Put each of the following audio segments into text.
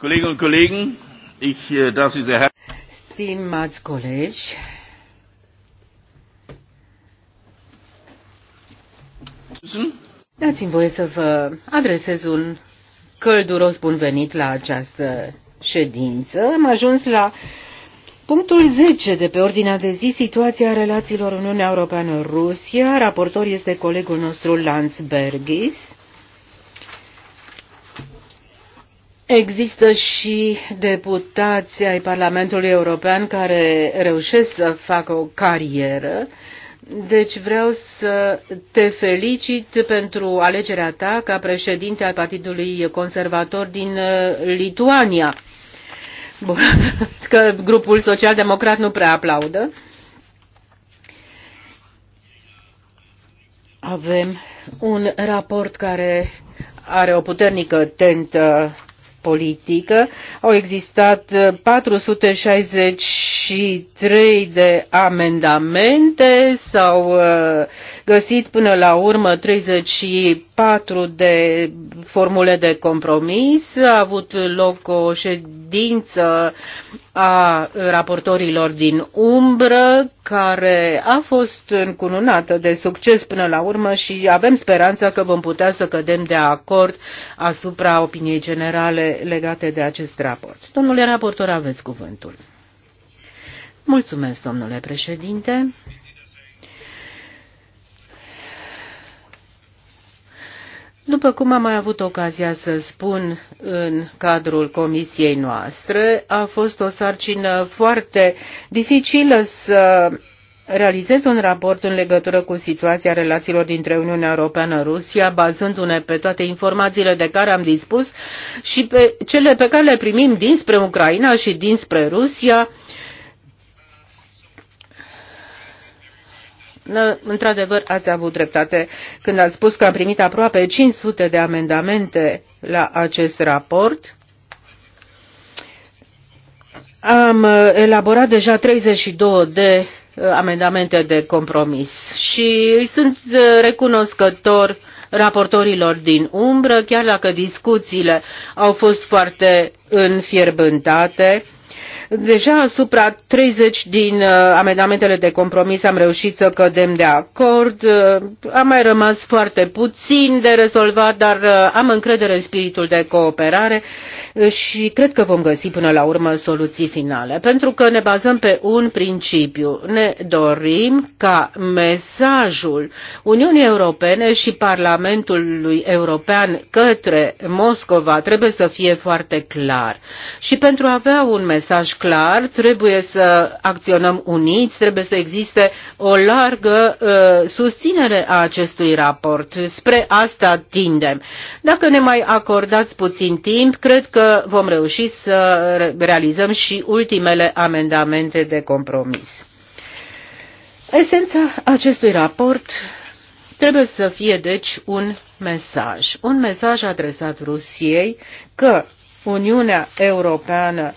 Kolleginnen und Kollegen, ich äh, darf Sie sehr herzlich. Stimați colegi, dați-mi voie să vă adresez un călduros bun venit la această ședință. Am ajuns la Punctul 10 de pe ordinea de zi, situația relațiilor Uniunea Europeană-Rusia. Raportor este colegul nostru Lanz Bergis. Există și deputați ai Parlamentului European care reușesc să facă o carieră. Deci vreau să te felicit pentru alegerea ta ca președinte al Partidului Conservator din uh, Lituania. Bun, că grupul social-democrat nu prea aplaudă. Avem un raport care are o puternică tentă politică. Au existat 463 uh, de amendamente, s-au uh, găsit până la urmă 34 de formule de compromis. A avut loc o ședință a raportorilor din umbră, care a fost încununată de succes până la urmă și avem speranța că vom putea să cădem de acord asupra opiniei generale legate de acest raport. Domnule raportor, aveți cuvântul. Mulțumesc, domnule președinte. După cum am mai avut ocazia să spun în cadrul comisiei noastre, a fost o sarcină foarte dificilă să realizez un raport în legătură cu situația relațiilor dintre Uniunea Europeană-Rusia, bazându-ne pe toate informațiile de care am dispus și pe cele pe care le primim dinspre Ucraina și dinspre Rusia, Ă, într-adevăr, ați avut dreptate când ați spus că am primit aproape 500 de amendamente la acest raport. Am ă, elaborat deja 32 de ă, amendamente de compromis și sunt recunoscător raportorilor din umbră, chiar dacă discuțiile au fost foarte înfierbântate Deja asupra 30 din uh, amendamentele de compromis am reușit să cădem de acord. Uh, a mai rămas foarte puțin de rezolvat, dar uh, am încredere în spiritul de cooperare și cred că vom găsi până la urmă soluții finale, pentru că ne bazăm pe un principiu. Ne dorim ca mesajul Uniunii Europene și Parlamentului European către Moscova trebuie să fie foarte clar. Și pentru a avea un mesaj clar, trebuie să acționăm uniți, trebuie să existe o largă uh, susținere a acestui raport. Spre asta tindem. Dacă ne mai acordați puțin timp, cred că că vom reuși să realizăm și ultimele amendamente de compromis. Esența acestui raport trebuie să fie deci un mesaj, un mesaj adresat Rusiei că Uniunea Europeană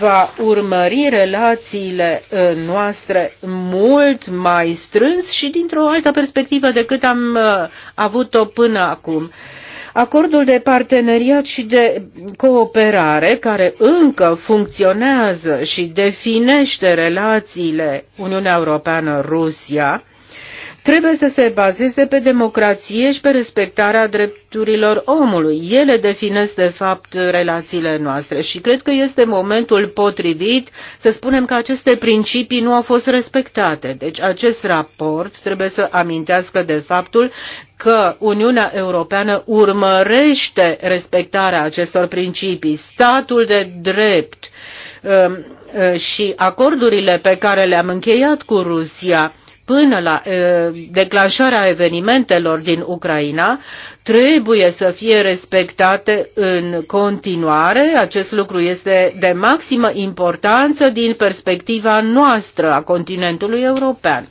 va urmări relațiile uh, noastre mult mai strâns și dintr-o altă perspectivă decât am uh, avut-o până acum. Acordul de parteneriat și de cooperare, care încă funcționează și definește relațiile Uniunea Europeană-Rusia, trebuie să se bazeze pe democrație și pe respectarea drepturilor omului. Ele definesc, de fapt, relațiile noastre și cred că este momentul potrivit să spunem că aceste principii nu au fost respectate. Deci acest raport trebuie să amintească de faptul că Uniunea Europeană urmărește respectarea acestor principii, statul de drept um, uh, și acordurile pe care le-am încheiat cu Rusia până la declanșarea evenimentelor din Ucraina trebuie să fie respectate în continuare. Acest lucru este de maximă importanță din perspectiva noastră a continentului european.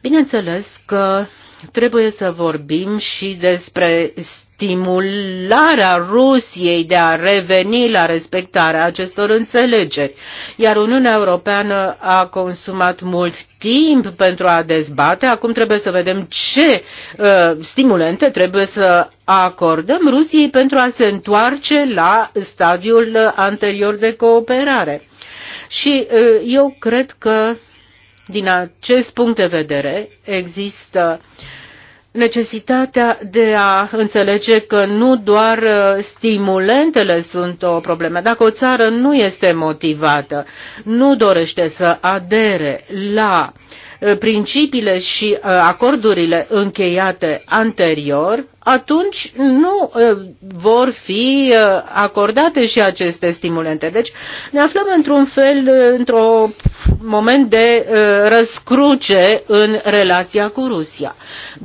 Bineînțeles că trebuie să vorbim și despre stimularea Rusiei de a reveni la respectarea acestor înțelegeri. Iar Uniunea Europeană a consumat mult timp pentru a dezbate. Acum trebuie să vedem ce uh, stimulente trebuie să acordăm Rusiei pentru a se întoarce la stadiul anterior de cooperare. Și uh, eu cred că din acest punct de vedere există uh, necesitatea de a înțelege că nu doar uh, stimulentele sunt o problemă. Dacă o țară nu este motivată, nu dorește să adere la uh, Uh, principiile și uh, acordurile încheiate anterior, atunci nu uh, vor fi acordate și aceste stimulente. Deci ne aflăm într-un fel, într-un moment de răscruce în relația cu Rusia.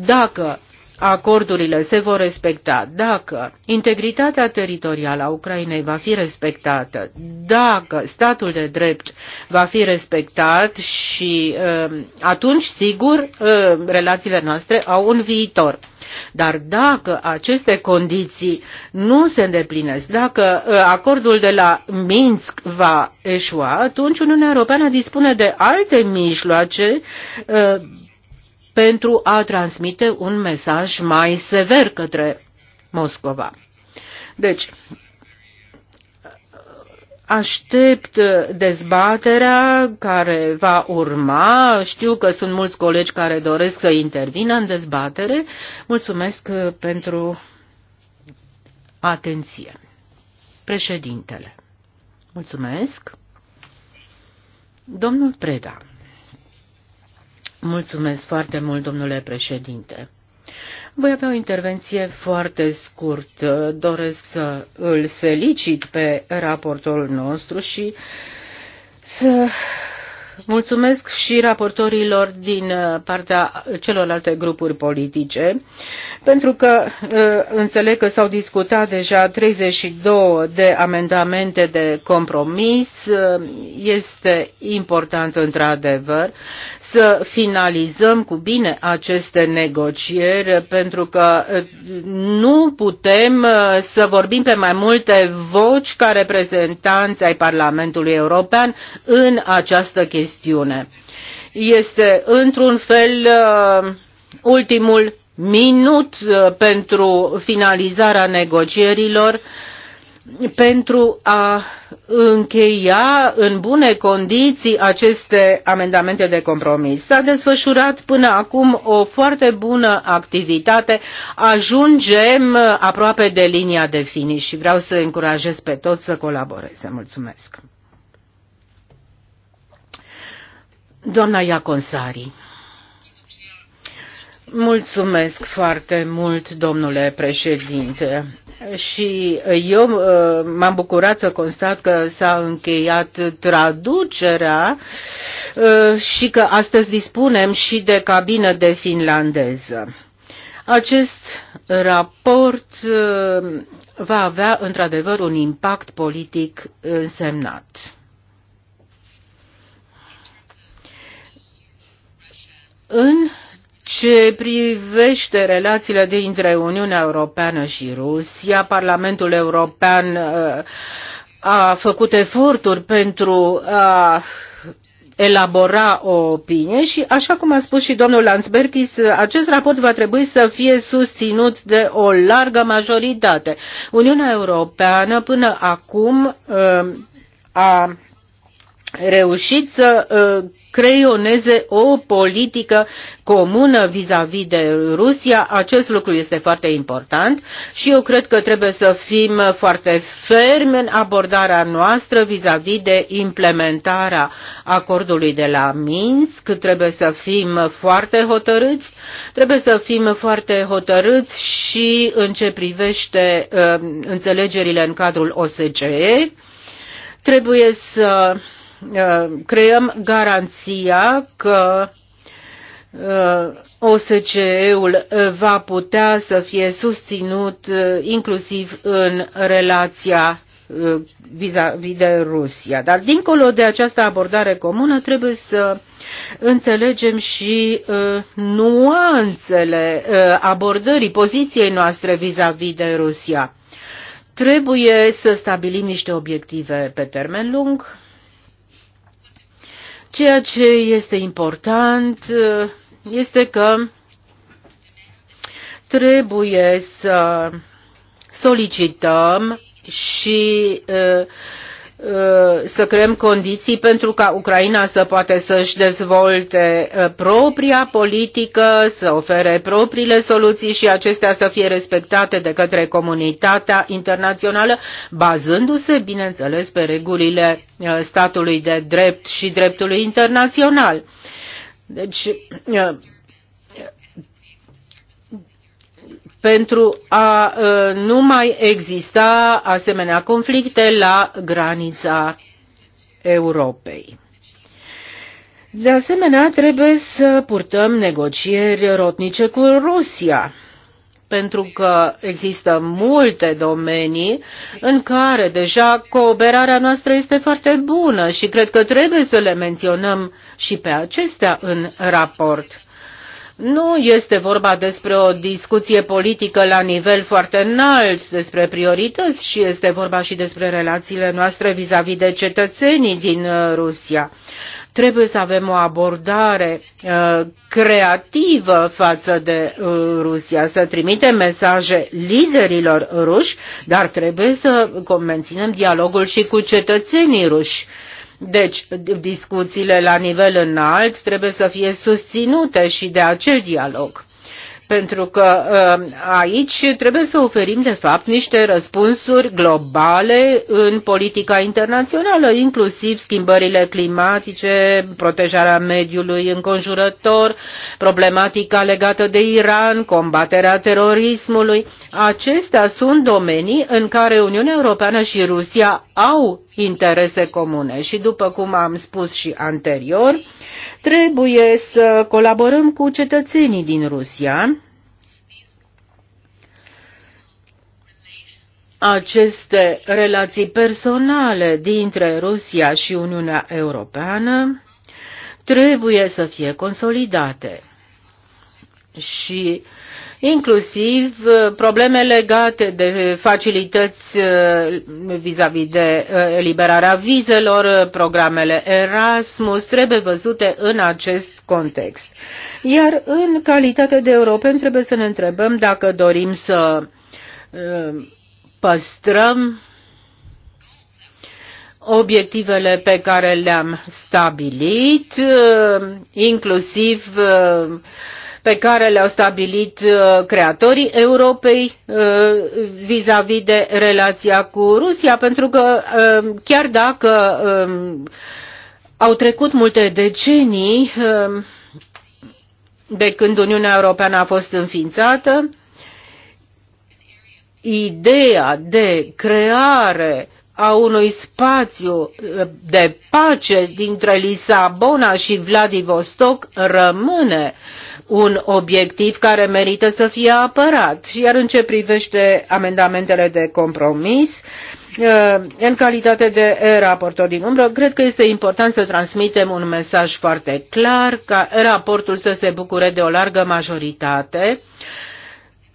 Dacă acordurile se vor respecta, dacă integritatea teritorială a Ucrainei va fi respectată, dacă statul de drept va fi respectat și um, atunci, sigur, um, relațiile noastre au un viitor. Dar dacă aceste condiții nu se îndeplinesc, dacă uh, acordul de la Minsk va eșua, atunci Uniunea Europeană dispune de alte mijloace uh, pentru a transmite un mesaj mai sever către Moscova. Deci, aștept dezbaterea care va urma. Știu că sunt mulți colegi care doresc să intervină în dezbatere. Mulțumesc pentru atenție. Președintele. Mulțumesc. Domnul Preda. Mulțumesc foarte mult, domnule președinte. Voi avea o intervenție foarte scurt. Doresc să îl felicit pe raportorul nostru și să Mulțumesc și raportorilor din uh, partea celorlalte grupuri politice, pentru că uh, înțeleg că s-au discutat deja 32 de amendamente de compromis. Uh, este important, într-adevăr, să finalizăm cu bine aceste negocieri, pentru că nu putem să vorbim pe mai multe voci ca reprezentanți ai Parlamentului European în această chestiune chestiune. Este într-un fel uh, ultimul minut uh, pentru finalizarea negocierilor pentru a încheia în bune condiții aceste amendamente de compromis. S-a desfășurat până acum o foarte bună activitate. Ajungem uh, aproape de linia de finish și vreau să încurajez pe toți să colaboreze. Mulțumesc! Doamna Iaconsari. Mulțumesc foarte mult, domnule președinte. Și eu uh, m-am bucurat să constat că s-a încheiat traducerea uh, și că astăzi dispunem și de cabină de finlandeză. Acest raport uh, va avea într-adevăr un impact politic însemnat. În ce privește relațiile dintre Uniunea Europeană și Rusia, Parlamentul European uh, a făcut eforturi pentru a elabora o opinie și, așa cum a spus și domnul Landsbergis, acest raport va trebui să fie susținut de o largă majoritate. Uniunea Europeană până acum uh, a reușit să uh, creioneze o politică comună vis-a-vis -vis de Rusia. Acest lucru este foarte important și eu cred că trebuie să fim foarte fermi în abordarea noastră vis-a-vis -vis de implementarea acordului de la Minsk. Trebuie să fim foarte hotărâți, trebuie să fim foarte hotărâți și în ce privește uh, înțelegerile în cadrul OSCE. Trebuie să Uh, creăm garanția că uh, OSCE-ul uh, va putea să fie susținut inclusiv în relația vis-a-vis de Rusia. Dar dincolo de această abordare comună trebuie să înțelegem și nuanțele abordării poziției noastre vis-a-vis -vis de Rusia. Trebuie să stabilim niște obiective pe termen lung, Ceea ce este important uh, este că trebuie să solicităm și uh, Uh, să creăm condiții pentru ca Ucraina să poate să-și dezvolte uh, propria politică, să ofere propriile soluții și acestea să fie respectate de către comunitatea internațională, bazându-se, bineînțeles, pe regulile uh, statului de drept și dreptului internațional. Deci, pentru a ă, nu mai exista asemenea conflicte la granița Europei. De asemenea, trebuie să purtăm negocieri rotnice cu Rusia, pentru că există multe domenii în care deja cooperarea noastră este foarte bună și cred că trebuie să le menționăm și pe acestea în raport. Nu este vorba despre o discuție politică la nivel foarte înalt despre priorități și este vorba și despre relațiile noastre vis-a-vis -vis de cetățenii din uh, Rusia. Trebuie să avem o abordare uh, creativă față de uh, Rusia, să trimitem mesaje liderilor ruși, dar trebuie să menținem dialogul și cu cetățenii ruși. Uh, deci, discuțiile la nivel înalt trebuie să fie susținute și de acel dialog pentru că uh, aici trebuie să oferim, de fapt, niște răspunsuri globale în politica internațională, inclusiv schimbările climatice, protejarea mediului înconjurător, problematica legată de Iran, combaterea terorismului. Acestea sunt domenii în care Uniunea Europeană și Rusia au interese comune și, după cum am spus și anterior, uh, Trebuie să colaborăm cu cetățenii din Rusia. Aceste relații personale dintre Rusia și Uniunea Europeană trebuie să fie consolidate și inclusiv uh, probleme legate de facilități uh, vis-a-vis de uh, eliberarea vizelor, programele Erasmus, trebuie văzute în acest context. Iar în calitate de europeni trebuie să ne întrebăm dacă dorim să păstrăm obiectivele pe care le-am stabilit, inclusiv pe care le-au stabilit uh, creatorii Europei uh, vis-a-vis de relația cu Rusia, pentru că um, chiar dacă um, au trecut multe decenii um, de când Uniunea Europeană a fost înființată, ideea de creare a unui spațiu uh, de pace dintre Lisabona și Vladivostok rămâne un obiectiv care merită să fie apărat. Iar în ce privește amendamentele de compromis, eh, în calitate de raportor din umbră, cred că este important să transmitem un mesaj foarte clar ca raportul să se bucure de o largă majoritate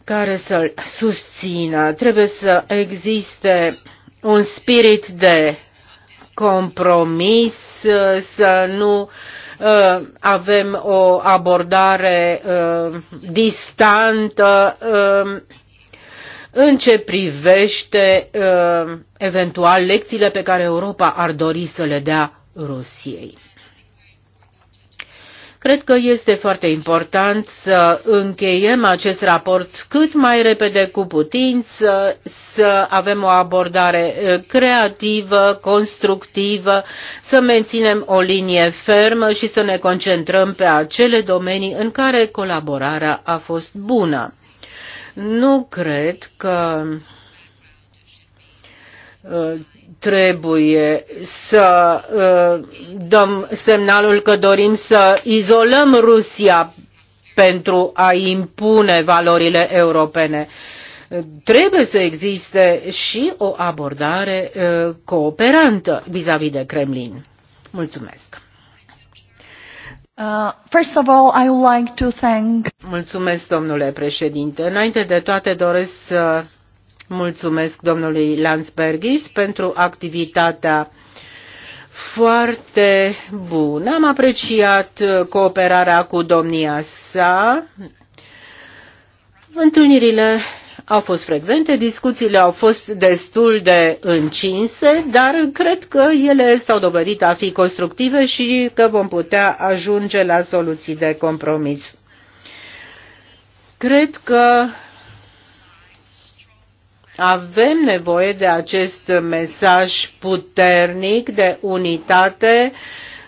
care să-l susțină. Trebuie să existe un spirit de compromis, eh, să nu uh, Uh, avem o abordare uh, distantă uh, în ce privește eventual lecțiile pe care Europa ar dori să le dea Rusiei. Cred că este foarte important să încheiem acest raport cât mai repede cu putință, să avem o abordare eh, creativă, constructivă, să menținem o linie fermă și să ne concentrăm pe acele domenii în care colaborarea a fost bună. Nu cred că eh, trebuie să uh, dăm semnalul că dorim să izolăm Rusia pentru a impune valorile europene. Trebuie să existe și o abordare uh, cooperantă vis-a-vis -vis de Kremlin. Mulțumesc. Uh, first of all, I would like to thank... Mulțumesc, domnule președinte. Înainte de toate doresc să Mulțumesc domnului Lansbergis pentru activitatea foarte bună. Am apreciat cooperarea cu domnia sa. Întâlnirile au fost frecvente, discuțiile au fost destul de încinse, dar cred că ele s-au dovedit a fi constructive și că vom putea ajunge la soluții de compromis. Cred că avem nevoie de acest mesaj puternic de unitate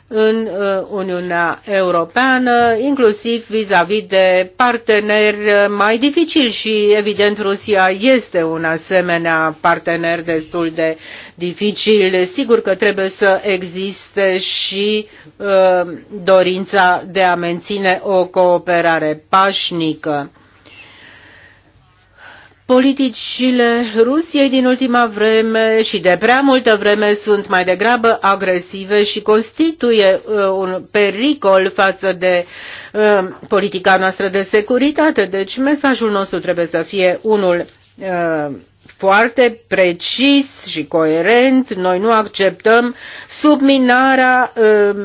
în uh, Uniunea Europeană, inclusiv vis-a-vis -vis de parteneri mai dificili și, evident, Rusia este un asemenea partener destul de dificil. Sigur că trebuie să existe și uh, dorința de a menține o cooperare pașnică. Politicile Rusiei din ultima vreme și de prea multă vreme sunt mai degrabă agresive și constituie uh, un pericol față de uh, politica noastră de securitate. Deci mesajul nostru trebuie să fie unul uh, foarte precis și coerent. Noi nu acceptăm subminarea uh,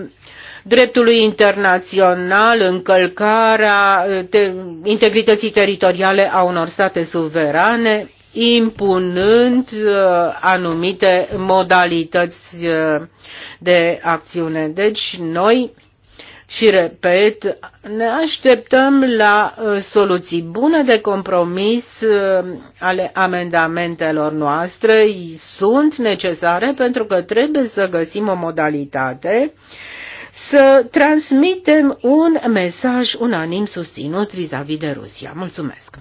dreptului internațional, încălcarea eh, te integrității teritoriale a unor state suverane, impunând eh, anumite modalități eh, de acțiune. Deci noi și repet, ne așteptăm la soluții bune de compromis ale amendamentelor noastre. Sunt necesare pentru că trebuie să găsim o modalitate să transmitem un mesaj unanim susținut vis-a-vis -vis de Rusia. Mulțumesc!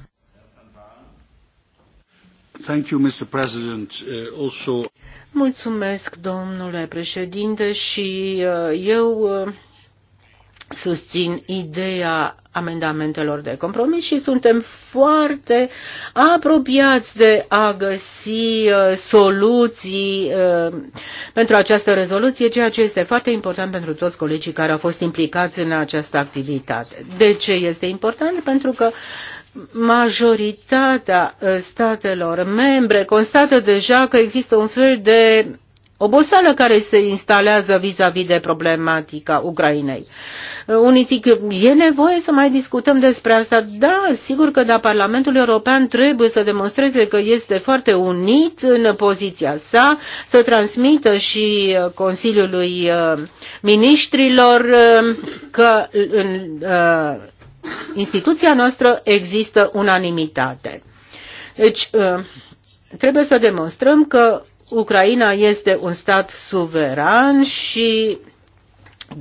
Thank you, Mr. President. Uh, also... Mulțumesc, domnule președinte, și uh, eu uh, susțin ideea amendamentelor de compromis și suntem foarte apropiați de a găsi uh, soluții uh, pentru această rezoluție, ceea ce este foarte important pentru toți colegii care au fost implicați în această activitate. De ce este important? Pentru că majoritatea uh, statelor membre constată deja că există un fel de oboseală care se instalează vis-a-vis -vis de problematica Ucrainei. Unii zic, e nevoie să mai discutăm despre asta. Da, sigur că da, Parlamentul European trebuie să demonstreze că este foarte unit în poziția sa, să transmită și uh, Consiliului uh, Ministrilor uh, că în instituția noastră există unanimitate. Deci, trebuie să demonstrăm că Ucraina este un stat suveran și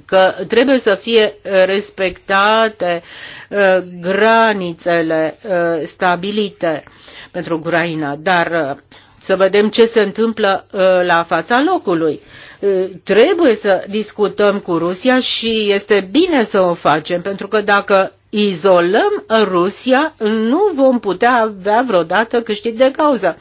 că trebuie să fie uh, respectate uh, granițele uh, stabilite pentru Ucraina, dar să vedem ce se întâmplă la fața locului. Trebuie să discutăm cu Rusia și este bine să o facem, pentru că dacă izolăm Rusia, nu vom putea avea vreodată câștig de cauză.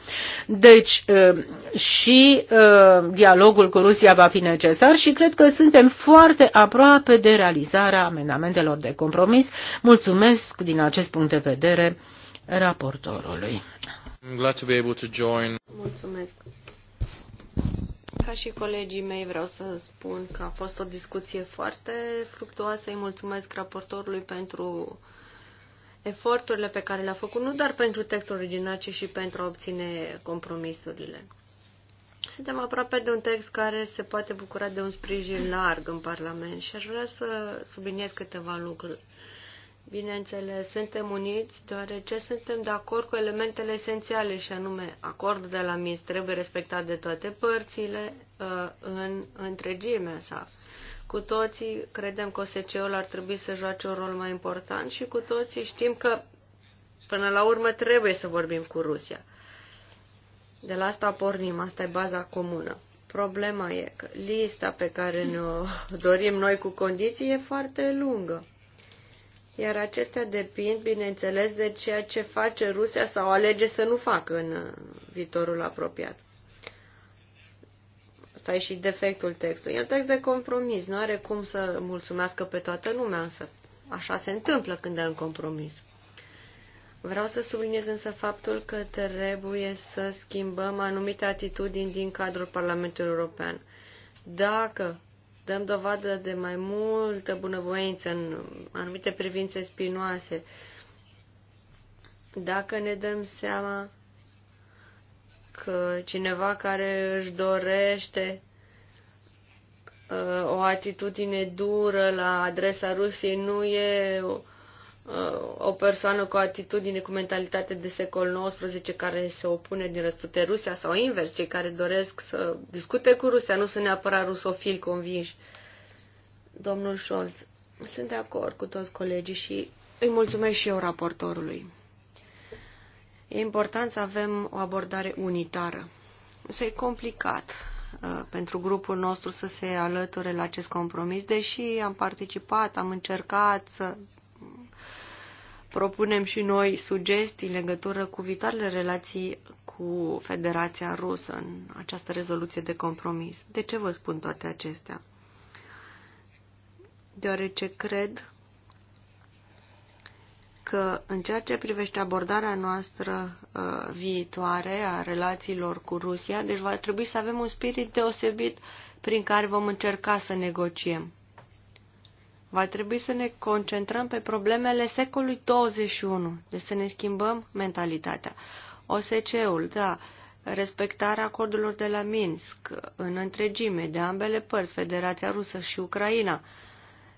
Deci ă, și ă, dialogul cu Rusia va fi necesar și cred că suntem foarte aproape de realizarea amendamentelor de compromis. Mulțumesc din acest punct de vedere raportorului. I'm glad to be able to join. Mulțumesc. Ca și colegii mei vreau să spun că a fost o discuție foarte fructuoasă. Îi mulțumesc raportorului pentru eforturile pe care le-a făcut, nu doar pentru textul original, ci și pentru a obține compromisurile. Suntem aproape de un text care se poate bucura de un sprijin larg în Parlament și aș vrea să subliniez câteva lucruri. Bineînțeles, suntem uniți deoarece suntem de acord cu elementele esențiale și anume acordul de la Minsk trebuie respectat de toate părțile uh, în întregimea sa. Cu toții credem că OSCE-ul ar trebui să joace un rol mai important și cu toții știm că până la urmă trebuie să vorbim cu Rusia. De la asta pornim, asta e baza comună. Problema e că lista pe care ne-o dorim noi cu condiții e foarte lungă iar acestea depind, bineînțeles, de ceea ce face Rusia sau alege să nu facă în uh, viitorul apropiat. Asta e și defectul textului. E un text de compromis, nu are cum să mulțumească pe toată lumea, însă așa se întâmplă când e un compromis. Vreau să subliniez însă faptul că trebuie să schimbăm anumite atitudini din cadrul Parlamentului European. Dacă dăm dovadă de mai multă bunăvoință în anumite privințe spinoase, dacă ne dăm seama că cineva care își dorește uh, o atitudine dură la adresa Rusiei nu e o persoană cu atitudine, cu mentalitate de secol XIX care se opune din răspute Rusia sau invers, cei care doresc să discute cu Rusia, nu sunt neapărat rusofili convinși. Domnul Scholz, sunt de acord cu toți colegii și îi mulțumesc și eu raportorului. E important să avem o abordare unitară. Să e complicat uh, pentru grupul nostru să se alăture la acest compromis, deși am participat, am încercat să propunem și noi sugestii în legătură cu viitoarele relații cu Federația Rusă în această rezoluție de compromis. De ce vă spun toate acestea? Deoarece cred că în ceea ce privește abordarea noastră uh, viitoare a relațiilor cu Rusia, deci va trebui să avem un spirit deosebit prin care vom încerca să negociem. Va trebui să ne concentrăm pe problemele secolului 21, deci să ne schimbăm mentalitatea. OSCE-ul, da, respectarea acordurilor de la Minsk în întregime de ambele părți, Federația Rusă și Ucraina,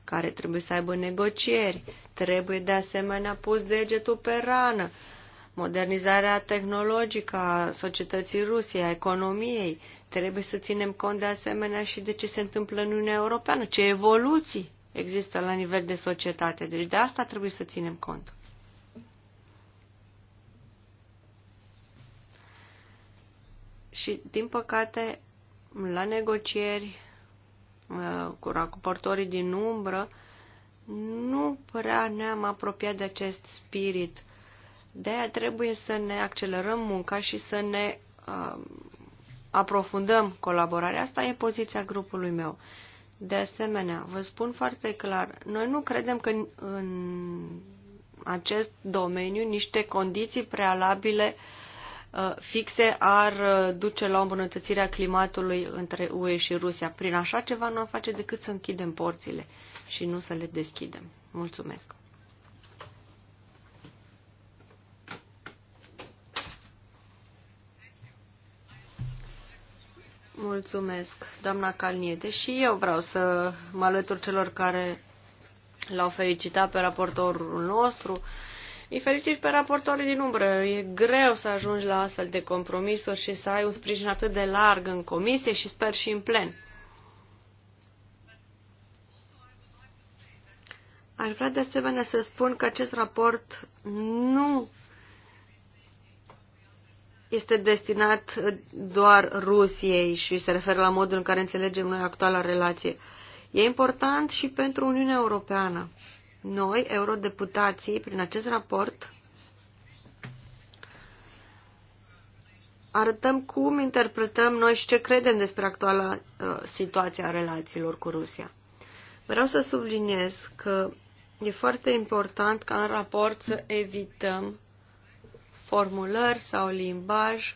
care trebuie să aibă negocieri, trebuie de asemenea pus degetul pe rană, modernizarea tehnologică a societății Rusiei, a economiei, trebuie să ținem cont de asemenea și de ce se întâmplă în Uniunea Europeană, ce evoluții există la nivel de societate. Deci de asta trebuie să ținem cont. Și, din păcate, la negocieri uh, cu raportorii din umbră, nu prea ne-am apropiat de acest spirit. De aia trebuie să ne accelerăm munca și să ne uh, aprofundăm colaborarea. Asta e poziția grupului meu. Uh, de asemenea, vă spun foarte clar, noi nu credem că în acest domeniu niște condiții prealabile uh, fixe ar uh, duce la o a climatului între UE și Rusia. Prin așa ceva nu am face decât să închidem porțile și nu să le deschidem. Mulțumesc! Mulțumesc, doamna Calniete. Și eu vreau să mă alătur celor care l-au felicitat pe raportorul nostru. Îi felicit pe raportorii din umbră. E greu să ajungi la astfel de compromisuri și să ai un sprijin atât de larg în comisie și sper și în plen. Aș vrea de asemenea să spun că acest raport nu este destinat doar Rusiei și se referă la modul în care înțelegem noi actuala relație. E important și pentru Uniunea Europeană. Noi, eurodeputații, prin acest raport, arătăm cum interpretăm noi și ce credem despre actuala uh, situație a relațiilor cu Rusia. Vreau să subliniez că e foarte important ca în raport să evităm formulări sau limbaj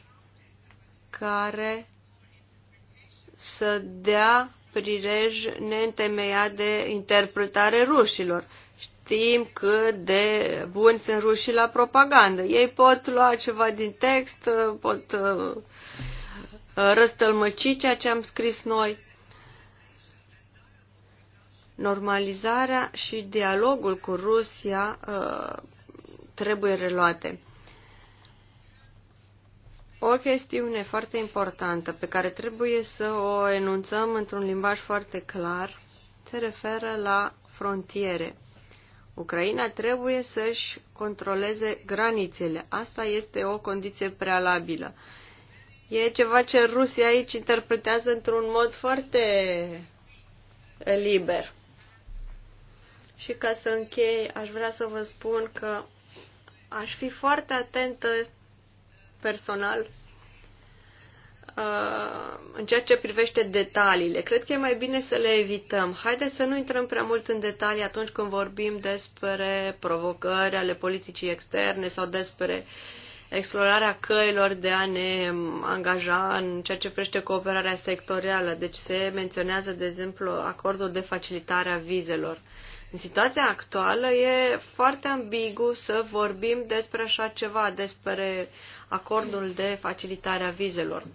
care să dea prirej neîntemeiat de interpretare rușilor. Știm cât de buni sunt rușii la propagandă. Ei pot lua ceva din text, pot uh, uh, răstălmăci ceea ce am scris noi. Normalizarea și dialogul cu Rusia uh, trebuie reluate o chestiune foarte importantă pe care trebuie să o enunțăm într-un limbaj foarte clar se referă la frontiere. Ucraina trebuie să-și controleze granițele. Asta este o condiție prealabilă. E ceva ce Rusia aici interpretează într-un mod foarte liber. Și ca să închei, aș vrea să vă spun că aș fi foarte atentă personal uh, în ceea ce privește detaliile. Cred că e mai bine să le evităm. Haideți să nu intrăm prea mult în detalii atunci când vorbim despre provocări ale politicii externe sau despre explorarea căilor de a ne angaja în ceea ce privește cooperarea sectorială. Deci se menționează, de exemplu, acordul de facilitare a vizelor. În situația actuală e foarte ambigu să vorbim despre așa ceva, despre acordul de facilitare a vizelor.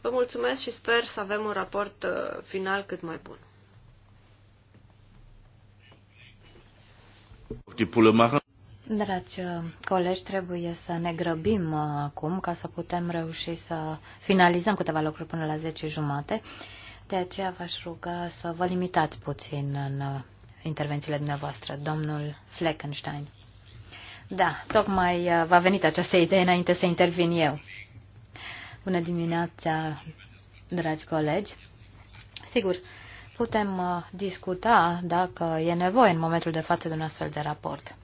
Vă mulțumesc și sper să avem un raport uh, final cât mai bun. Dragi uh, colegi, trebuie să ne grăbim uh, acum ca să putem reuși să finalizăm câteva lucruri până la 10 jumate. De aceea v-aș ruga să vă limitați puțin în intervențiile dumneavoastră. Domnul Fleckenstein. Da, tocmai uh, v-a venit această idee înainte să intervin eu. Bună dimineața, dragi colegi. Sigur, putem uh, discuta dacă e nevoie în momentul de față de un astfel de raport.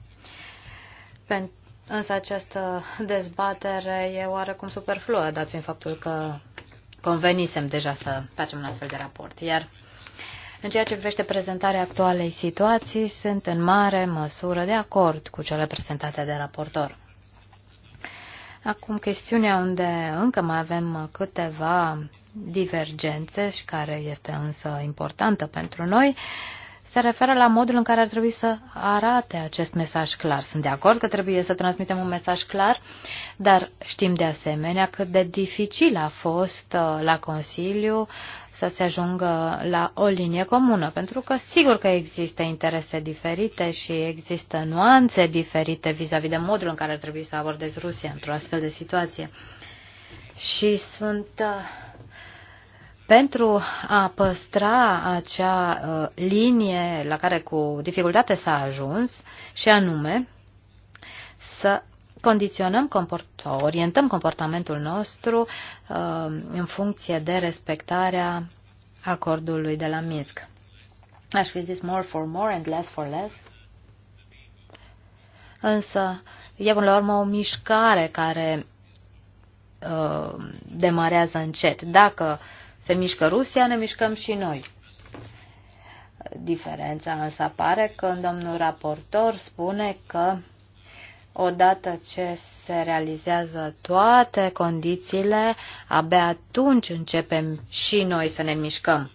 Pentru Însă această dezbatere e oarecum superfluă, dat fiind faptul că convenisem deja să facem un astfel de raport. Iar în ceea ce privește prezentarea actualei situații, sunt în mare măsură de acord cu cele prezentate de raportor. Acum, chestiunea unde încă mai avem câteva divergențe și care este însă importantă pentru noi se referă la modul în care ar trebui să arate acest mesaj clar. Sunt de acord că trebuie să transmitem un mesaj clar, dar știm de asemenea cât de dificil a fost uh, la Consiliu să se ajungă la o linie comună, pentru că sigur că există interese diferite și există nuanțe diferite vis-a-vis -vis de modul în care ar trebui să abordezi Rusia într-o astfel de situație. Și sunt uh, pentru a păstra acea uh, linie la care cu dificultate s-a ajuns, și anume să condiționăm comport orientăm comportamentul nostru uh, în funcție de respectarea acordului de la Minsk. Aș fi zis more for more and less for less. Însă e până la urmă o mișcare care uh, demarează încet. Dacă uh, se mișcă Rusia, ne mișcăm și noi. Diferența însă apare când domnul raportor spune că odată ce se realizează toate condițiile, abia atunci începem și noi să ne mișcăm.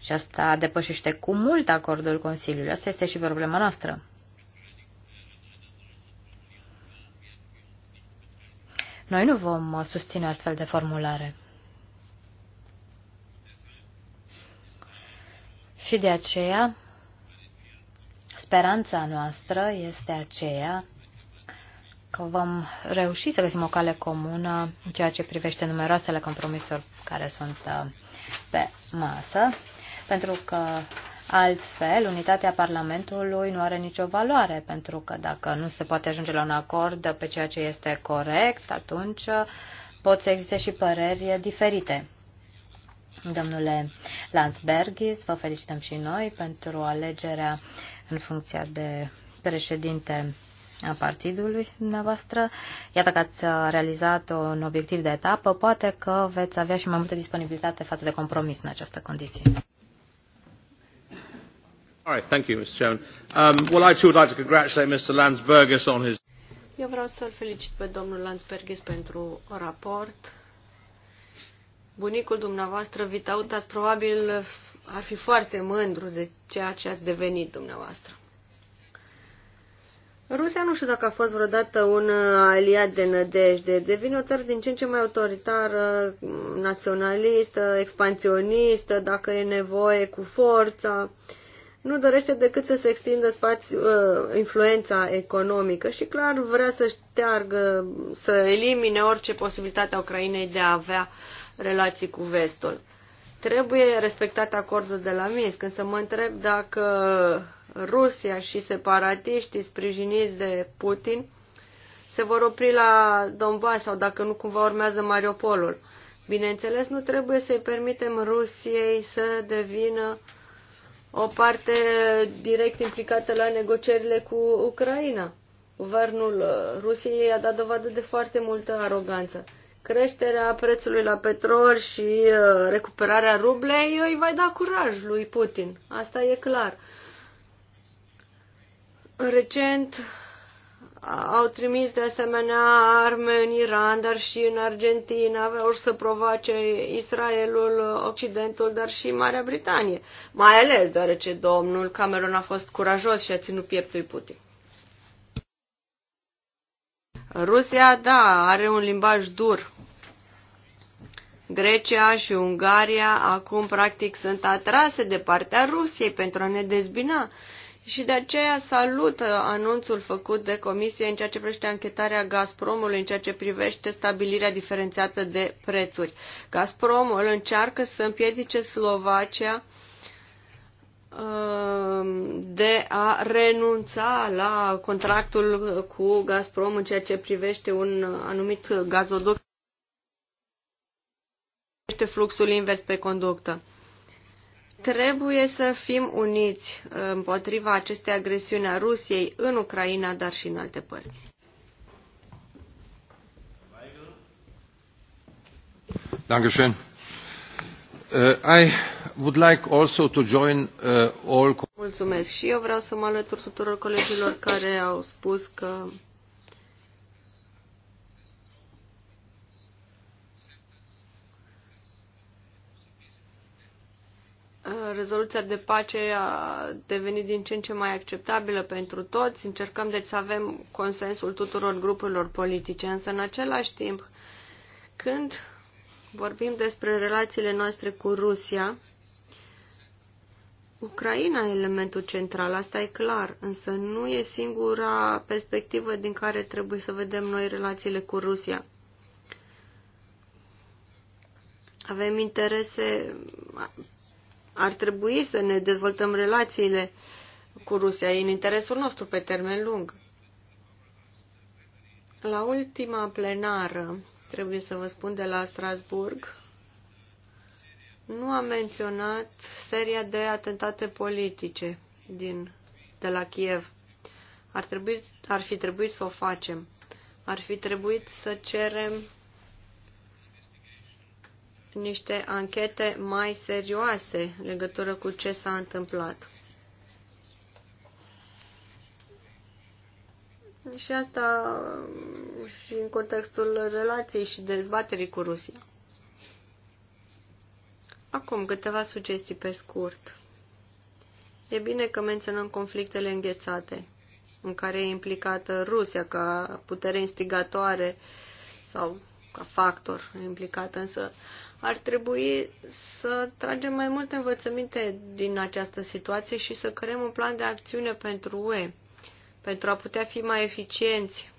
Și asta depășește cu mult acordul Consiliului. Asta este și problema noastră. Noi nu vom susține astfel de formulare. Și de aceea, speranța noastră este aceea că vom reuși să găsim o cale comună în ceea ce privește numeroasele compromisuri care sunt uh, pe masă, pentru că altfel unitatea Parlamentului nu are nicio valoare, pentru că dacă nu se poate ajunge la un acord pe ceea ce este corect, atunci uh, pot să existe și păreri diferite. Domnule Landsbergis, vă felicităm și noi pentru alegerea în funcția de președinte a partidului dumneavoastră. Iată că ați realizat un obiectiv de etapă. Poate că veți avea și mai multă disponibilitate față de compromis în această condiție. Eu vreau să-l felicit pe domnul Landsbergis pentru raport bunicul dumneavoastră, Vitautas, probabil ar fi foarte mândru de ceea ce ați devenit dumneavoastră. Rusia nu știu dacă a fost vreodată un uh, aliat de nădejde. Devine o țară din ce în ce mai autoritară, naționalistă, expansionistă, dacă e nevoie, cu forța. Nu dorește decât să se extindă spațiu, uh, influența economică și clar vrea să șteargă, să elimine orice posibilitate a Ucrainei de a avea uh, relații cu vestul. Trebuie respectat acordul de la Minsk, însă mă întreb dacă Rusia și separatiștii sprijiniți de Putin se vor opri la Donbass sau dacă nu cumva urmează Mariupolul. Bineînțeles, nu trebuie să-i permitem Rusiei să devină o parte direct implicată la negocierile cu Ucraina. Guvernul uh, Rusiei a dat dovadă de foarte multă aroganță creșterea prețului la petrol și uh, recuperarea rublei îi va da curaj lui Putin. Asta e clar. Recent au trimis de asemenea arme în Iran, dar și în Argentina, aveau să provoace Israelul, Occidentul, dar și Marea Britanie. Mai ales deoarece domnul Cameron a fost curajos și a ținut pieptul lui Putin. Rusia, da, are un limbaj dur Grecia și Ungaria acum practic sunt atrase de partea Rusiei pentru a ne dezbina. Și de aceea salut uh, anunțul făcut de Comisie în ceea ce privește anchetarea Gazpromului, în ceea ce privește stabilirea diferențiată de prețuri. Gazpromul încearcă să împiedice Slovacia uh, de a renunța la contractul cu Gazprom în ceea ce privește un anumit gazoduct privește fluxul invers pe conductă. Trebuie să fim uniți uh, împotriva acestei agresiuni a Rusiei în Ucraina, dar și în alte părți. Dankeschön. Uh, I would like also to join uh, all Mulțumesc și eu vreau să mă alătur tuturor colegilor care au spus că rezoluția de pace a devenit din ce în ce mai acceptabilă pentru toți. Încercăm deci să avem consensul tuturor grupurilor politice, însă în același timp, când vorbim despre relațiile noastre cu Rusia, Ucraina e elementul central, asta e clar, însă nu e singura perspectivă din care trebuie să vedem noi relațiile cu Rusia. Avem interese ar trebui să ne dezvoltăm relațiile cu Rusia în interesul nostru pe termen lung. La ultima plenară, trebuie să vă spun de la Strasburg, nu am menționat seria de atentate politice din, de la Kiev. Ar, trebui, ar fi trebuit să o facem. Ar fi trebuit să cerem niște anchete mai serioase în legătură cu ce s-a întâmplat. Și asta și în contextul relației și dezbaterii cu Rusia. Acum câteva sugestii pe scurt. E bine că menționăm conflictele înghețate, în care e implicată Rusia ca putere instigatoare sau ca factor implicat, însă ar trebui să tragem mai multe învățăminte din această situație și să creăm un plan de acțiune pentru UE, pentru a putea fi mai eficienți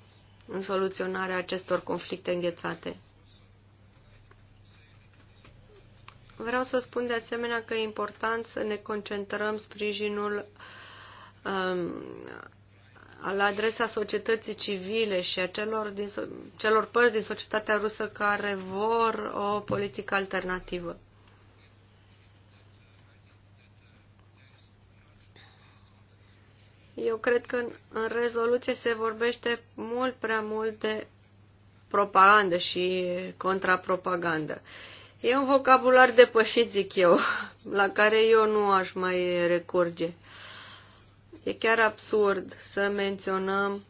în soluționarea acestor conflicte înghețate. Vreau să spun de asemenea că e important să ne concentrăm sprijinul um, la adresa societății civile și a celor, din, celor părți din societatea rusă care vor o politică alternativă. Eu cred că în, în rezoluție se vorbește mult prea mult de propagandă și contrapropagandă. E un vocabular depășit, zic eu, la care eu nu aș mai recurge. E chiar absurd să menționăm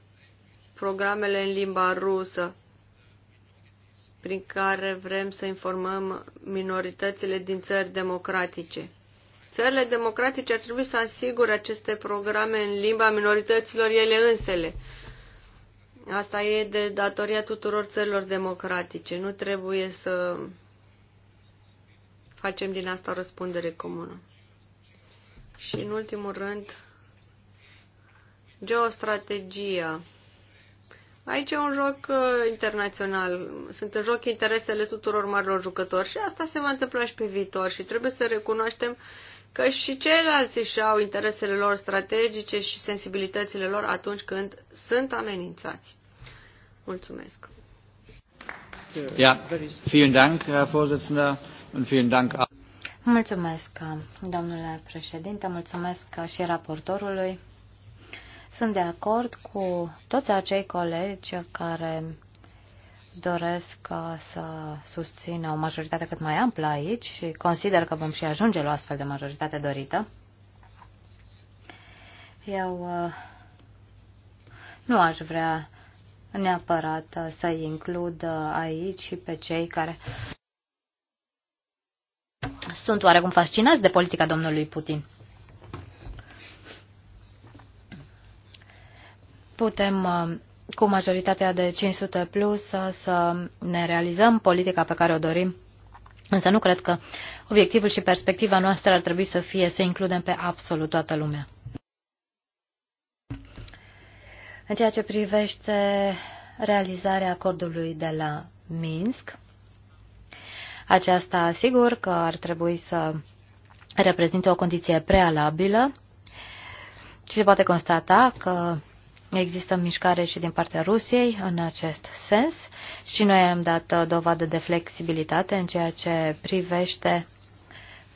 programele în limba rusă prin care vrem să informăm minoritățile din țări democratice. Țările democratice ar trebui să asigure aceste programe în limba minorităților ele însele. Asta e de datoria tuturor țărilor democratice. Nu trebuie să facem din asta o răspundere comună. Și în ultimul rând, Geostrategia. Aici e un joc uh, internațional. Sunt în joc interesele tuturor marilor jucători și asta se va întâmpla și pe viitor și trebuie să recunoaștem că și ceilalți își au interesele lor strategice și sensibilitățile lor atunci când sunt amenințați. Mulțumesc. Ja, vielen Dank, Herr Vorsitzender, und vielen Dank. Mulțumesc, domnule președinte, mulțumesc și raportorului. Sunt de acord cu toți acei colegi care doresc uh, să susțină o majoritate cât mai amplă aici și consider că vom și ajunge la o astfel de majoritate dorită. Eu uh, nu aș vrea neapărat uh, să-i includ aici și pe cei care sunt oarecum fascinați de politica domnului Putin. putem uh, cu majoritatea de 500 plus uh, să ne realizăm politica pe care o dorim. Însă nu cred că obiectivul și perspectiva noastră ar trebui să fie să includem pe absolut toată lumea. În ceea ce privește realizarea acordului de la Minsk, aceasta sigur că ar trebui să reprezinte o condiție prealabilă și se poate constata că Există mișcare și din partea Rusiei în acest sens și noi am dat uh, dovadă de flexibilitate în ceea ce privește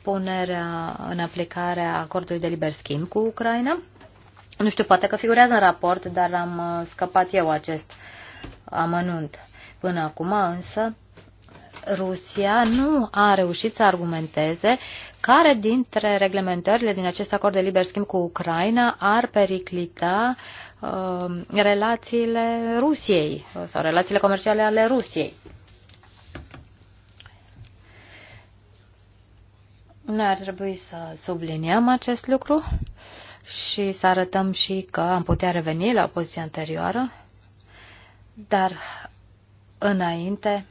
punerea în aplicare a acordului de liber schimb cu Ucraina. Nu știu, poate că figurează în raport, dar am uh, scăpat eu acest amănunt. Până acum însă Rusia nu a reușit să argumenteze care dintre reglementările din acest acord de liber schimb cu Ucraina ar periclita Uh, relațiile Rusiei uh, sau relațiile comerciale ale Rusiei. Noi ar trebui să subliniem acest lucru și să arătăm și că am putea reveni la poziția anterioară, dar înainte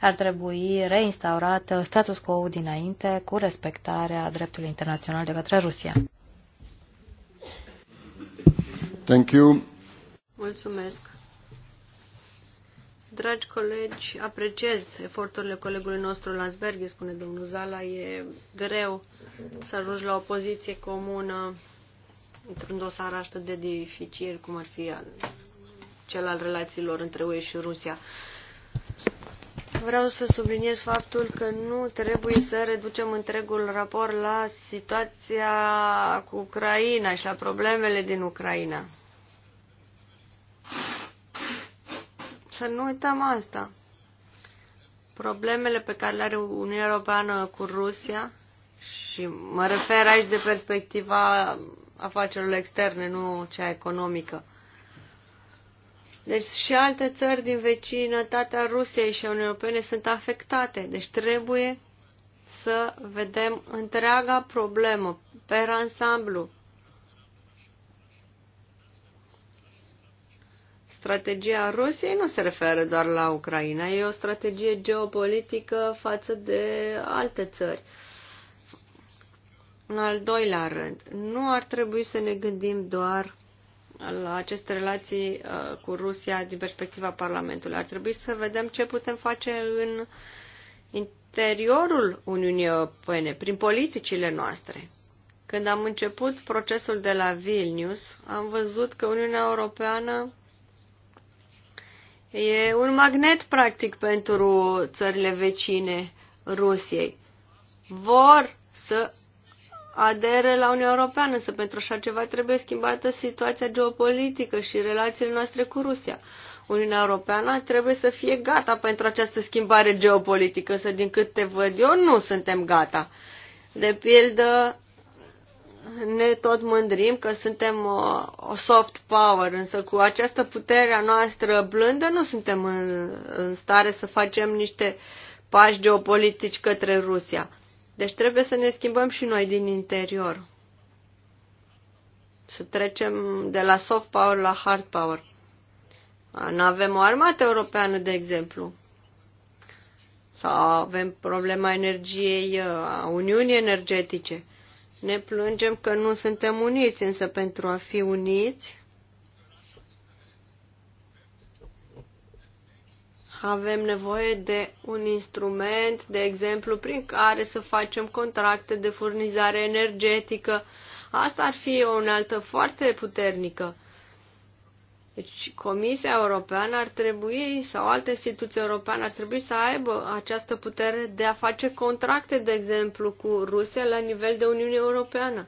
ar trebui reinstaurat status quo dinainte cu respectarea dreptului internațional de către Rusia. Thank you. Mulțumesc. Dragi colegi, apreciez eforturile colegului nostru Lansberghi, spune domnul Zala. E greu să ajungi la o poziție comună într-un dosar atât de dificil cum ar fi al, cel al relațiilor între UE și Rusia. Vreau să subliniez faptul că nu trebuie să reducem întregul raport la situația cu Ucraina și la problemele din Ucraina. Să nu uităm asta. Problemele pe care le are Uniunea Europeană cu Rusia și mă refer aici de perspectiva afacerilor externe, nu cea economică. Deci și alte țări din vecinătatea Rusiei și Uniunii Europene sunt afectate. Deci trebuie să vedem întreaga problemă pe ansamblu. Strategia Rusiei nu se referă doar la Ucraina, e o strategie geopolitică față de alte țări. În al doilea rând, nu ar trebui să ne gândim doar la aceste relații uh, cu Rusia din perspectiva Parlamentului. Ar trebui să vedem ce putem face în interiorul Uniunii Europene, prin politicile noastre. Când am început procesul de la Vilnius, am văzut că Uniunea Europeană e un magnet, practic, pentru țările vecine Rusiei. Vor să aderă la Uniunea Europeană, însă pentru așa ceva trebuie schimbată situația geopolitică și relațiile noastre cu Rusia. Uniunea Europeană trebuie să fie gata pentru această schimbare geopolitică, să din câte văd eu, nu suntem gata. De pildă, ne tot mândrim că suntem o uh, soft power, însă cu această putere a noastră blândă nu suntem în, în stare să facem niște pași geopolitici către Rusia. Deci trebuie să ne schimbăm și noi din interior. Să trecem de la soft power la hard power. Nu avem o armată europeană, de exemplu. Sau avem problema energiei, uh, a Uniunii Energetice. Ne plângem că nu suntem uniți, însă pentru a fi uniți Avem nevoie de un instrument, de exemplu, prin care să facem contracte de furnizare energetică. Asta ar fi o unealtă foarte puternică. Deci Comisia Europeană ar trebui, sau alte instituții europene ar trebui să aibă această putere de a face contracte, de exemplu, cu Rusia la nivel de Uniune Europeană.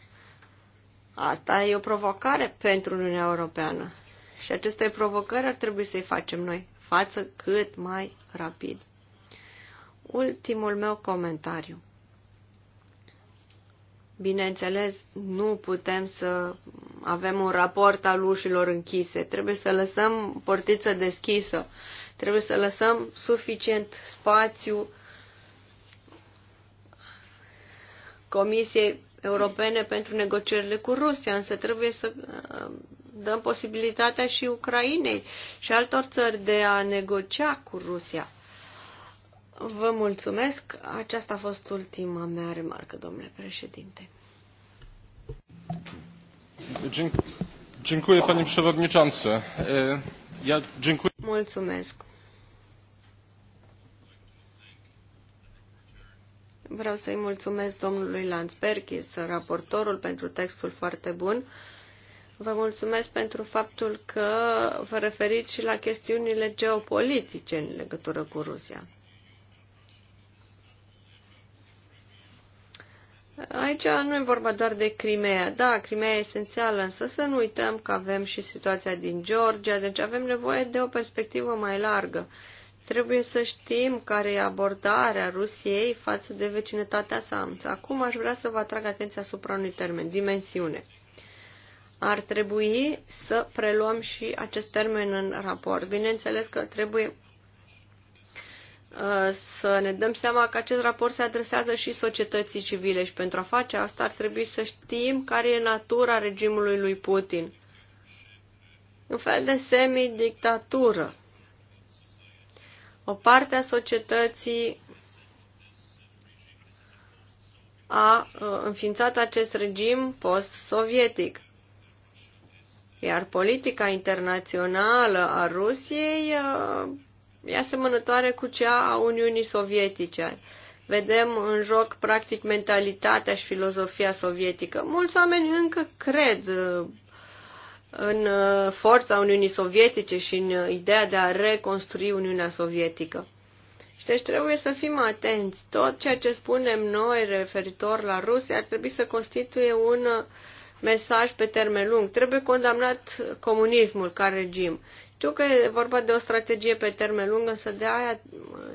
Asta e o provocare pentru Uniunea Europeană. Și aceste provocări ar trebui să-i facem noi față cât mai rapid. Ultimul meu comentariu. Bineînțeles, nu putem să avem un raport al ușilor închise. Trebuie să lăsăm portiță deschisă. Trebuie să lăsăm suficient spațiu Comisiei Europene pentru negocierile cu Rusia, însă trebuie să dăm posibilitatea și Ucrainei și altor țări de a negocia cu Rusia. Vă mulțumesc. Aceasta a fost ultima mea remarcă, domnule președinte. Dziękuję panie przewodniczący. Ja dziękuję. Mulțumesc. Vreau să-i mulțumesc domnului Landsbergis, raportorul, pentru textul foarte bun. Vă mulțumesc pentru faptul că vă referiți și la chestiunile geopolitice în legătură cu Rusia. Aici nu e vorba doar de Crimea. Da, Crimea e esențială, însă să nu uităm că avem și situația din Georgia, deci avem nevoie de o perspectivă mai largă. Trebuie să știm care e abordarea Rusiei față de vecinătatea sa. Acum aș vrea să vă atrag atenția asupra unui termen, dimensiune ar trebui să preluăm și acest termen în raport. Bineînțeles că trebuie uh, să ne dăm seama că acest raport se adresează și societății civile și pentru a face asta ar trebui să știm care e natura regimului lui Putin. Un fel de semidictatură. O parte a societății a uh, înființat acest regim post-sovietic. Iar politica internațională a Rusiei uh, e asemănătoare cu cea a Uniunii Sovietice. Vedem în joc, practic, mentalitatea și filozofia sovietică. Mulți oameni încă cred uh, în uh, forța Uniunii Sovietice și în ideea de a reconstrui Uniunea Sovietică. Și deci trebuie să fim atenți. Tot ceea ce spunem noi referitor la Rusia ar trebui să constituie un mesaj pe termen lung. Trebuie condamnat comunismul ca regim. Știu că e vorba de o strategie pe termen lung, însă de aia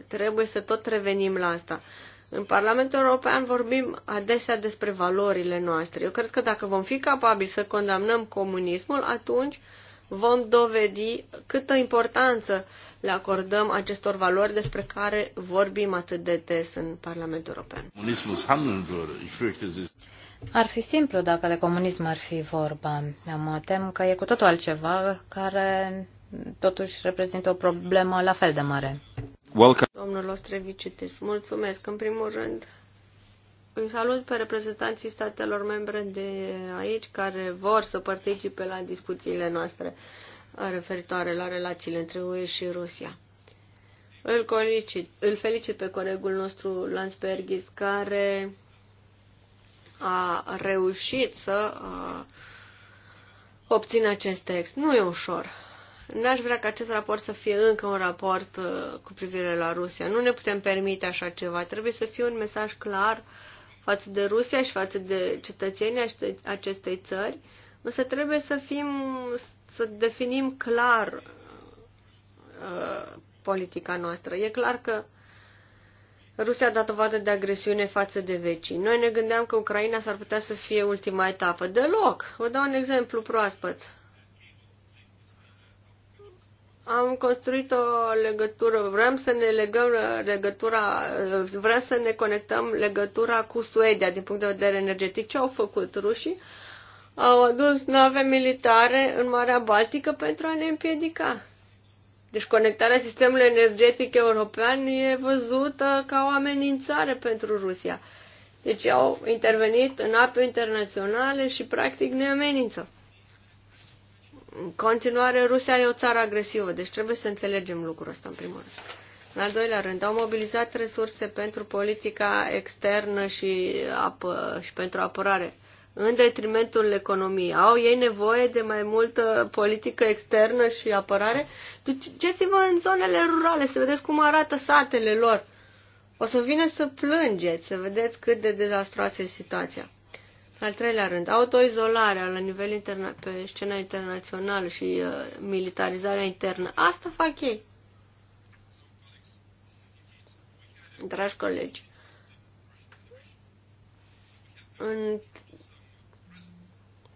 trebuie să tot revenim la asta. În Parlamentul European vorbim adesea despre valorile noastre. Eu cred că dacă vom fi capabili să condamnăm comunismul, atunci vom dovedi câtă importanță le acordăm acestor valori despre care vorbim atât de des în Parlamentul European. Ar fi simplu dacă de comunism ar fi vorba. Mă tem că e cu totul altceva care totuși reprezintă o problemă la fel de mare. Welcome. Domnul Ostrevicitis, mulțumesc. În primul rând, îi salut pe reprezentanții statelor membre de aici care vor să participe la discuțiile noastre referitoare la relațiile între UE și Rusia. Îl, colicit, îl felicit pe colegul nostru Lansbergis care a reușit să uh, obțină acest text. Nu e ușor. N-aș vrea ca acest raport să fie încă un raport uh, cu privire la Rusia. Nu ne putem permite așa ceva. Trebuie să fie un mesaj clar față de Rusia și față de cetățenii acestei țări, însă trebuie să fim, să definim clar uh, politica noastră. E clar că uh, Rusia a dat vadă de agresiune față de vecini. Noi ne gândeam că Ucraina s-ar putea să fie ultima etapă. Deloc! Vă dau un exemplu proaspăt. Am construit o legătură, vrem să ne legăm legătura, vrem să ne conectăm legătura cu Suedia din punct de vedere energetic. Ce au făcut rușii? Au adus nave militare în Marea Baltică pentru a ne împiedica. Deci conectarea sistemului energetic european e văzută ca o amenințare pentru Rusia. Deci au intervenit în ape internaționale și practic ne amenință. În continuare, Rusia e o țară agresivă, deci trebuie să înțelegem lucrul ăsta în primul rând. În al doilea rând, au mobilizat resurse pentru politica externă și, apă, și pentru apărare în detrimentul economiei. Au ei nevoie de mai multă politică externă și apărare? Duceți-vă în zonele rurale să vedeți cum arată satele lor. O să vină să plângeți, să vedeți cât de dezastroasă e situația. Al treilea rând, autoizolarea la nivel interna- pe scena internațională și uh, militarizarea internă. Asta fac ei. Dragi colegi, în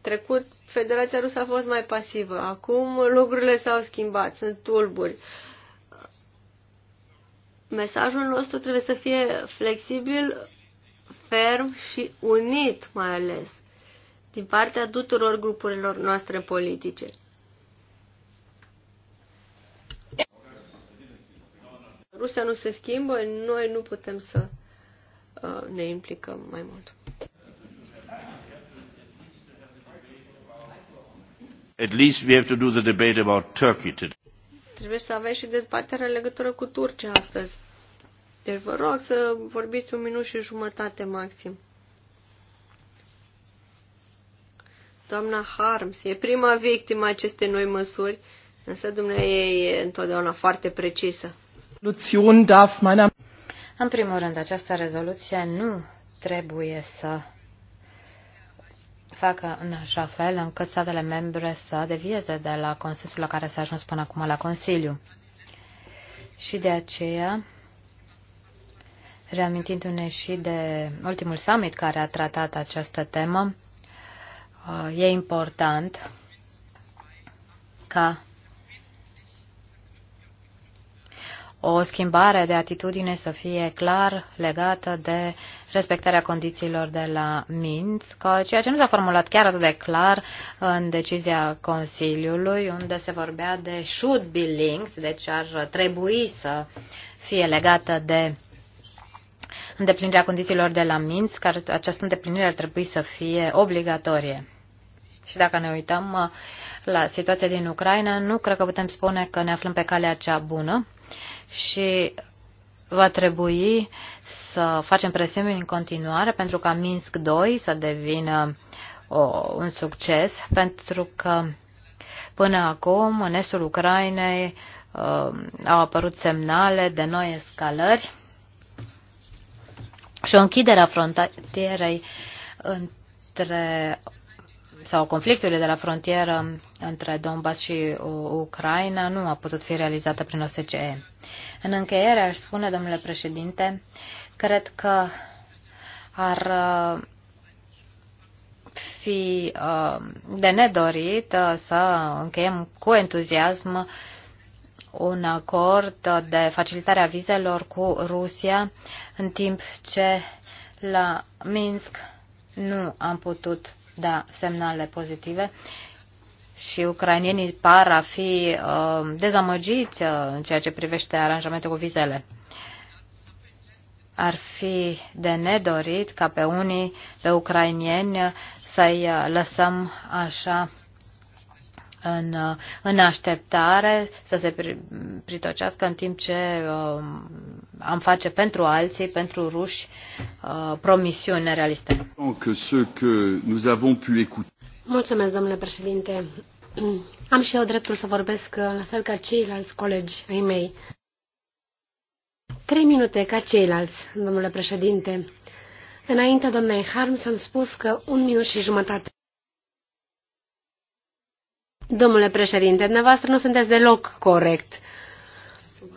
trecut Federația Rusă a fost mai pasivă. Acum lucrurile s-au schimbat, sunt tulburi. Mesajul nostru trebuie să fie flexibil, ferm și unit mai ales din partea tuturor grupurilor noastre politice. Rusia nu se schimbă, noi nu putem să uh, ne implicăm mai mult. At least we have to do the debate about Turkey today. Trebuie să aveți și dezbaterea în legătură cu Turcia astăzi. Deci vă rog să vorbiți un minut și jumătate maxim. Doamna Harms e prima victimă acestei noi măsuri, însă dumneavoastră e întotdeauna foarte precisă. În primul rând, această rezoluție nu trebuie să facă în așa fel încât statele membre să devieze de la consensul la care s-a ajuns până acum la Consiliu. Și de aceea, reamintindu-ne și de ultimul summit care a tratat această temă, uh, e important ca o schimbare de atitudine să fie clar legată de respectarea condițiilor de la Minsk, ceea ce nu s-a formulat chiar atât de clar în decizia Consiliului, unde se vorbea de should be linked, deci ar trebui să fie legată de îndeplinirea condițiilor de la Minsk, această îndeplinire ar trebui să fie obligatorie. Și dacă ne uităm uh, la situația din Ucraina, nu cred că putem spune că ne aflăm pe calea cea bună și va trebui să facem presiuni în continuare pentru ca Minsk 2 să devină o, un succes, pentru că până acum în estul Ucrainei uh, au apărut semnale de noi escalări și o închidere a frontierei între sau conflictului de la frontieră între Donbass și Ucraina nu a putut fi realizată prin OSCE. În încheiere aș spune, domnule președinte, cred că ar uh, fi uh, de nedorit uh, să încheiem cu entuziasm un acord de facilitare a vizelor cu Rusia, în timp ce la Minsk nu am putut da semnale pozitive și ucrainienii par a fi uh, dezamăgiți uh, în ceea ce privește aranjamentul cu vizele. Ar fi de nedorit ca pe unii, pe ucrainieni, să-i uh, lăsăm așa în, în așteptare să se pritocească în timp ce uh, am face pentru alții, pentru ruși, uh, promisiuni nerealiste. Mulțumesc, domnule președinte. Am și eu dreptul să vorbesc uh, la fel ca ceilalți colegi ai mei. Trei minute ca ceilalți, domnule președinte. Înainte, domnule Harm, s-am spus că un minut și jumătate. Domnule președinte, dumneavoastră nu sunteți deloc corect.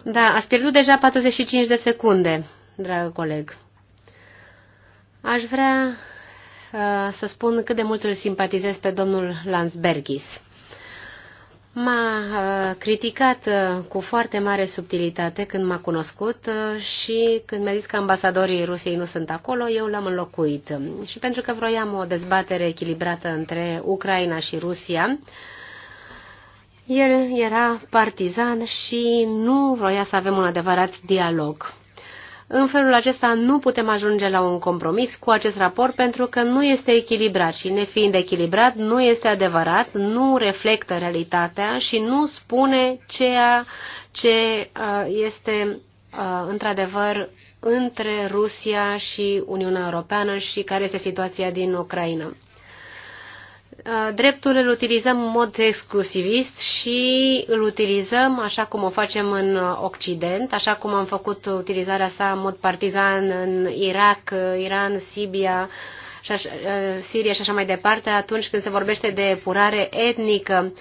Da, ați pierdut deja 45 de secunde, dragă coleg. Aș vrea uh, să spun cât de mult îl simpatizez pe domnul Lansbergis. M-a uh, criticat uh, cu foarte mare subtilitate când m-a cunoscut uh, și când mi-a zis că ambasadorii Rusiei nu sunt acolo, eu l-am înlocuit. Și pentru că vroiam o dezbatere echilibrată între Ucraina și Rusia, uh, el era partizan și nu vroia să avem un adevărat dialog. În felul acesta nu putem ajunge la un compromis cu acest raport pentru că nu este echilibrat și nefiind echilibrat nu este adevărat, nu reflectă realitatea și nu spune ceea ce uh, este uh, într-adevăr între Rusia și Uniunea Europeană și care este situația din Ucraina. Uh, dreptul îl utilizăm în mod exclusivist și îl utilizăm așa cum o facem în Occident, așa cum am făcut utilizarea sa în mod partizan în Irak, uh, Iran, Sibia, și așa, uh, Siria și așa mai departe, atunci când se vorbește de epurare etnică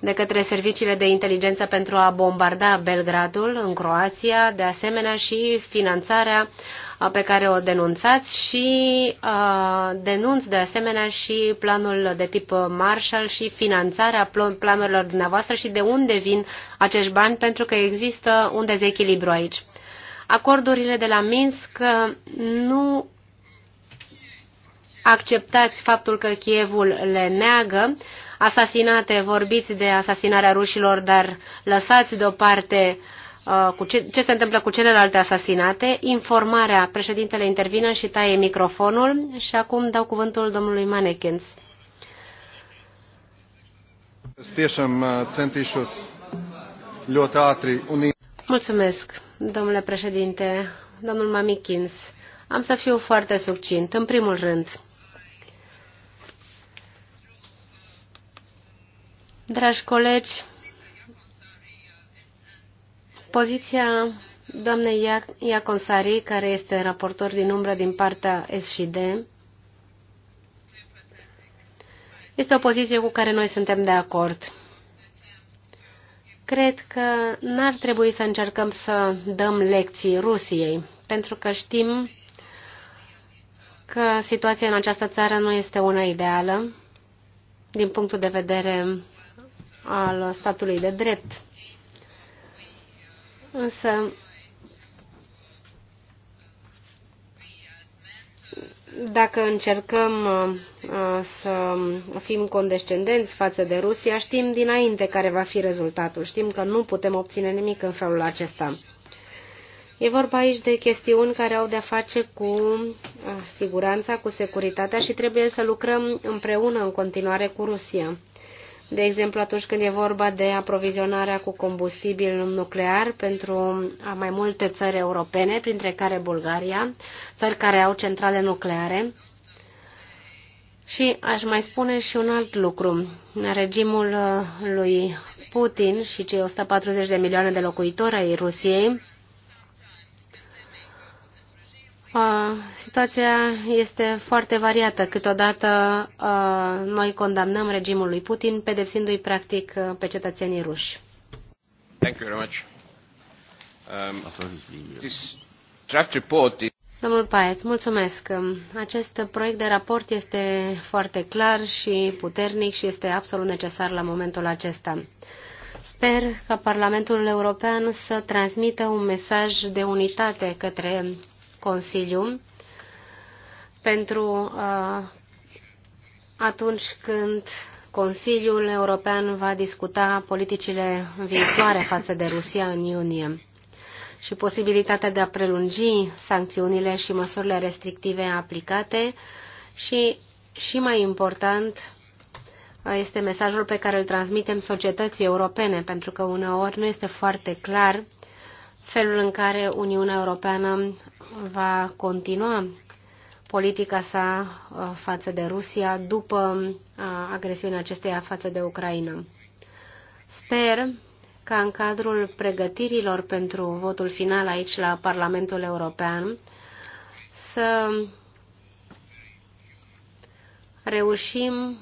de către serviciile de inteligență pentru a bombarda Belgradul în Croația, de asemenea și finanțarea uh, pe care o denunțați și denunț de asemenea și planul de tip Marshall și finanțarea planurilor dumneavoastră și de unde vin acești bani, pentru că există un dezechilibru aici. Acordurile de la Minsk nu acceptați faptul că Chievul le neagă, asasinate, vorbiți de asasinarea rușilor, dar lăsați deoparte uh, Uh, cu ce, ce se întâmplă cu celelalte asasinate. Informarea, președintele intervine și taie microfonul și acum dau cuvântul domnului Manekins. Uh, Mulțumesc, domnule președinte, domnul Mamikins. Am să fiu foarte succint. În primul rând, dragi colegi, Poziția doamnei Iaconsari, care este raportor din umbră din partea SD, este o poziție cu care noi suntem de acord. Cred că n-ar trebui să încercăm să dăm lecții Rusiei, pentru că știm că situația în această țară nu este una ideală din punctul de vedere al statului de drept. Însă, dacă încercăm uh, să fim condescendenți față de Rusia, știm dinainte care va fi rezultatul. Știm că nu putem obține nimic în felul acesta. E vorba aici de chestiuni care au de-a face cu uh, siguranța, cu securitatea și trebuie să lucrăm împreună în continuare cu Rusia de exemplu atunci când e vorba de aprovizionarea cu combustibil nuclear pentru mai multe țări europene, printre care Bulgaria, țări care au centrale nucleare. Și aș mai spune și un alt lucru. Regimul lui Putin și cei 140 de milioane de locuitori ai Rusiei Situația este foarte variată. Câteodată noi condamnăm regimul lui Putin, pedepsindu-i practic pe cetățenii ruși. Thank you very much. Um, this draft report Domnul Paet, mulțumesc. Acest proiect de raport este foarte clar și puternic și este absolut necesar la momentul acesta. Sper ca Parlamentul European să transmită un mesaj de unitate către Consiliu pentru uh, atunci când Consiliul European va discuta politicile viitoare față de Rusia în iunie și posibilitatea de a prelungi sancțiunile și măsurile restrictive aplicate și, și mai important, este mesajul pe care îl transmitem societății europene, pentru că uneori nu este foarte clar felul în care Uniunea Europeană va continua politica sa uh, față de Rusia după uh, agresiunea acesteia față de Ucraina. Sper ca în cadrul pregătirilor pentru votul final aici la Parlamentul European să reușim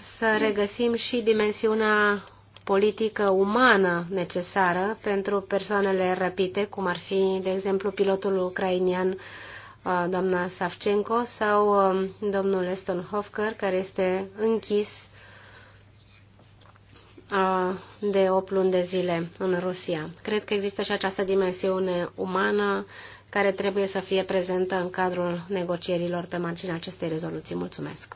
să regăsim și dimensiunea politică umană necesară pentru persoanele răpite, cum ar fi, de exemplu, pilotul ucrainian uh, doamna Savchenko sau um, domnul Eston Hofker, care este închis uh, de 8 luni de zile în Rusia. Cred că există și această dimensiune umană care trebuie să fie prezentă în cadrul negocierilor pe marginea acestei rezoluții. Mulțumesc!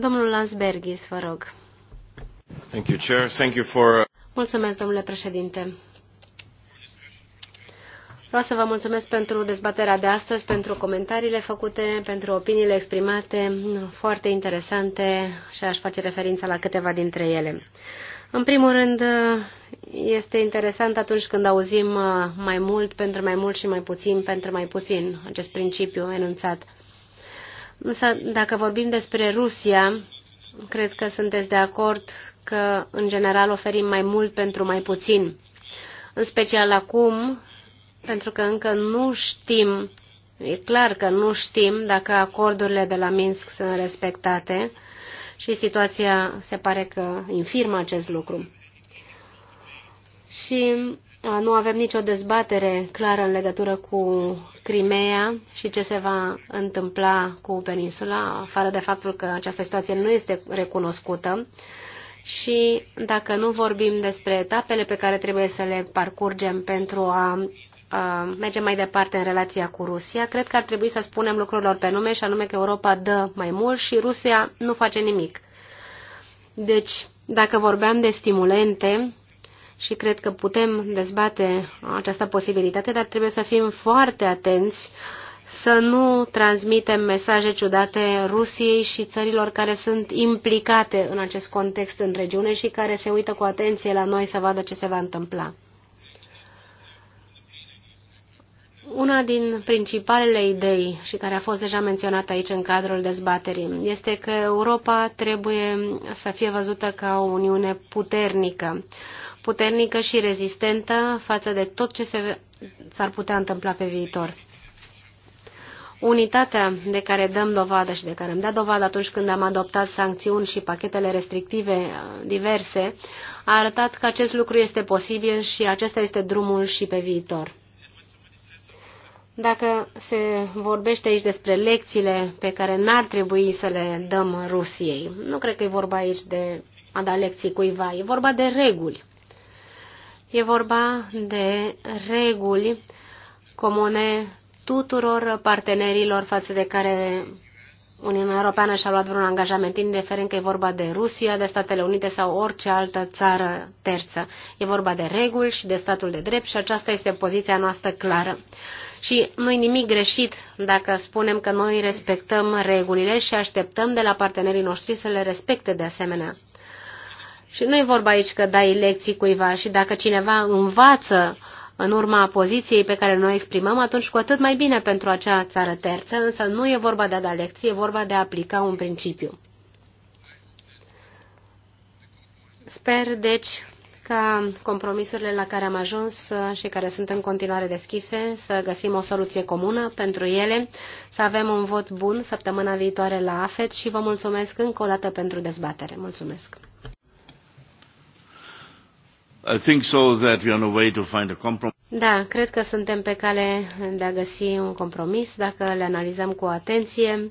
Domnul Lansbergis, vă rog. Thank you, Chair. Thank you for... Uh, mulțumesc, domnule președinte. Vreau să vă mulțumesc pentru dezbaterea de astăzi, pentru comentariile făcute, pentru opiniile exprimate, foarte interesante și aș face referința la câteva dintre ele. În primul rând, este interesant atunci când auzim uh, mai mult pentru mai mult și mai puțin pentru mai puțin, acest principiu enunțat. Însă, dacă vorbim despre Rusia, cred că sunteți de acord că, în general, oferim mai mult pentru mai puțin. În special acum, pentru că încă nu știm, e clar că nu știm dacă acordurile de la Minsk sunt respectate și situația se pare că infirmă acest lucru. Și nu avem nicio dezbatere clară în legătură cu Crimea și ce se va întâmpla cu peninsula, afară de faptul că această situație nu este recunoscută. Și dacă nu vorbim despre etapele pe care trebuie să le parcurgem pentru a, a merge mai departe în relația cu Rusia, cred că ar trebui să spunem lucrurilor pe nume și anume că Europa dă mai mult și Rusia nu face nimic. Deci, dacă vorbeam de stimulente, și cred că putem dezbate această posibilitate, dar trebuie să fim foarte atenți să nu transmitem mesaje ciudate Rusiei și țărilor care sunt implicate în acest context în regiune și care se uită cu atenție la noi să vadă ce se va întâmpla. Una din principalele idei și care a fost deja menționată aici în cadrul dezbaterii este că Europa trebuie să fie văzută ca o uniune puternică puternică și rezistentă față de tot ce s-ar putea întâmpla pe viitor. Unitatea de care dăm dovadă și de care am dat dovadă atunci când am adoptat sancțiuni și pachetele restrictive uh, diverse a arătat că acest lucru este posibil și acesta este drumul și pe viitor. Dacă se vorbește aici despre lecțiile pe care n-ar trebui să le dăm Rusiei, nu cred că e vorba aici de a da lecții cuiva, e vorba de reguli. E vorba de reguli comune tuturor partenerilor față de care Uniunea Europeană și-a luat vreun angajament, indiferent că e vorba de Rusia, de Statele Unite sau orice altă țară terță. E vorba de reguli și de statul de drept și aceasta este poziția noastră clară. Și nu-i nimic greșit dacă spunem că noi respectăm regulile și așteptăm de la partenerii noștri să le respecte de asemenea. Și nu e vorba aici că dai lecții cuiva și dacă cineva învață în urma poziției pe care noi o exprimăm, atunci cu atât mai bine pentru acea țară terță, însă nu e vorba de a da lecții, e vorba de a aplica un principiu. Sper, deci, ca compromisurile la care am ajuns și care sunt în continuare deschise, să găsim o soluție comună pentru ele, să avem un vot bun săptămâna viitoare la AFET și vă mulțumesc încă o dată pentru dezbatere. Mulțumesc! I think so that we are on a way to find a compromise. Da, cred că suntem pe cale de a găsi un compromis dacă le analizăm cu atenție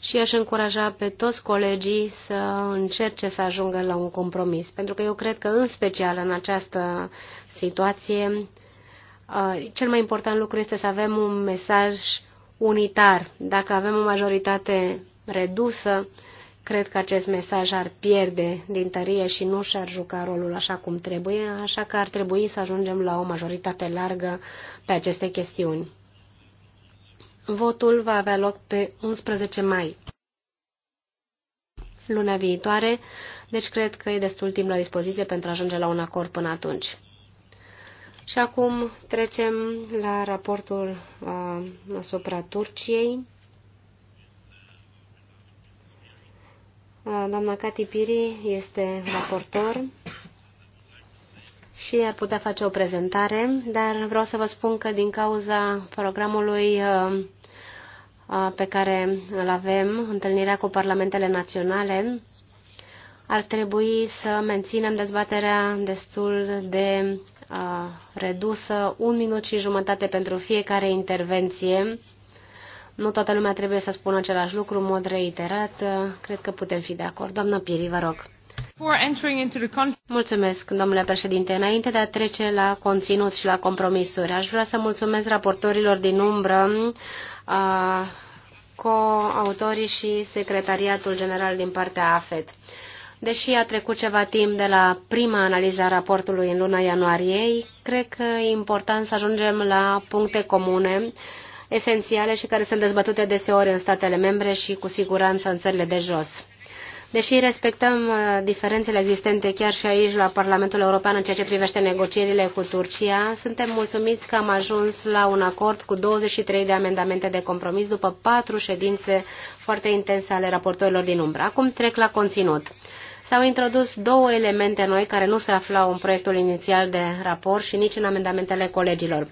și aș încuraja pe toți colegii să încerce să ajungă la un compromis. Pentru că eu cred că, în special în această situație, uh, cel mai important lucru este să avem un mesaj unitar. Dacă avem o majoritate redusă, Cred că acest mesaj ar pierde din tărie și nu și-ar juca rolul așa cum trebuie, așa că ar trebui să ajungem la o majoritate largă pe aceste chestiuni. Votul va avea loc pe 11 mai, luna viitoare, deci cred că e destul timp la dispoziție pentru a ajunge la un acord până atunci. Și acum trecem la raportul uh, asupra Turciei. Doamna Cati Piri este raportor și ar putea face o prezentare, dar vreau să vă spun că din cauza programului pe care îl avem, întâlnirea cu parlamentele naționale, ar trebui să menținem dezbaterea destul de redusă, un minut și jumătate pentru fiecare intervenție nu toată lumea trebuie să spună același lucru în mod reiterat. Cred că putem fi de acord. Doamna Piri, vă rog. Mulțumesc, domnule președinte. Înainte de a trece la conținut și la compromisuri, aș vrea să mulțumesc raportorilor din umbră, coautorii și secretariatul general din partea AFET. Deși a trecut ceva timp de la prima analiză a raportului în luna ianuarie, cred că e important să ajungem la puncte comune esențiale și care sunt dezbătute deseori în statele membre și cu siguranță în țările de jos. Deși respectăm uh, diferențele existente chiar și aici la Parlamentul European în ceea ce privește negocierile cu Turcia, suntem mulțumiți că am ajuns la un acord cu 23 de amendamente de compromis după patru ședințe foarte intense ale raportorilor din umbră. Acum trec la conținut. S-au introdus două elemente noi care nu se aflau în proiectul inițial de raport și nici în amendamentele colegilor.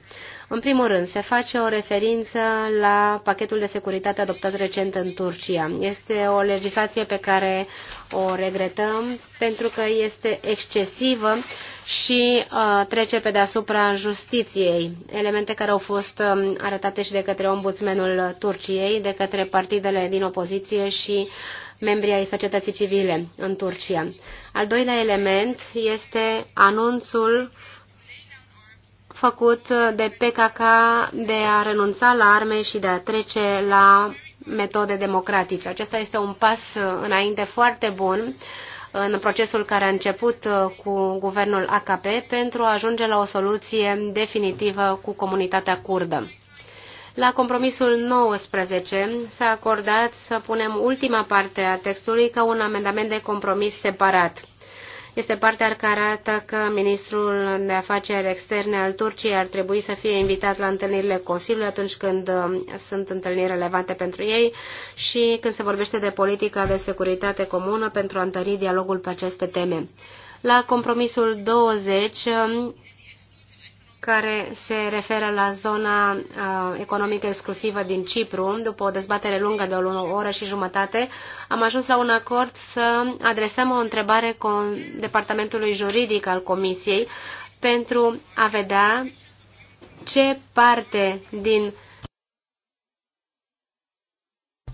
În primul rând, se face o referință la pachetul de securitate adoptat recent în Turcia. Este o legislație pe care o regretăm pentru că este excesivă și uh, trece pe deasupra justiției, elemente care au fost uh, arătate și de către ombudsmenul Turciei, de către partidele din opoziție și membrii ai societății civile în Turcia. Al doilea element este anunțul făcut de PKK de a renunța la arme și de a trece la metode democratice. Acesta este un pas înainte foarte bun în procesul care a început cu guvernul AKP pentru a ajunge la o soluție definitivă cu comunitatea kurdă. La compromisul 19 s-a acordat să punem ultima parte a textului ca un amendament de compromis separat este partea care arată că ministrul de afaceri externe al Turciei ar trebui să fie invitat la întâlnirile Consiliului atunci când um, sunt întâlniri relevante pentru ei și când se vorbește de politica de securitate comună pentru a întări dialogul pe aceste teme. La compromisul 20 care se referă la zona uh, economică exclusivă din Cipru. După o dezbatere lungă de o lună oră și jumătate, am ajuns la un acord să adresăm o întrebare cu Departamentului Juridic al Comisiei pentru a vedea ce parte din uh,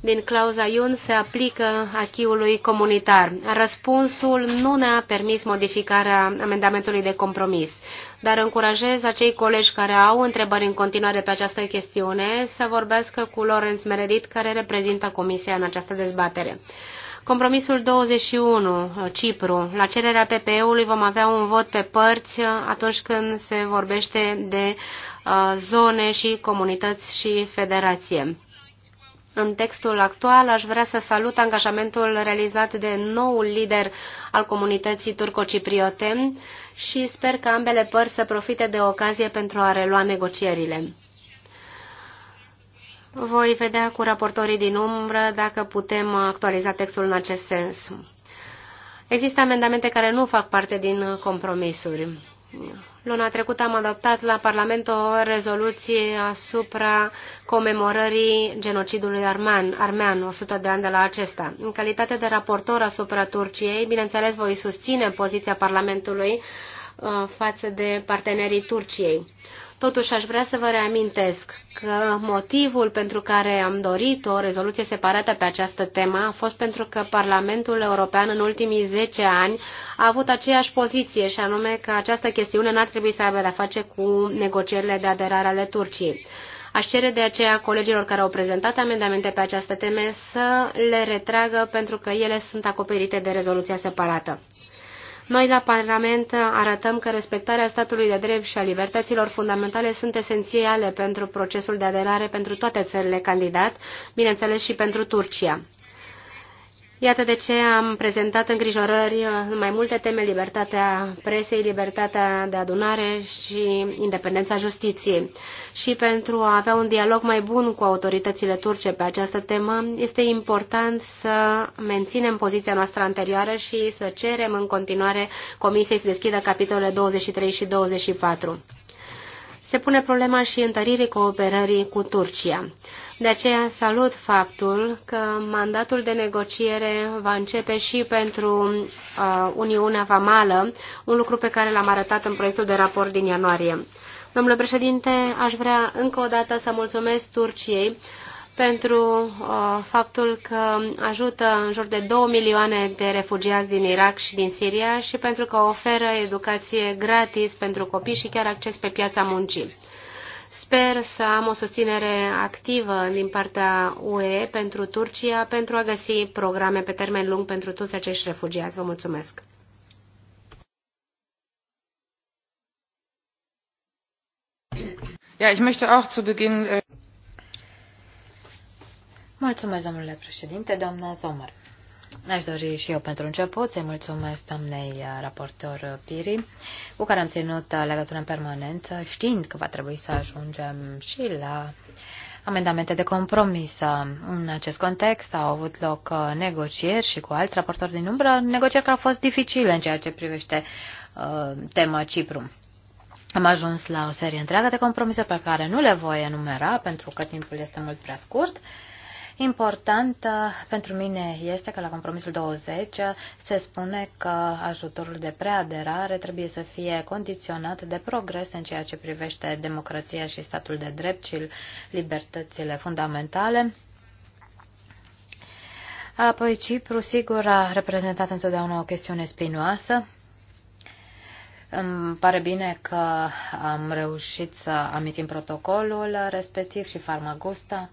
din clauza Iun se aplică achiului comunitar. Răspunsul nu ne-a permis modificarea amendamentului de compromis, dar încurajez acei colegi care au întrebări în continuare pe această chestiune să vorbească cu Lorenz Meredit, care reprezintă Comisia în această dezbatere. Compromisul 21, Cipru. La cererea PPE-ului vom avea un vot pe părți atunci când se vorbește de uh, zone și comunități și federație. În textul actual aș vrea să salut angajamentul realizat de noul lider al comunității turco-cipriote și sper că ambele părți să profite de ocazie pentru a relua negocierile. Voi vedea cu raportorii din umbră dacă putem actualiza textul în acest sens. Există amendamente care nu fac parte din compromisuri. Luna trecută am adoptat la Parlament o rezoluție asupra comemorării genocidului arman, armean, 100 de ani de la acesta. În calitate de raportor asupra Turciei, bineînțeles voi susține poziția Parlamentului uh, față de partenerii Turciei. Totuși, aș vrea să vă reamintesc că motivul pentru care am dorit o rezoluție separată pe această temă a fost pentru că Parlamentul European în ultimii 10 ani a avut aceeași poziție și anume că această chestiune n-ar trebui să aibă de-a face cu negocierile de aderare ale Turciei. Aș cere de aceea colegilor care au prezentat amendamente pe această teme să le retragă pentru că ele sunt acoperite de rezoluția separată. Noi la Parlament arătăm că respectarea statului de drept și a libertăților fundamentale sunt esențiale pentru procesul de aderare pentru toate țările candidat, bineînțeles și pentru Turcia. Iată de ce am prezentat îngrijorări în mai multe teme, libertatea presei, libertatea de adunare și independența justiției. Și pentru a avea un dialog mai bun cu autoritățile turce pe această temă, este important să menținem poziția noastră anterioară și să cerem în continuare Comisiei să deschidă capitolele 23 și 24. Se pune problema și întăririi cooperării cu Turcia. De aceea salut faptul că mandatul de negociere va începe și pentru uh, Uniunea Vamală, un lucru pe care l-am arătat în proiectul de raport din ianuarie. Domnule președinte, aș vrea încă o dată să mulțumesc Turciei pentru uh, faptul că ajută în jur de 2 milioane de refugiați din Irak și din Siria și pentru că oferă educație gratis pentru copii și chiar acces pe piața muncii. Sper să am o susținere activă din partea UE pentru Turcia pentru a găsi programe pe termen lung pentru toți acești refugiați. Vă mulțumesc! Ja, ich möchte auch zu Beginn. Äh, mulțumesc, domnule președinte, doamna Sommer. Aș dori și eu pentru început să-i mulțumesc doamnei raportor Piri, cu care am ținut legătura în permanență, știind că va trebui să ajungem și la amendamente de compromis. În acest context au avut loc negocieri și cu alți raportori din umbră, negocieri care au fost dificile în ceea ce privește uh, tema Cipru. Am ajuns la o serie întreagă de compromise pe care nu le voi enumera pentru că timpul este mult prea scurt. Uh, Important pentru mine este că la compromisul 20 se spune că ajutorul de preaderare trebuie să fie condiționat de progres în ceea ce privește democrația și statul de drept și libertățile fundamentale. Apoi Cipru, sigur, a reprezentat întotdeauna o chestiune spinoasă. Îmi pare bine că am reușit să amintim protocolul respectiv și farmagusta.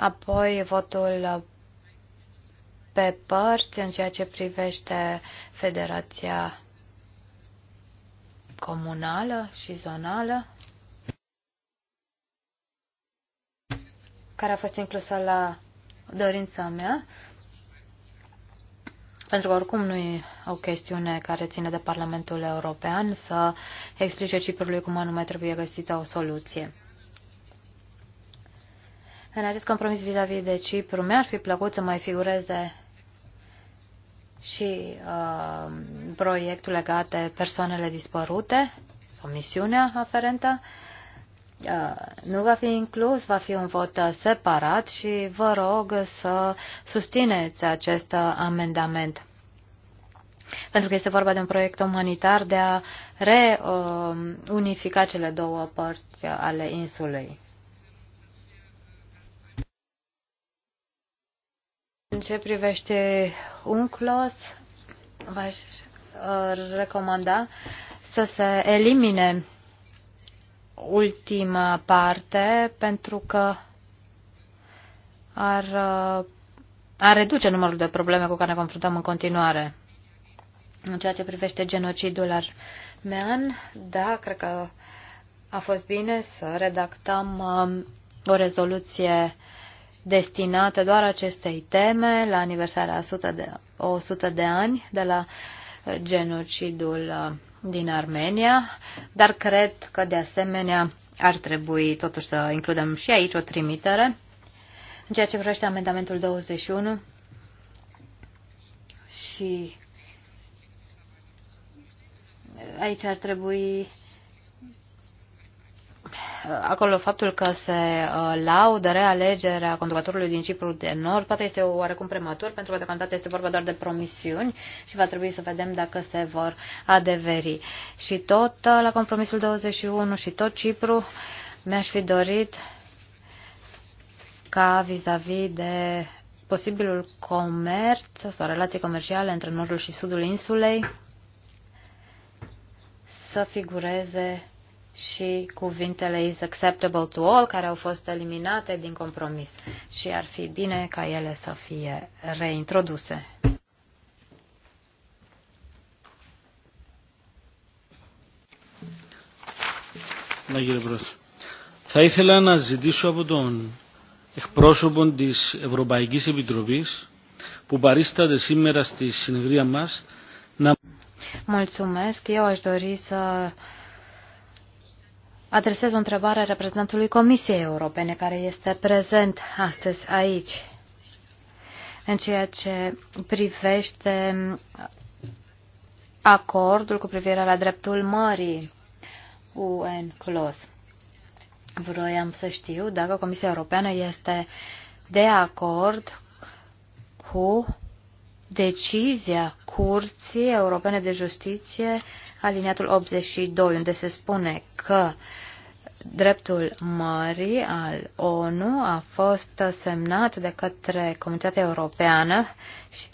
Apoi votul pe părți în ceea ce privește Federația comunală și zonală, care a fost inclusă la dorința mea, pentru că oricum nu e o chestiune care ține de Parlamentul European să explice Ciprului cum anume trebuie găsită o soluție. În acest compromis vis-a-vis -vis de Cipru, mi-ar fi plăcut să mai figureze și uh, proiectul legat de persoanele dispărute, sau misiunea aferentă, uh, nu va fi inclus, va fi un vot uh, separat și vă rog să susțineți acest uh, amendament. Pentru că este vorba de un proiect umanitar de a reunifica cele două părți ale insulei. În ce privește UNCLOS, v-aș uh, recomanda să se elimine ultima parte pentru că ar, uh, ar reduce numărul de probleme cu care ne confruntăm în continuare. În ceea ce privește genocidul armean, da, cred că a fost bine să redactăm um, o rezoluție uh, destinate doar acestei teme la aniversarea 100 de, 100 de ani de la uh, genocidul uh, din Armenia, dar cred că de asemenea ar trebui totuși să includem și aici o trimitere. În ceea ce privește amendamentul 21 și aici ar trebui acolo faptul că se uh, laudă realegerea conducătorului din Cipru de Nord, poate este oarecum prematur, pentru că deocamdată este vorba doar de promisiuni și va trebui să vedem dacă se vor adeveri. Și tot uh, la compromisul 21 și tot Cipru mi-aș fi dorit ca vis-a-vis -vis de posibilul comerț sau relații comerciale între nordul și sudul insulei să figureze și cuvintele is acceptable to all, care au fost eliminate din compromis și ar fi bine ca ele să fie reintroduse. Ναι, κύριε Πρόεδρε. Θα ήθελα να ζητήσω από τον εκπρόσωπο της Ευρωπαϊκής Επιτροπής που παρίσταται σήμερα στη συνεδρία μας να... Μολτσουμέσκ, εγώ aș dori să adresez o întrebare reprezentantului Comisiei Europene, care este prezent astăzi aici, în ceea ce privește acordul cu privire la dreptul mării UN CLOS. Vroiam să știu dacă Comisia Europeană este de acord cu decizia Curții Europene de Justiție aliniatul 82, unde se spune că dreptul mării al ONU a fost semnat de către Comunitatea Europeană și,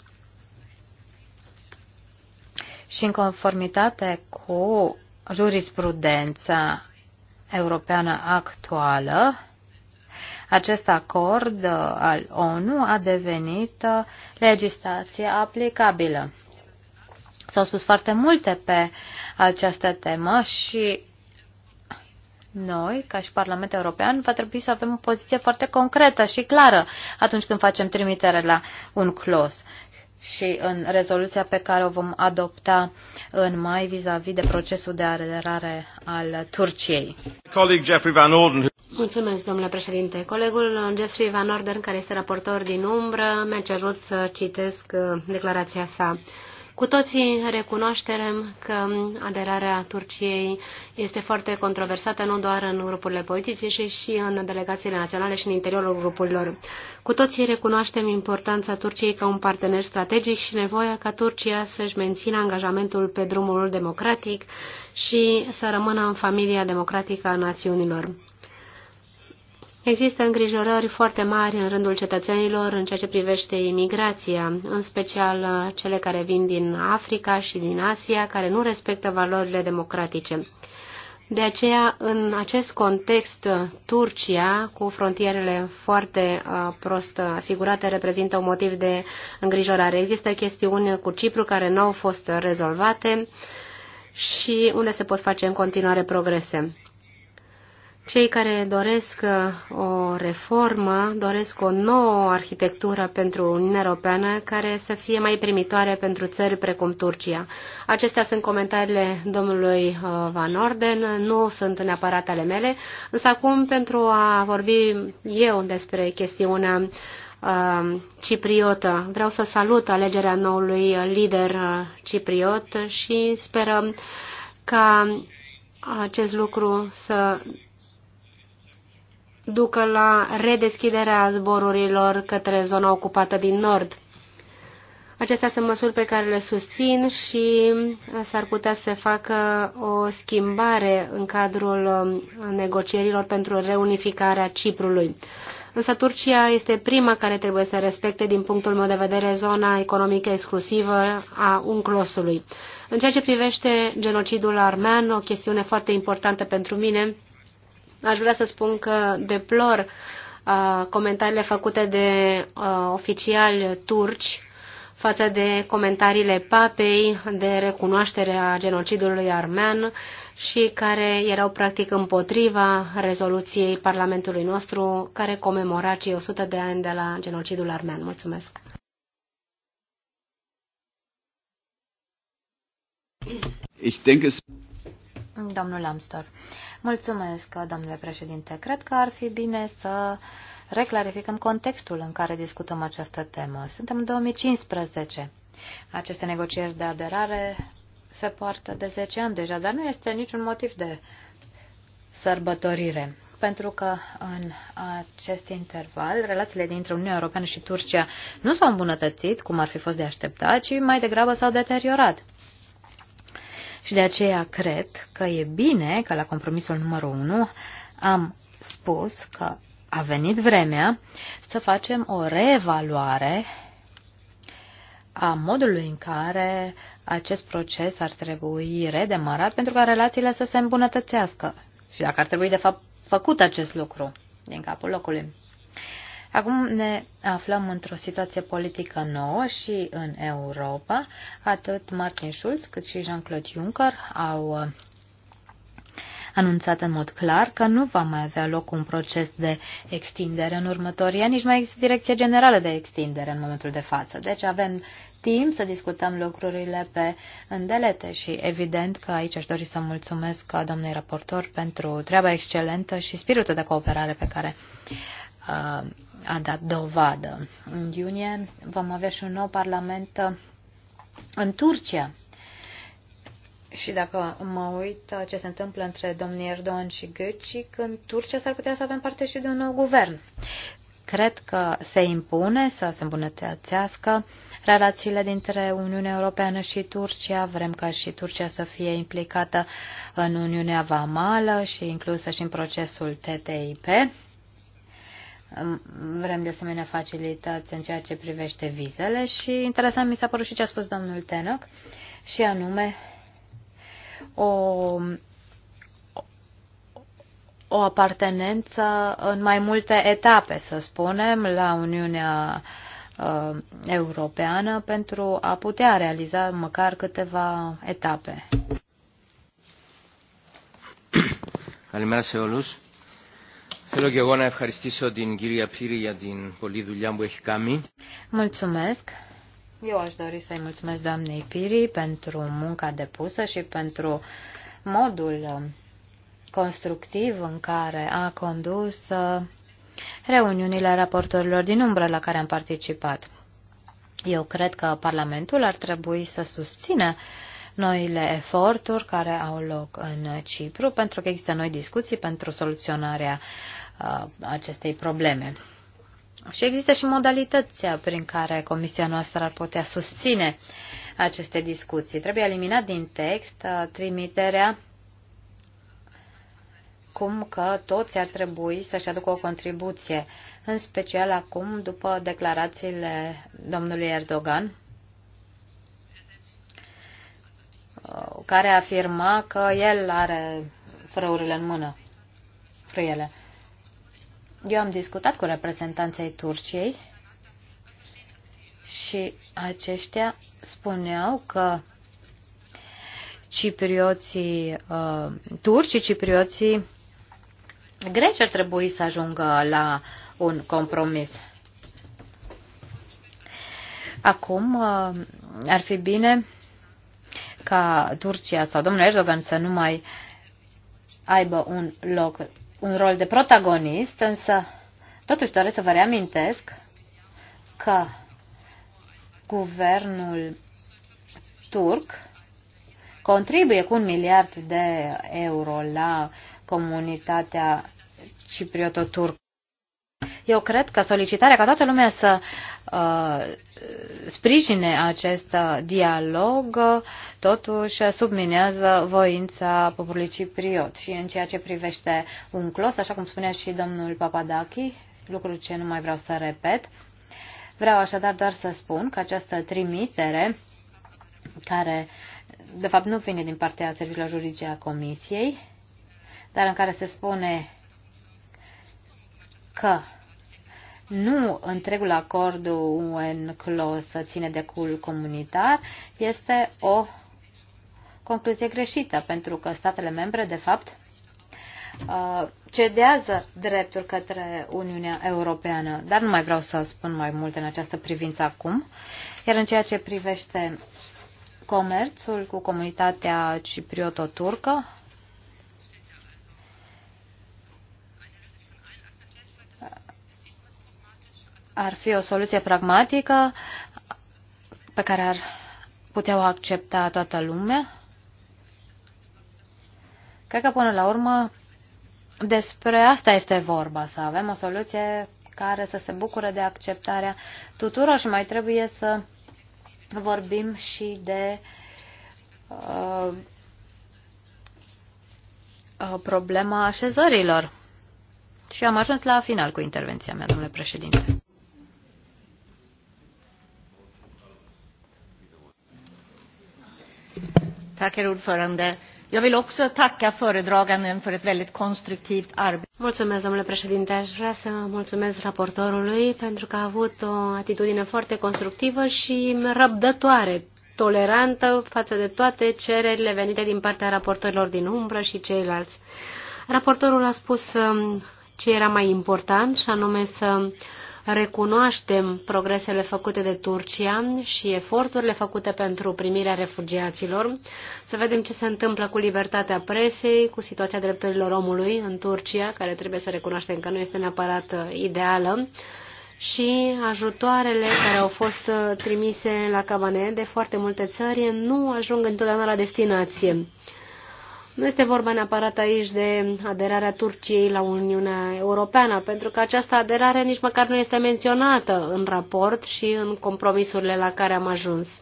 și în conformitate cu jurisprudența europeană actuală, acest acord al ONU a devenit legislație aplicabilă. S-au spus foarte multe pe această temă și noi, ca și Parlament European, va trebui să avem o poziție foarte concretă și clară atunci când facem trimitere la un clos și în rezoluția pe care o vom adopta în mai vis-a-vis -vis de procesul de aderare al Turciei. Jeffrey Van Orden. Mulțumesc, domnule președinte. Colegul Jeffrey Van Orden, care este raportor din umbră, mi-a cerut să citesc uh, declarația sa. Cu toții recunoaștem că aderarea Turciei este foarte controversată nu doar în grupurile politice, ci și în delegațiile naționale și în interiorul grupurilor. Cu toții recunoaștem importanța Turciei ca un partener strategic și nevoia ca Turcia să-și mențină angajamentul pe drumul democratic și să rămână în familia democratică a națiunilor. Există îngrijorări foarte mari în rândul cetățenilor în ceea ce privește imigrația, în special cele care vin din Africa și din Asia, care nu respectă valorile democratice. De aceea, în acest context, Turcia, cu frontierele foarte uh, prost asigurate, reprezintă un motiv de îngrijorare. Există chestiuni cu Cipru care nu au fost rezolvate și unde se pot face în continuare progrese. Cei care doresc uh, o reformă doresc o nouă arhitectură pentru Uniunea Europeană care să fie mai primitoare pentru țări precum Turcia. Acestea sunt comentariile domnului uh, Van Orden, nu sunt neapărat ale mele, însă acum pentru a vorbi eu despre chestiunea uh, cipriotă. Vreau să salut alegerea noului lider cipriot și sperăm ca acest lucru să ducă la redeschiderea zborurilor către zona ocupată din nord. Acestea sunt măsuri pe care le susțin și s-ar putea să se facă o schimbare în cadrul um, negocierilor pentru reunificarea Ciprului. Însă Turcia este prima care trebuie să respecte, din punctul meu de vedere, zona economică exclusivă a UNCLOS-ului. În ceea ce privește genocidul armean, o chestiune foarte importantă pentru mine, Aș vrea să spun că deplor uh, comentariile făcute de uh, oficiali turci față de comentariile papei de recunoașterea genocidului armean și care erau practic împotriva rezoluției Parlamentului nostru care comemora cei 100 de ani de la genocidul armean. Mulțumesc! Ich denke, Domnul Amstor, Mulțumesc, domnule președinte. Cred că ar fi bine să reclarificăm contextul în care discutăm această temă. Suntem în 2015. Aceste negocieri de aderare se poartă de 10 ani deja, dar nu este niciun motiv de sărbătorire. Pentru că în acest interval, relațiile dintre Uniunea Europeană și Turcia nu s-au îmbunătățit, cum ar fi fost de așteptat, ci mai degrabă s-au deteriorat. Și de aceea cred că e bine că la compromisul numărul 1 am spus că a venit vremea să facem o reevaluare a modului în care acest proces ar trebui redemarat pentru ca relațiile să se îmbunătățească și dacă ar trebui, de fapt, făcut acest lucru din capul locului. Acum ne aflăm într-o situație politică nouă și în Europa. Atât Martin Schulz cât și Jean-Claude Juncker au uh, anunțat în mod clar că nu va mai avea loc un proces de extindere în următorii ani, nici mai există direcție generală de extindere în momentul de față. Deci avem timp să discutăm lucrurile pe îndelete și evident că aici aș dori să mulțumesc domnului raportor pentru treaba excelentă și spiritul de cooperare pe care uh, a dat dovadă. În iunie vom avea și un nou parlament uh, în Turcia. Și dacă mă uit uh, ce se întâmplă între domnul Erdogan și Göcic, în Turcia s-ar putea să avem parte și de un nou guvern. Cred că se impune să se îmbunătățească relațiile dintre Uniunea Europeană și Turcia. Vrem ca și Turcia să fie implicată în Uniunea Vamală și inclusă și în procesul TTIP. Vrem de asemenea facilități în ceea ce privește vizele și interesant mi s-a părut și ce a spus domnul Tenoc și anume o, o apartenență în mai multe etape, să spunem, la Uniunea uh, Europeană pentru a putea realiza măcar câteva etape. Καλημέρα σε όλους. Θέλω και εγώ να ευχαριστήσω την κυρία Πύρη για την πολλή δουλειά που έχει κάνει. Mulțumesc. Eu aș dori să-i mulțumesc doamnei Piri pentru munca depusă și pentru modul constructiv în care a condus uh, reuniunile raportorilor din umbră la care am participat. Eu cred că Parlamentul ar trebui să susțină noile eforturi care au loc în Cipru, pentru că există noi discuții pentru soluționarea Uh, acestei probleme. Și există și modalități prin care comisia noastră ar putea susține aceste discuții. Trebuie eliminat din text uh, trimiterea cum că toți ar trebui să-și aducă o contribuție, în special acum după declarațiile domnului Erdogan, uh, care afirma că el are frăurile în mână, frâiele. Eu am discutat cu reprezentanții Turciei și aceștia spuneau că ciprioții uh, turci ciprioții greci ar trebui să ajungă la un compromis. Acum uh, ar fi bine ca Turcia sau domnul Erdogan să nu mai aibă un loc un rol de protagonist, însă totuși doresc să vă reamintesc că guvernul turc contribuie cu un miliard de euro la comunitatea ciprioto-turcă. Eu cred că solicitarea ca toată lumea să uh, sprijine acest dialog, totuși subminează voința poporului cipriot. Și în ceea ce privește clos, așa cum spunea și domnul Papadaki, lucru ce nu mai vreau să repet, vreau așadar doar să spun că această trimitere, care de fapt nu vine din partea serviciilor juridice a Comisiei, dar în care se spune că nu întregul acord UN-CLOS ține de cul comunitar, este o concluzie greșită, pentru că statele membre, de fapt, uh, cedează drepturi către Uniunea Europeană. Dar nu mai vreau să spun mai mult în această privință acum. Iar în ceea ce privește comerțul cu comunitatea cipriototurcă, turcă ar fi o soluție pragmatică pe care ar putea o accepta toată lumea. Cred că până la urmă despre asta este vorba, să avem o soluție care să se bucure de acceptarea tuturor și mai trebuie să vorbim și de uh, uh problema așezărilor. Și am ajuns la final cu intervenția mea, domnule președinte. Tack, herr ordförande. Jag vill också tacka föredraganden för ett väldigt konstruktivt arbete. Mulțumesc, domnule președinte. Aș vrea să mulțumesc raportorului pentru că a avut o atitudine foarte constructivă și răbdătoare, tolerantă față de toate cererile venite din partea raportorilor din umbră și ceilalți. Raportorul a spus um, ce era mai important și anume să recunoaștem progresele făcute de Turcia și eforturile făcute pentru primirea refugiaților, să vedem ce se întâmplă cu libertatea presei, cu situația drepturilor omului în Turcia, care trebuie să recunoaștem că nu este neapărat uh, ideală, și ajutoarele care au fost uh, trimise la cabane de foarte multe țări nu ajung întotdeauna la destinație. Nu este vorba neapărat aici de aderarea Turciei la Uniunea Europeană, pentru că această aderare nici măcar nu este menționată în raport și în compromisurile la care am ajuns.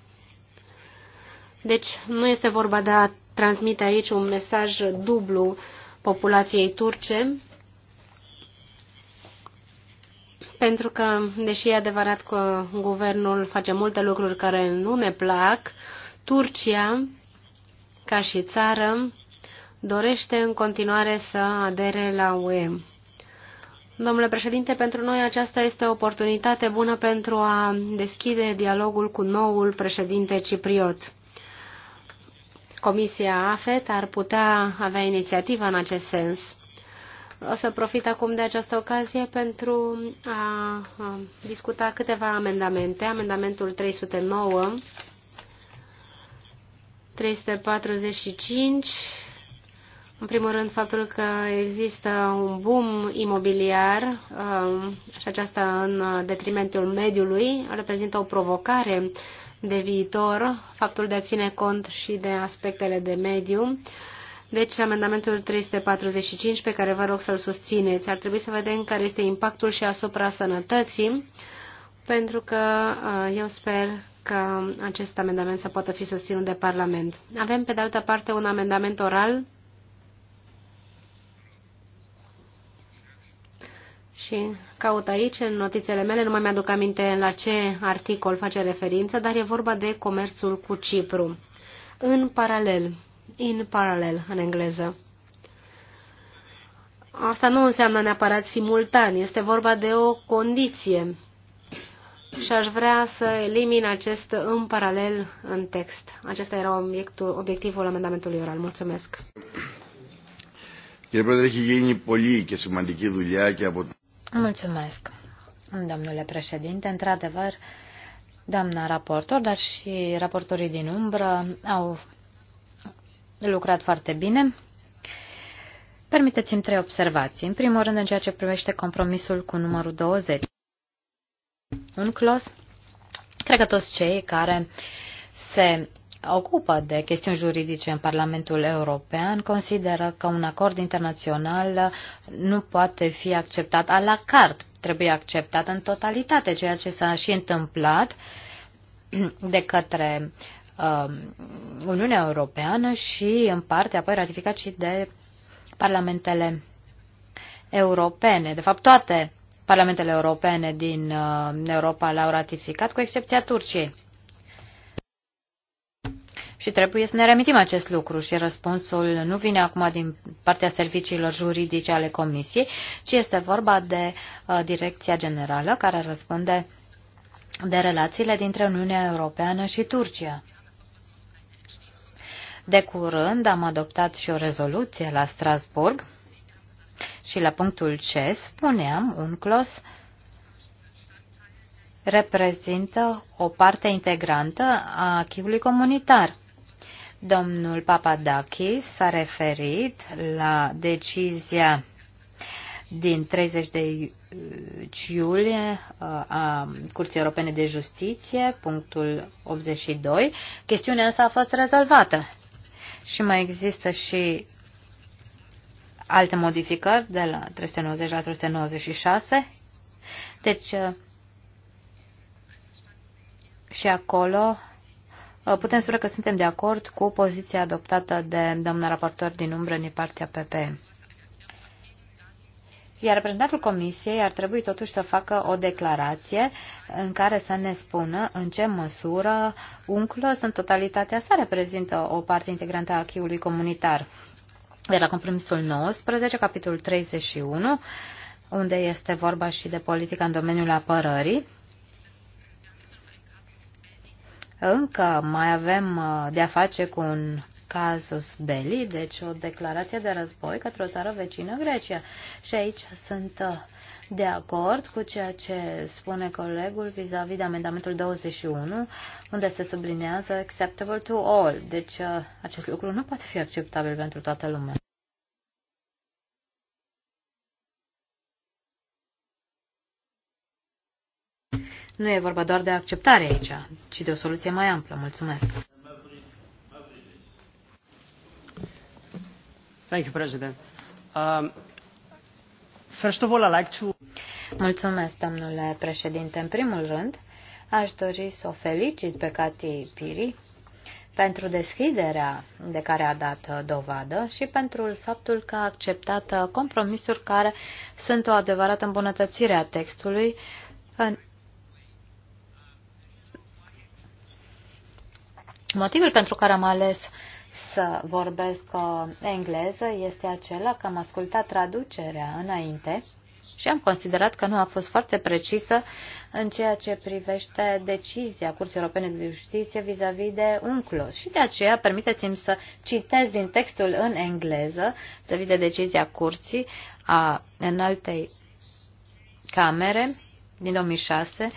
Deci nu este vorba de a transmite aici un mesaj dublu populației turce, pentru că, deși e adevărat că guvernul face multe lucruri care nu ne plac, Turcia, ca și țară, dorește în continuare să adere la UE. Domnule președinte, pentru noi aceasta este o oportunitate bună pentru a deschide dialogul cu noul președinte cipriot. Comisia AFET ar putea avea inițiativa în acest sens. O să profit acum de această ocazie pentru a discuta câteva amendamente. Amendamentul 309, 345, în primul rând, faptul că există un boom imobiliar um, și aceasta în uh, detrimentul mediului reprezintă o provocare de viitor, faptul de a ține cont și de aspectele de mediu. Deci, amendamentul 345, pe care vă rog să-l susțineți, ar trebui să vedem care este impactul și asupra sănătății, pentru că uh, eu sper că acest amendament să poată fi susținut de Parlament. Avem, pe de altă parte, un amendament oral și caut aici, în notițele mele, nu mai mi-aduc aminte la ce articol face referință, dar e vorba de comerțul cu Cipru. În paralel, in paralel în engleză. Asta nu înseamnă neapărat simultan, este vorba de o condiție. Și aș vrea să elimin acest în paralel în text. Acesta era obiectul, obiectivul amendamentului oral. Mulțumesc. Κύριε Πρόεδρε, έχει γίνει πολύ και σημαντική δουλειά και από... Mulțumesc, domnule președinte. Într-adevăr, doamna raportor, dar și raportorii din umbră au lucrat foarte bine. Permiteți-mi trei observații. În primul rând, în ceea ce privește compromisul cu numărul 20. Un clos. Cred că toți cei care se ocupă de chestiuni juridice în Parlamentul European consideră că un acord internațional nu poate fi acceptat a la cart, trebuie acceptat în totalitate, ceea ce s-a și întâmplat de către uh, Uniunea Europeană și în parte apoi ratificat și de parlamentele europene. De fapt, toate parlamentele europene din uh, Europa l-au ratificat, cu excepția Turciei. Și trebuie să ne remitim acest lucru și răspunsul nu vine acum din partea serviciilor juridice ale Comisiei, ci este vorba de uh, Direcția Generală care răspunde de relațiile dintre Uniunea Europeană și Turcia. De curând am adoptat și o rezoluție la Strasburg și la punctul C spuneam un clos reprezintă o parte integrantă a acquis comunitar. Domnul Papadakis s-a referit la decizia din 30 de iulie uh, a Curții Europene de Justiție, punctul 82. Chestiunea asta a fost rezolvată. Și mai există și alte modificări de la 390 la 396. Deci uh, și acolo Uh, putem spune că suntem de acord cu poziția adoptată de doamna raportor din umbră din partea PP. Iar reprezentantul Comisiei ar trebui totuși să facă o declarație în care să ne spună în ce măsură UNCLOS în totalitatea sa reprezintă o parte integrantă a acquis comunitar. De la compromisul 19, capitolul 31, unde este vorba și de politica în domeniul apărării, încă mai avem uh, de-a face cu un casus belli, deci o declarație de război către o țară vecină, Grecia. Și aici sunt uh, de acord cu ceea ce spune colegul vis-a-vis -vis de amendamentul 21, unde se sublinează acceptable to all. Deci uh, acest lucru nu poate fi acceptabil pentru toată lumea. Nu e vorba doar de acceptare aici, ci de o soluție mai amplă. Mulțumesc. Thank you, President. Um, first of all, I like to... Mulțumesc, domnule președinte. În primul rând, aș dori să o felicit pe Cathy Piri pentru deschiderea de care a dat dovadă și pentru faptul că a acceptat compromisuri care sunt o adevărată îmbunătățire a textului, în Motivul pentru care am ales să vorbesc uh, engleză este acela că am ascultat traducerea înainte și am considerat că nu a fost foarte precisă în ceea ce privește decizia Curții Europene de Justiție vis-a-vis -vis de UNCLOS. Și de aceea permiteți-mi să citesc din textul în engleză vis-a-vis de decizia Curții a înaltei camere din 2006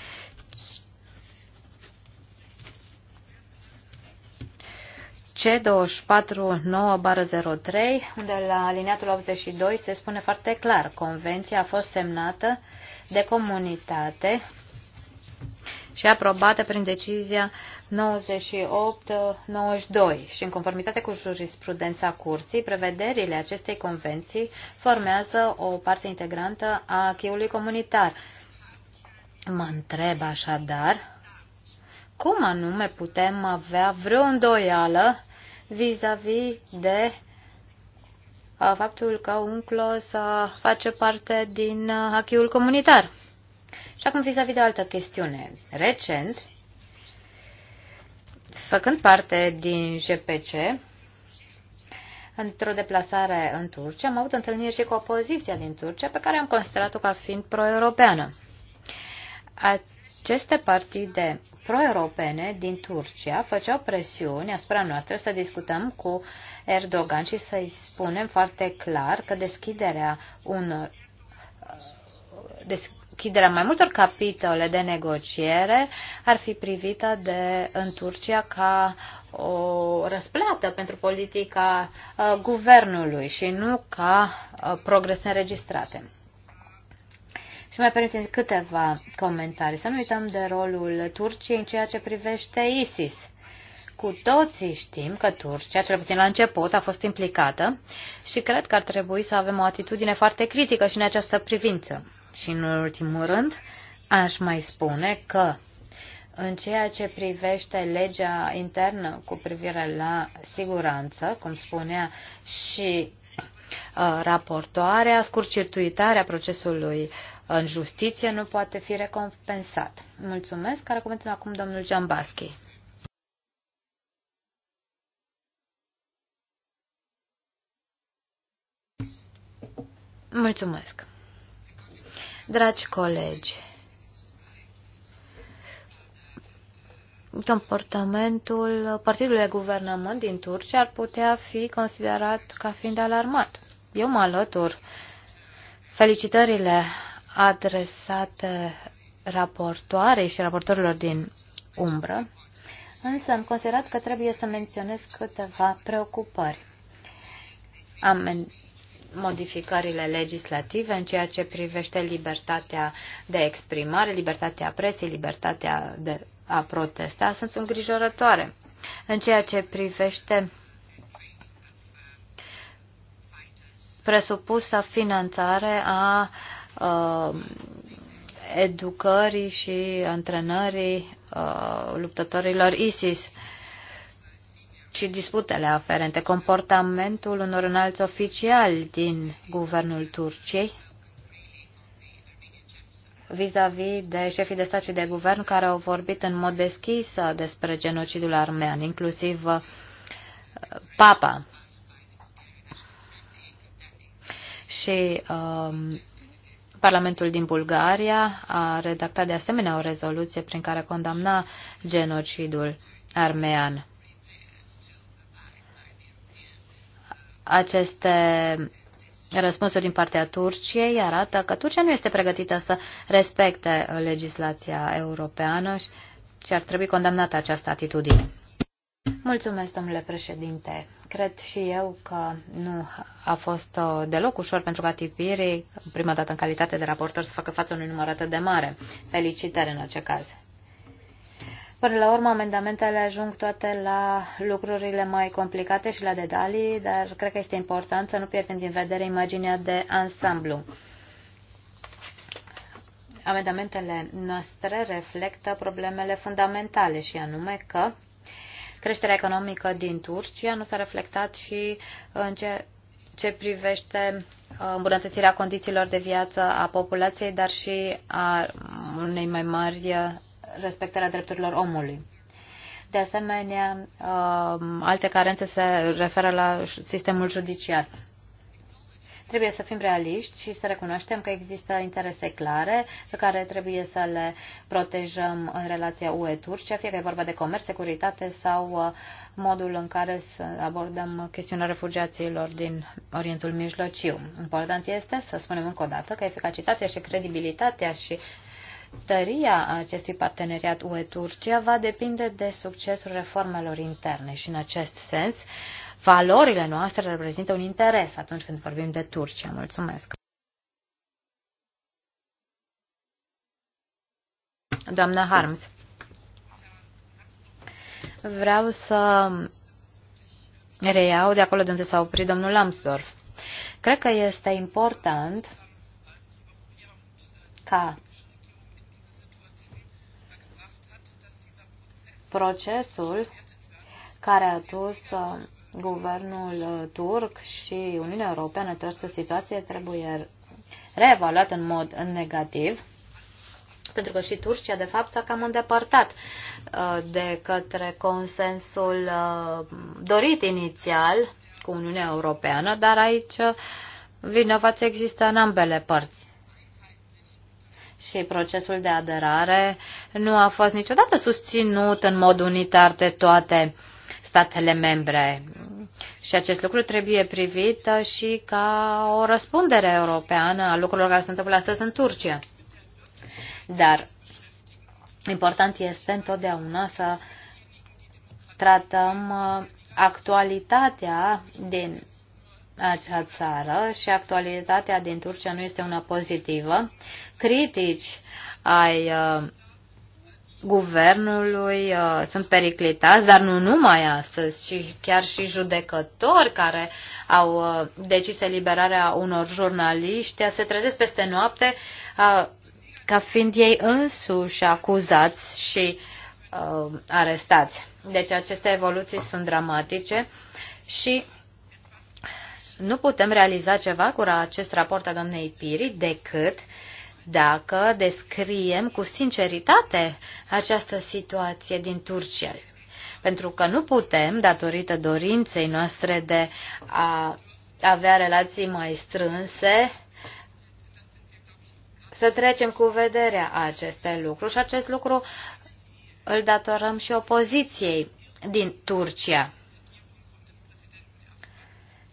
C249-03, unde la alineatul 82 se spune foarte clar, convenția a fost semnată de comunitate și aprobată prin decizia 98-92 și în conformitate cu jurisprudența curții, prevederile acestei convenții formează o parte integrantă a acquis comunitar. Mă întreb așadar, cum anume putem avea vreo îndoială vis-a-vis -vis de uh, faptul că UNCLOS face parte din uh, achiul comunitar. Și acum vis-a-vis -vis de o altă chestiune. Recent, făcând parte din GPC, într-o deplasare în Turcia, am avut întâlniri și cu opoziția din Turcia, pe care am considerat-o ca fiind pro-europeană. Aceste partide pro-europene din Turcia făceau presiuni asupra noastră să discutăm cu Erdogan și să-i spunem foarte clar că deschiderea unor uh, deschiderea mai multor capitole de negociere ar fi privită de, în Turcia ca o răsplată pentru politica uh, guvernului și nu ca uh, progrese înregistrate. Și mai permiteți câteva comentarii. Să nu uităm de rolul Turciei în ceea ce privește ISIS. Cu toții știm că Turcia, cel puțin la început, a fost implicată și cred că ar trebui să avem o atitudine foarte critică și în această privință. Și în ultimul rând, aș mai spune că în ceea ce privește legea internă cu privire la siguranță, cum spunea și uh, raportoarea, scurcirtuitarea procesului în justiție nu poate fi recompensat. Mulțumesc. Care cuvântul acum domnul Giambaschi. Mulțumesc. Dragi colegi, comportamentul partidului de guvernământ din Turcia ar putea fi considerat ca fiind alarmat. Eu mă alătur felicitările adresate raportoarei și raportorilor din umbră, însă am considerat că trebuie să menționez câteva preocupări. Am modificările legislative în ceea ce privește libertatea de exprimare, libertatea presei, libertatea de a protesta sunt îngrijorătoare. În ceea ce privește presupusa finanțare a uh, uh, educării și antrenării uh, luptătorilor ISIS și disputele aferente, comportamentul unor înalți oficiali din guvernul Turciei vis-a-vis -vis de șefii de stat și de guvern care au vorbit în mod deschis despre genocidul armean, inclusiv uh, papa. Și um, Parlamentul din Bulgaria a redactat de asemenea o rezoluție prin care condamna genocidul armean. Aceste răspunsuri din partea Turciei arată că Turcia nu este pregătită să respecte legislația europeană și ar trebui condamnată această atitudine. Mulțumesc, domnule președinte. Cred și eu că nu a fost uh, deloc ușor pentru că Tipiri, prima dată în calitate de raportor, să facă față unui număr atât de mare. Felicitări în orice caz. Până la urmă, amendamentele ajung toate la lucrurile mai complicate și la detalii, dar cred că este important să nu pierdem din vedere imaginea de ansamblu. Amendamentele noastre reflectă problemele fundamentale și anume că creșterea economică din Turcia nu s-a reflectat și în ce, ce privește uh, îmbunătățirea condițiilor de viață a populației, dar și a unei mai mari uh, a drepturilor omului. De asemenea, uh, alte carențe se referă la sistemul judiciar. Trebuie să fim realiști și să recunoaștem că există interese clare pe care trebuie să le protejăm în relația UE-Turcia, fie că e vorba de comerț, securitate sau uh, modul în care să abordăm chestiunea refugiaților din Orientul Mijlociu. Important este să spunem încă o dată că eficacitatea și credibilitatea și Tăria acestui parteneriat UE-Turcia va depinde de succesul reformelor interne și, în acest sens, valorile noastre reprezintă un interes atunci când vorbim de Turcia. Mulțumesc! Doamna Harms, vreau să reiau de acolo de unde s-a oprit domnul Lambsdorff. Cred că este important ca procesul care a dus uh, guvernul uh, turc și Uniunea Europeană această situație trebuie reevaluat în mod negativ, pentru că și Turcia, de fapt, s-a cam îndepărtat uh, de către consensul uh, dorit inițial cu Uniunea Europeană, dar aici vinovați există în ambele părți și procesul de aderare nu a fost niciodată susținut în mod unitar de toate statele membre. Și acest lucru trebuie privit uh, și ca o răspundere europeană a lucrurilor care se întâmplă astăzi în Turcia. Dar important este întotdeauna să tratăm uh, actualitatea din acea țară și actualitatea din Turcia nu este una pozitivă. Critici ai uh, guvernului uh, sunt periclitați, dar nu numai astăzi, ci chiar și judecători care au uh, decis eliberarea unor jurnaliști se trezesc peste noapte uh, ca fiind ei însuși acuzați și uh, arestați. Deci aceste evoluții sunt dramatice și nu putem realiza ceva cu acest raport a doamnei Piri decât uh, dacă descriem cu sinceritate această situație din Turcia. Pentru că nu putem, datorită dorinței noastre de a avea relații mai strânse, să trecem cu vederea aceste lucruri și acest lucru îl datorăm și opoziției din Turcia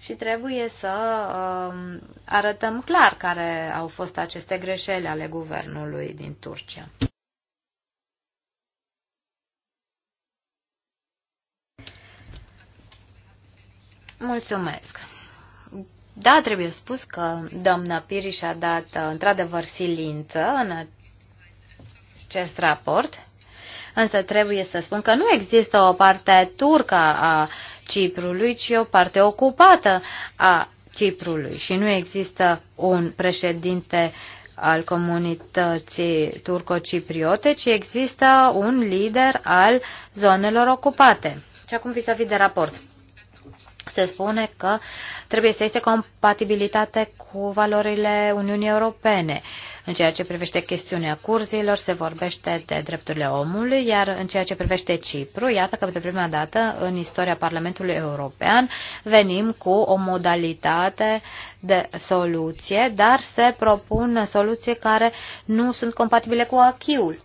și trebuie să uh, arătăm clar care au fost aceste greșeli ale guvernului din Turcia. Mulțumesc! Da, trebuie spus că doamna Piriș a dat uh, într-adevăr silință în acest raport însă trebuie să spun că nu există o parte turcă a Ciprului, ci o parte ocupată a Ciprului și nu există un președinte al comunității turco-cipriote, ci există un lider al zonelor ocupate. Și acum vis-a-vis -vis de raport se spune că trebuie să existe compatibilitate cu valorile Uniunii Europene. În ceea ce privește chestiunea curzilor, se vorbește de drepturile omului, iar în ceea ce privește Cipru, iată că de prima dată în istoria Parlamentului European venim cu o modalitate de soluție, dar se propun soluții care nu sunt compatibile cu achiul.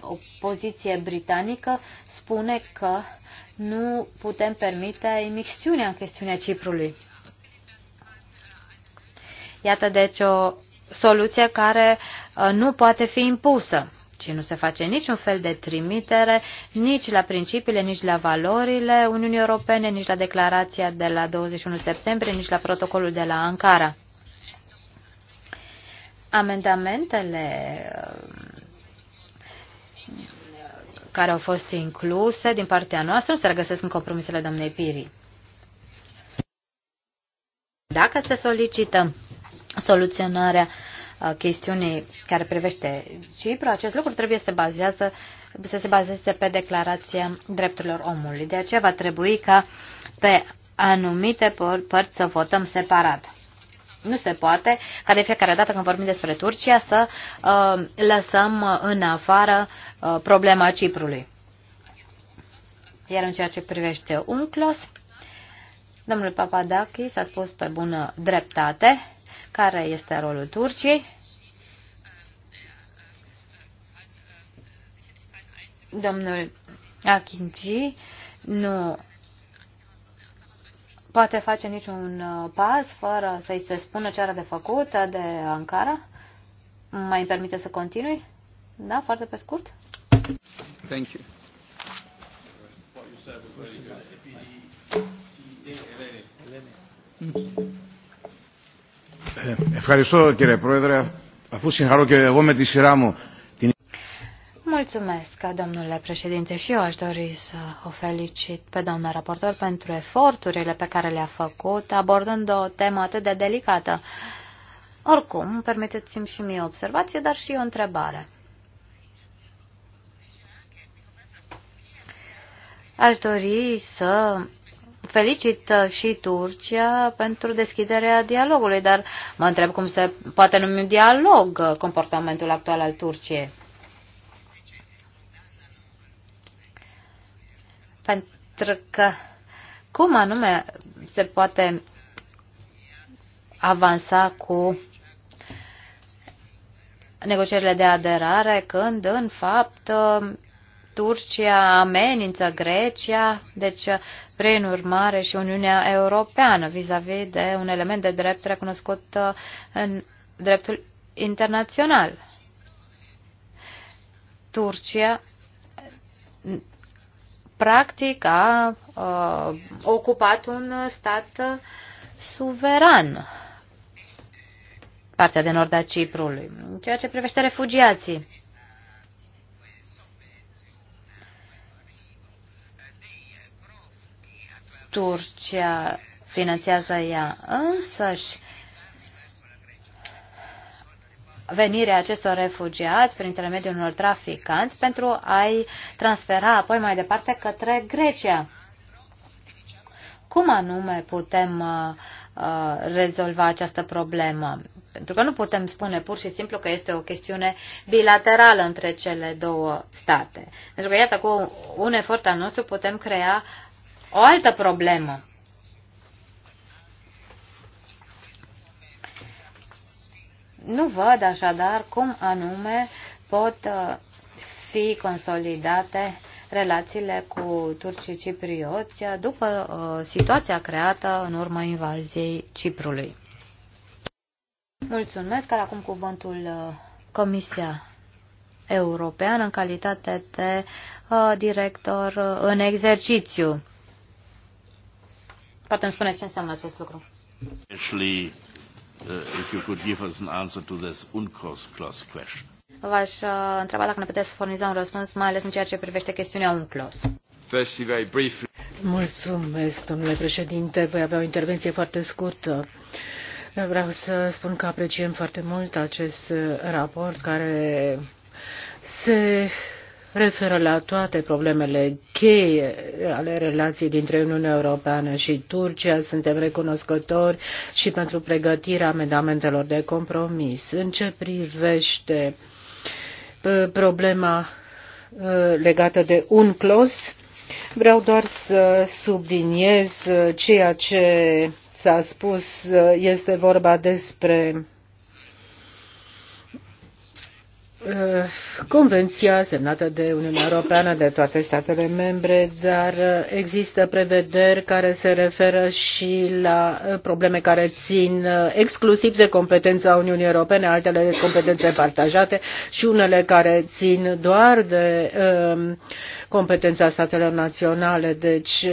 O poziție britanică spune că uh, nu putem permite imixtiunea în chestiunea Ciprului. Iată deci o soluție care uh, nu poate fi impusă ci nu se face niciun fel de trimitere nici la principiile, nici la valorile Uniunii Europene, nici la declarația de la 21 septembrie, nici la protocolul de la Ankara. Amendamentele uh, care au fost incluse din partea noastră nu se regăsesc în compromisele doamnei Piri. Dacă se solicită soluționarea uh, chestiunii care privește Cipru, acest lucru trebuie să se bazează, să se bazeze pe declarația drepturilor omului. De aceea va trebui ca pe anumite părți să votăm separat. Nu se poate ca de fiecare dată când vorbim despre Turcia să uh, lăsăm în afară uh, problema Ciprului. Iar în ceea ce privește UNCLOS, domnul s a spus pe bună dreptate care este rolul Turciei. Domnul Akinji nu poate face niciun uh, pas fără să-i se spună ce are de făcut uh, de Ankara? Mai îmi permite să continui? Da, foarte pe scurt. Thank you. Ευχαριστώ κύριε Πρόεδρε. Αφού συγχαρώ και εγώ με τη σειρά μου Mulțumesc, domnule președinte, și eu aș dori să o felicit pe doamna raportor pentru eforturile pe care le-a făcut, abordând o temă atât de delicată. Oricum, permiteți-mi și mie o observație, dar și o întrebare. Aș dori să felicit și Turcia pentru deschiderea dialogului, dar mă întreb cum se poate numi un dialog comportamentul actual al Turciei. Pentru că cum anume se poate avansa cu negocierile de aderare când, în fapt, Turcia amenință Grecia, deci, prin urmare, și Uniunea Europeană vis-a-vis -vis de un element de drept recunoscut uh, în dreptul internațional. Turcia practic a uh, ocupat un stat suveran, partea de nord a Ciprului, în ceea ce privește refugiații. Turcia finanțează ea însăși venirea acestor refugiați prin intermediul unor traficanți pentru a-i transfera apoi mai departe către Grecia. Cum anume putem uh, uh, rezolva această problemă? Pentru că nu putem spune pur și simplu că este o chestiune bilaterală între cele două state. Pentru că, iată, cu un efort al nostru putem crea o altă problemă. Nu văd așadar cum anume pot uh, fi consolidate relațiile cu turcii ciprioți după uh, situația creată în urma invaziei Ciprului. Mulțumesc, care acum cuvântul uh, Comisia Europeană în calitate de director în exercițiu. Poate îmi spuneți ce înseamnă acest lucru. Uh, if you could give us an answer to this question. V-aș uh, întreba dacă ne puteți furniza un răspuns, mai ales în ceea ce privește chestiunea UNCLOS. Firstly, very briefly. Mulțumesc, domnule președinte. Voi avea o intervenție foarte scurtă. Vreau să spun că apreciem foarte mult acest raport care se referă la toate problemele cheie ale relației dintre Uniunea Europeană și Turcia. Suntem recunoscători și pentru pregătirea amendamentelor de compromis. În ce privește uh, problema uh, legată de un clos, vreau doar să subliniez uh, ceea ce s-a spus. Este vorba despre Eh, convenția semnată de Uniunea Europeană de toate statele membre, dar eh, există prevederi care se referă și la eh, probleme care țin exclusiv de competența Uniunii Europene, altele de competențe partajate și unele care țin doar de competența statelor naționale. Deci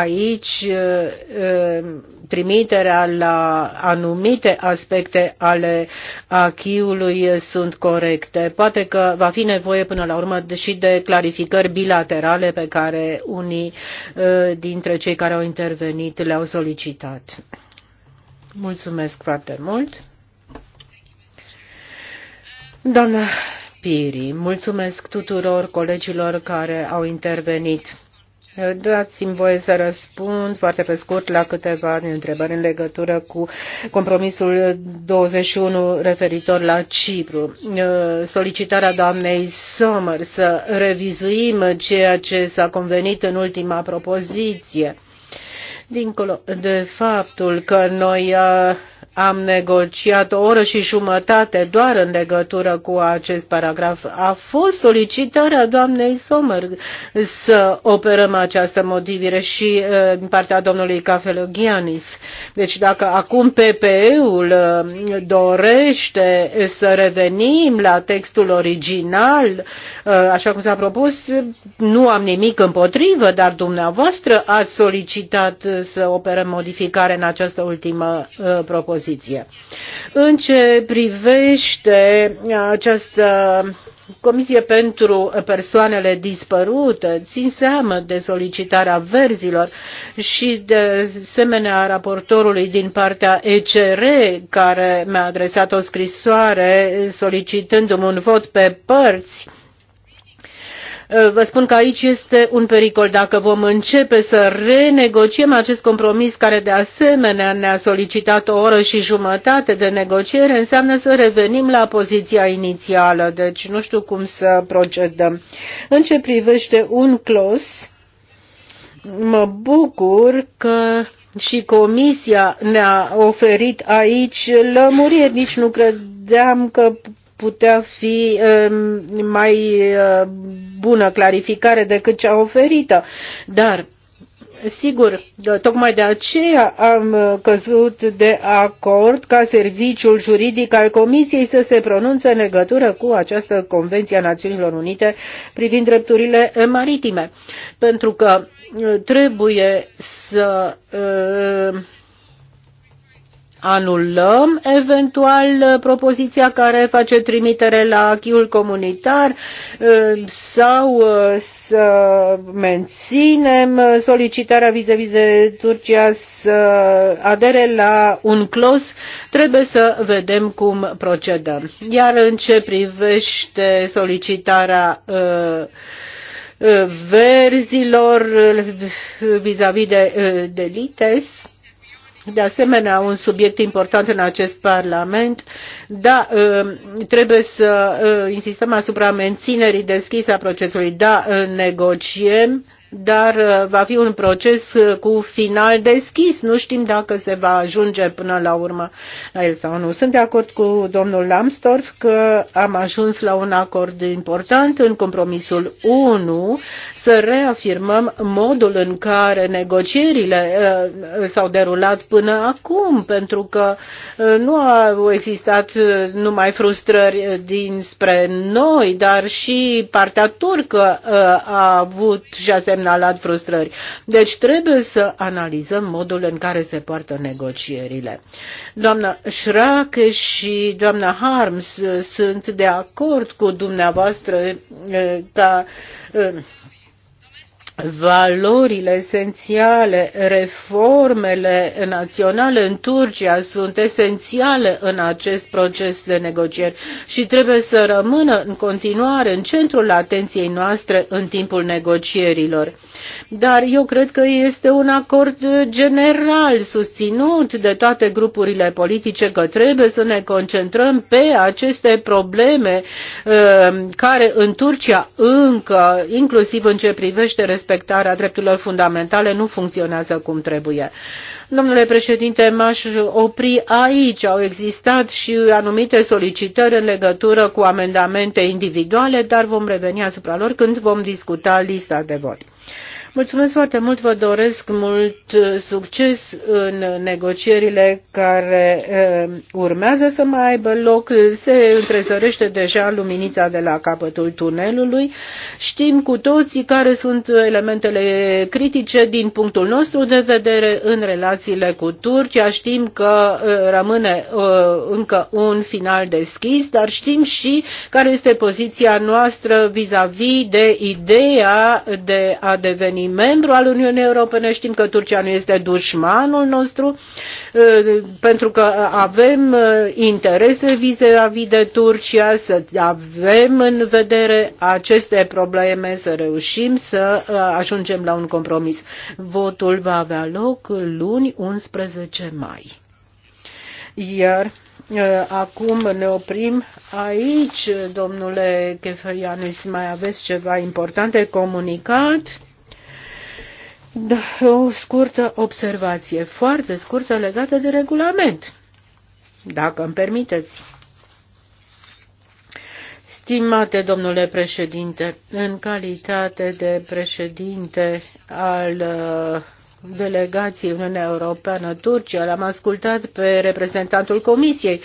aici uh, uh, trimiterea la anumite aspecte ale achiului sunt corecte. Poate că va fi nevoie până la urmă și de clarificări bilaterale pe care unii uh, dintre cei care au intervenit le-au solicitat. Mulțumesc foarte mult. Doamna Piri, mulțumesc tuturor colegilor care au intervenit. Dați-mi voie să răspund foarte pe scurt la câteva întrebări în legătură cu compromisul 21 referitor la Cipru. Solicitarea doamnei Sommer să revizuim ceea ce s-a convenit în ultima propoziție. Dincolo de faptul că noi uh, am negociat o oră și jumătate doar în legătură cu acest paragraf. A fost solicitarea doamnei Sommer să operăm această motivire și uh, din partea domnului Cafelogianis. Deci dacă acum PPE-ul uh, dorește să revenim la textul original, uh, așa cum s-a propus, nu am nimic împotrivă, dar dumneavoastră ați solicitat să operăm modificare în această ultimă propoziție poziție. În ce privește uh, această Comisie pentru persoanele dispărute țin seamă de solicitarea verzilor și de asemenea raportorului din partea ECR care mi-a adresat o scrisoare solicitându-mi un vot pe părți Eh, vă spun că aici este un pericol. Dacă vom începe să renegociem acest compromis care de asemenea ne-a solicitat o oră și jumătate de negociere, înseamnă să revenim la poziția inițială. Deci nu știu cum să procedăm. În ce privește un clos, mă bucur că și Comisia ne-a oferit aici lămuriri. Nici nu credeam că putea fi um, mai uh, bună clarificare decât cea oferită. Dar Sigur, tocmai de aceea am uh, căzut de acord ca serviciul juridic al Comisiei să se pronunțe în legătură cu această Convenție a Națiunilor Unite privind drepturile maritime, pentru că uh, trebuie să uh, anulăm eventual uh, propoziția care face trimitere la achiul comunitar uh, sau uh, să menținem solicitarea vis-a-vis -vis de Turcia să adere la un clos, trebuie să vedem cum procedăm. Iar în ce privește solicitarea verzilor vis-a-vis -vis de, de lites, de asemenea un subiect important în acest Parlament, da, ă, trebuie să ă, insistăm asupra menținerii deschise a procesului. Da, ă, negociem dar uh, va fi un proces uh, cu final deschis. Nu știm dacă se va ajunge până la urmă la el sau nu. Sunt de acord cu domnul Lambsdorff că am ajuns la un acord important în compromisul 1 să reafirmăm modul în care negocierile uh, s-au derulat până acum, pentru că nu au existat numai frustrări dinspre noi, dar și partea turcă a avut și a se semnalat frustrări. Deci trebuie să analizăm modul în care se poartă negocierile. Doamna Schrack și doamna Harms sunt de acord cu dumneavoastră eh, ca eh, valorile esențiale, reformele naționale în Turcia sunt esențiale în acest proces de negocieri și trebuie să rămână în continuare în centrul atenției noastre în timpul negocierilor dar eu cred că este un acord general susținut de toate grupurile politice că trebuie să ne concentrăm pe aceste probleme uh, care în Turcia încă, inclusiv în ce privește respectarea drepturilor fundamentale, nu funcționează cum trebuie. Domnule președinte, m-aș opri aici. Au existat și anumite solicitări în legătură cu amendamente individuale, dar vom reveni asupra lor când vom discuta lista de vot. Mulțumesc foarte mult, vă doresc mult uh, succes în negocierile care uh, urmează să mai aibă loc. Se întrezărește deja luminița de la capătul tunelului. Știm cu toții care sunt elementele critice din punctul nostru de vedere în relațiile cu Turcia. Știm că uh, rămâne încă un final deschis, dar știm și care este poziția noastră vis-a-vis -vis de ideea de a deveni membru al Uniunii Europene. Știm că Turcia nu este dușmanul nostru, pentru că avem interese vis-a-vis de Turcia, să avem în vedere aceste probleme, să reușim să ajungem la un compromis. Votul va avea loc luni 11 mai. Iar acum ne oprim aici, domnule Chefeianis, mai aveți ceva important de comunicat? Da, o scurtă observație, foarte scurtă, legată de regulament, dacă îmi permiteți. Stimate domnule președinte, în calitate de președinte al uh, delegației Uniunea Europeană Turcia, l-am ascultat pe reprezentantul Comisiei.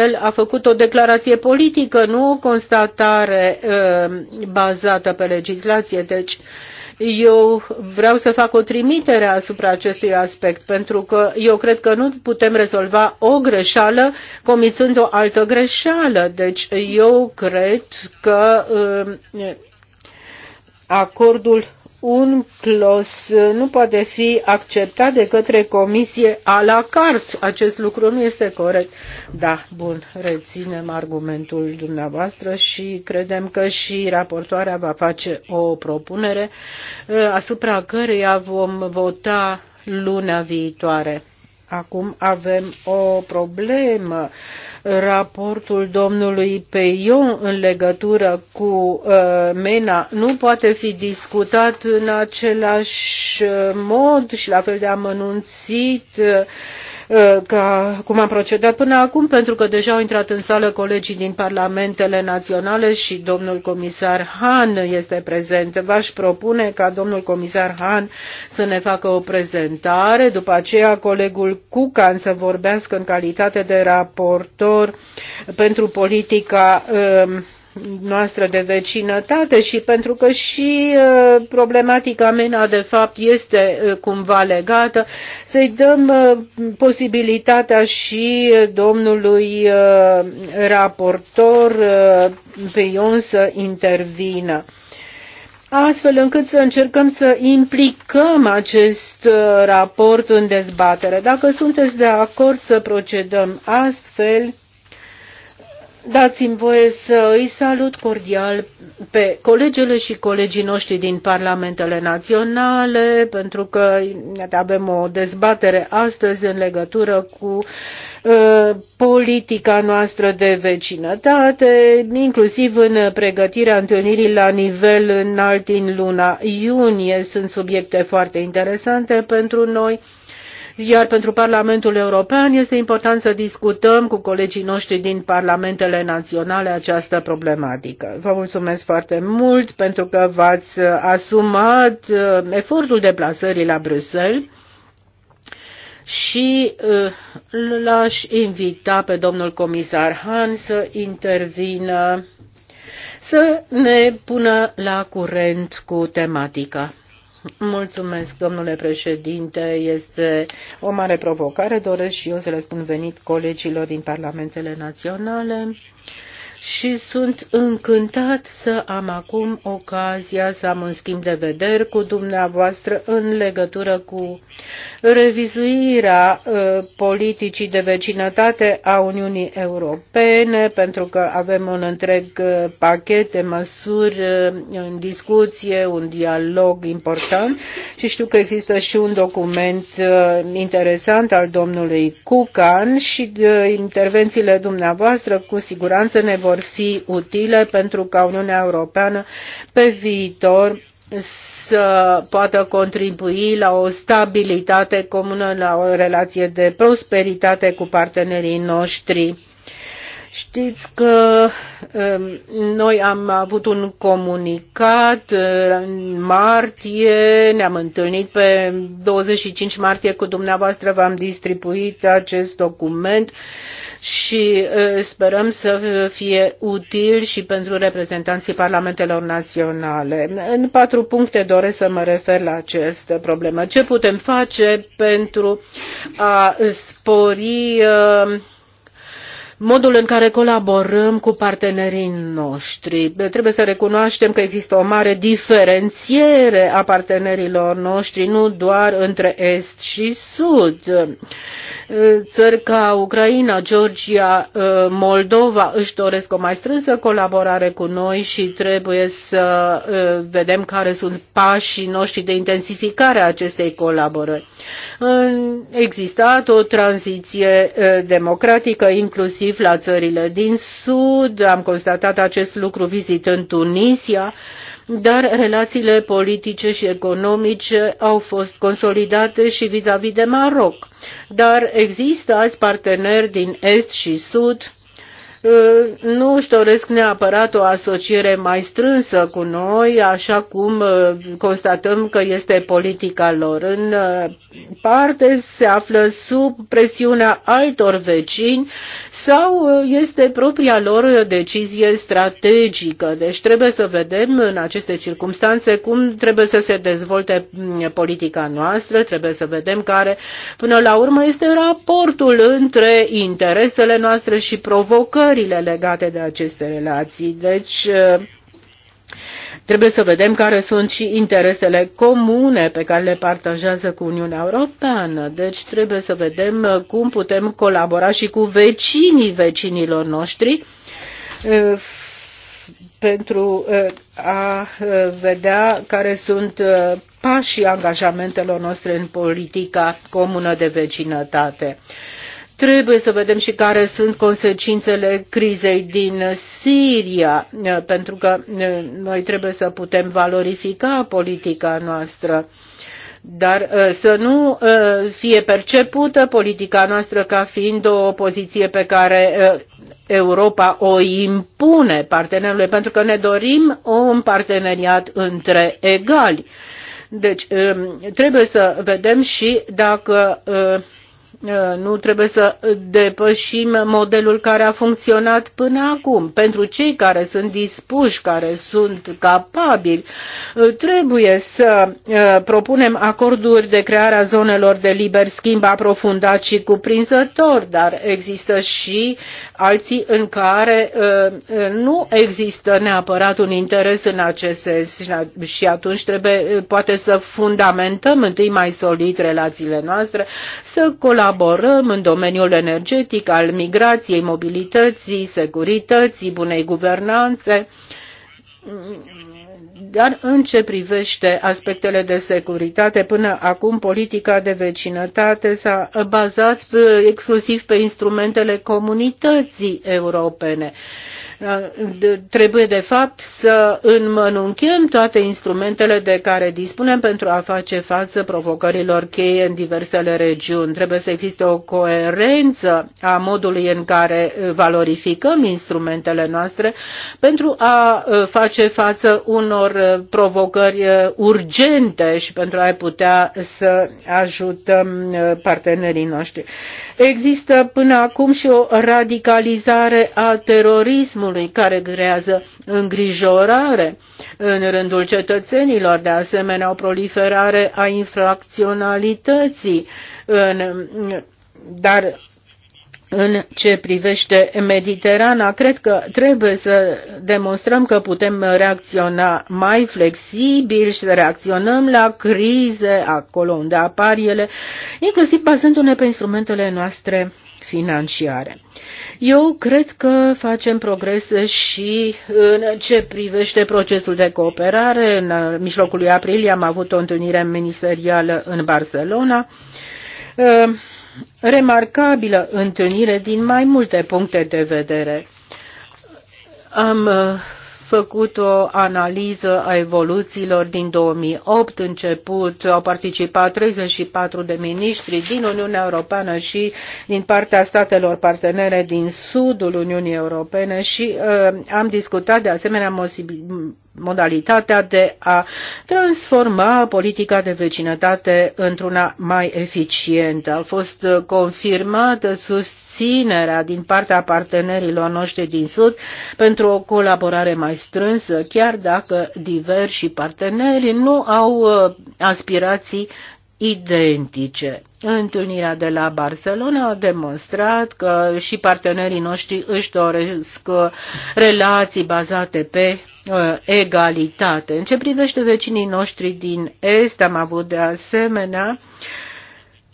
El a făcut o declarație politică, nu o constatare uh, bazată pe legislație. Deci, uh, eu vreau să fac o trimitere asupra acestui aspect, pentru că eu cred că nu putem rezolva o greșeală comițând o altă greșeală. Deci eu cred că um, acordul un clos nu poate fi acceptat de către comisie a la carte. Acest lucru nu este corect. Da, bun, reținem argumentul dumneavoastră și credem că și raportoarea va face o propunere eh, asupra căreia vom vota luna viitoare. Acum avem o problemă. Raportul domnului Peion în legătură cu uh, MENA nu poate fi discutat în același uh, mod și la fel de amănunțit. Uh, Uh, ca cum am procedat până acum, pentru că deja au intrat în sală colegii din parlamentele naționale și domnul comisar Han este prezent. V-aș propune ca domnul comisar Han să ne facă o prezentare, după aceea colegul Cucan să vorbească în calitate de raportor pentru politica uh, noastră de vecinătate și pentru că și uh, problematica MENA de fapt este uh, cumva legată, să-i dăm uh, posibilitatea și domnului raportor Ion să intervină astfel încât să încercăm să implicăm acest raport în dezbatere. Dacă sunteți de acord să procedăm astfel, Dați-mi voie să îi salut cordial pe colegele și colegii noștri din Parlamentele Naționale, pentru că avem o dezbatere astăzi în legătură cu uh, politica noastră de vecinătate, inclusiv în pregătirea întâlnirii la nivel înalt în luna iunie. Sunt subiecte foarte interesante pentru noi iar pentru Parlamentul European este important să discutăm cu colegii noștri din Parlamentele Naționale această problematică. Vă mulțumesc foarte mult pentru că v-ați uh, asumat uh, efortul deplasării la Bruxelles și uh, l-aș invita pe domnul comisar Han să intervină, să ne pună la curent cu tematica. Mulțumesc, domnule președinte. Este o mare provocare. Doresc și eu să le spun venit colegilor din parlamentele naționale și sunt încântat să am acum ocazia să am un schimb de vederi cu dumneavoastră în legătură cu revizuirea uh, politicii de vecinătate a Uniunii Europene, pentru că avem un întreg uh, pachet de măsuri uh, în discuție, un dialog important și știu că există și un document uh, interesant al domnului Cucan și uh, intervențiile dumneavoastră cu siguranță ne vor vor fi utile pentru ca Uniunea Europeană pe viitor să poată contribui la o stabilitate comună, la o relație de prosperitate cu partenerii noștri. Știți că um, noi am avut un comunicat uh, în martie, ne-am întâlnit pe 25 martie cu dumneavoastră, v-am distribuit acest document și sperăm să fie util și pentru reprezentanții parlamentelor naționale. În patru puncte doresc să mă refer la această problemă. Ce putem face pentru a spori uh, modul în care colaborăm cu partenerii noștri. Trebuie să recunoaștem că există o mare diferențiere a partenerilor noștri, nu doar între Est și Sud. Țări ca Ucraina, Georgia, uh, Moldova își doresc o mai strânsă colaborare cu noi și trebuie să uh, vedem care sunt pașii noștri de intensificare a acestei colaborări existat o tranziție democratică inclusiv la țările din Sud. Am constatat acest lucru vizitând Tunisia dar relațiile politice și economice au fost consolidate și vis-a-vis de Maroc. Dar există alți parteneri din Est și Sud Uh, nu își doresc neapărat o asociere mai strânsă cu noi, așa cum uh, constatăm că este politica lor. În uh, parte se află sub presiunea altor vecini sau este propria lor decizie strategică. Deci trebuie să vedem în aceste circunstanțe cum trebuie să se dezvolte mm, politica noastră, trebuie să vedem care până la urmă este raportul între interesele noastre și provocări provocările legate de aceste relații. Deci, Trebuie să vedem care sunt și interesele comune pe care le partajează cu Uniunea Europeană. Deci trebuie să vedem cum putem colabora și cu vecinii vecinilor noștri pentru a vedea care sunt pașii angajamentelor noastre în politica comună de vecinătate. Trebuie să vedem și care sunt consecințele crizei din Siria, pentru că noi trebuie să putem valorifica politica noastră dar să nu fie percepută politica noastră ca fiind o poziție pe care Europa o impune partenerului, pentru că ne dorim un parteneriat între egali. Deci trebuie să vedem și dacă Uh, nu trebuie să depășim modelul care a funcționat până acum. Pentru cei care sunt dispuși, care sunt capabili, uh, trebuie să uh, propunem acorduri de creare a zonelor de liber schimb aprofundat și cuprinzător, dar există și alții în care nu există neapărat un interes în acest sens și atunci trebuie poate să fundamentăm întâi mai solid relațiile noastre, să colaborăm colaborăm în domeniul energetic, al migrației, mobilității, securității, bunei guvernanțe, dar în ce privește aspectele de securitate, până acum politica de vecinătate s-a bazat uh, exclusiv pe instrumentele comunității europene. Trebuie, de fapt, să înmănunchem toate instrumentele de care dispunem pentru a face față provocărilor cheie în diversele regiuni. Trebuie să existe o coerență a modului în care valorificăm instrumentele noastre pentru a face față unor provocări urgente și pentru a putea să ajutăm partenerii noștri. Există până acum și o radicalizare a terorismului care creează îngrijorare în rândul cetățenilor, de asemenea o proliferare a infracționalității în dar în ce privește Mediterana, cred că trebuie să demonstrăm că putem reacționa mai flexibil și să reacționăm la crize acolo unde apar ele, inclusiv bazându-ne pe instrumentele noastre financiare. Eu cred că facem progrese și în ce privește procesul de cooperare. În mijlocul lui aprilie am avut o întâlnire ministerială în Barcelona ă, remarcabilă întâlnire din mai multe puncte de vedere. Am uh, făcut o analiză a evoluțiilor din 2008 început. Au participat 34 de miniștri din Uniunea Europeană și din partea statelor partenere din sudul Uniunii Europene și uh, am discutat de asemenea modalitatea de a transforma politica de vecinătate într-una mai eficientă. A fost confirmată susținerea din partea partenerilor noștri din Sud pentru o colaborare mai strânsă, chiar dacă diversi parteneri nu au uh, aspirații identice. Întâlnirea de la Barcelona a demonstrat că și partenerii noștri își doresc uh, relații bazate pe Uh, egalitate. În ce privește vecinii noștri din Est, am avut de asemenea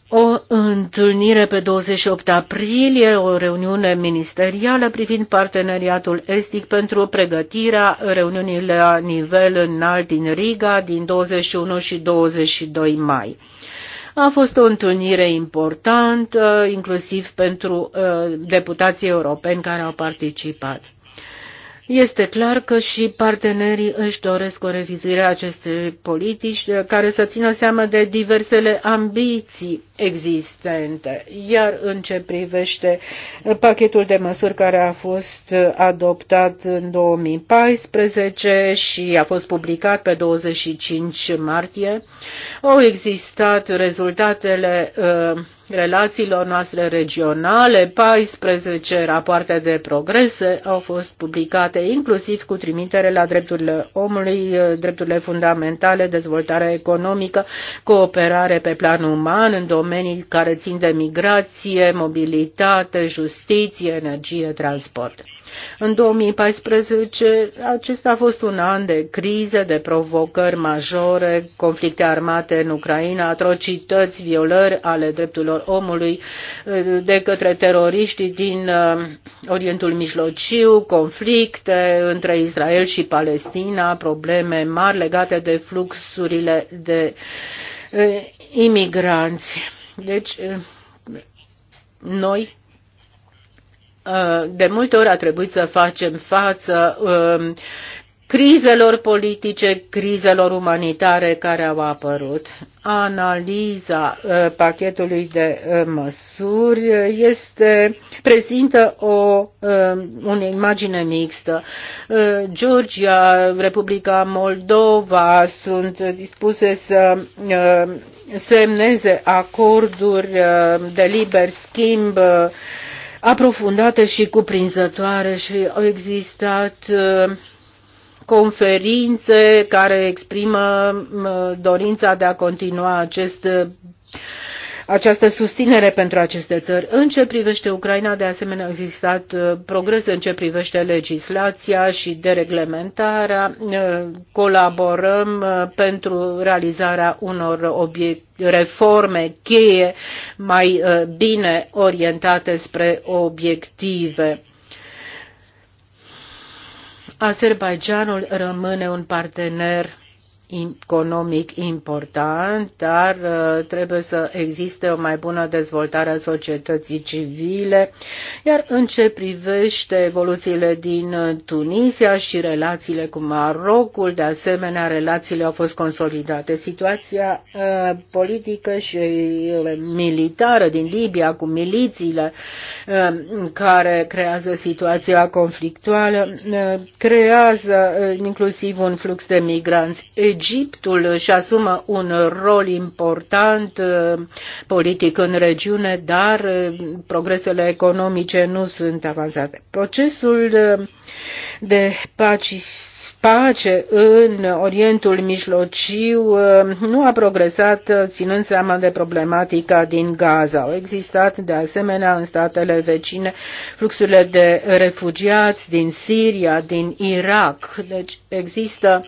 o întâlnire pe 28 aprilie, o reuniune ministerială privind parteneriatul estic pentru pregătirea reuniunii la nivel înalt din Riga din 21 și 22 mai. A fost o întâlnire importantă, inclusiv pentru uh, deputații europeni care au participat. Este clar că și partenerii își doresc o revizuire a acestei politici eh, care să țină seama de diversele ambiții existente. Iar în ce privește eh, pachetul de măsuri care a fost eh, adoptat în 2014 și a fost publicat pe 25 martie, au existat rezultatele uh, relațiilor noastre regionale, 14 rapoarte de progrese au fost publicate, inclusiv cu trimitere la drepturile omului, drepturile fundamentale, dezvoltarea economică, cooperare pe plan uman în domenii care țin de migrație, mobilitate, justiție, energie, transport. În 2014 acesta a fost un an de crize, de provocări majore, conflicte armate în Ucraina, atrocități, violări ale drepturilor omului eh, de către teroriștii din eh, Orientul Mijlociu, conflicte între Israel și Palestina, probleme mari legate de fluxurile de eh, imigranți. Deci, noi Uh, de multe ori a trebuit să facem față um, crizelor politice, crizelor umanitare care au apărut. Analiza uh, pachetului de uh, măsuri este prezintă o, o um, imagine mixtă. Georgia, Republica Moldova sunt dispuse să semneze acorduri de liber schimb aprofundate și cuprinzătoare și au existat uh, conferințe care exprimă uh, dorința de a continua acest uh, această susținere pentru aceste țări. În ce privește Ucraina, de asemenea, a existat uh, progrese în ce privește legislația și dereglementarea. Uh, colaborăm uh, pentru realizarea unor reforme cheie mai bine orientate spre obiective. Azerbaijanul rămâne un partener economic important, dar uh, trebuie să existe o mai bună dezvoltare a societății civile. Iar în ce privește evoluțiile din uh, Tunisia și relațiile cu Marocul, de asemenea, relațiile au fost consolidate. Situația uh, politică și militară din Libia cu milițiile care creează situația conflictuală creează inclusiv un flux de migranți egipteni Egiptul își asumă un rol important uh, politic în regiune, dar uh, progresele economice nu sunt avansate. Procesul uh, de pace pace în Orientul Mijlociu nu a progresat ținând seama de problematica din Gaza. Au existat de asemenea în statele vecine fluxurile de refugiați din Siria, din Irak. Deci există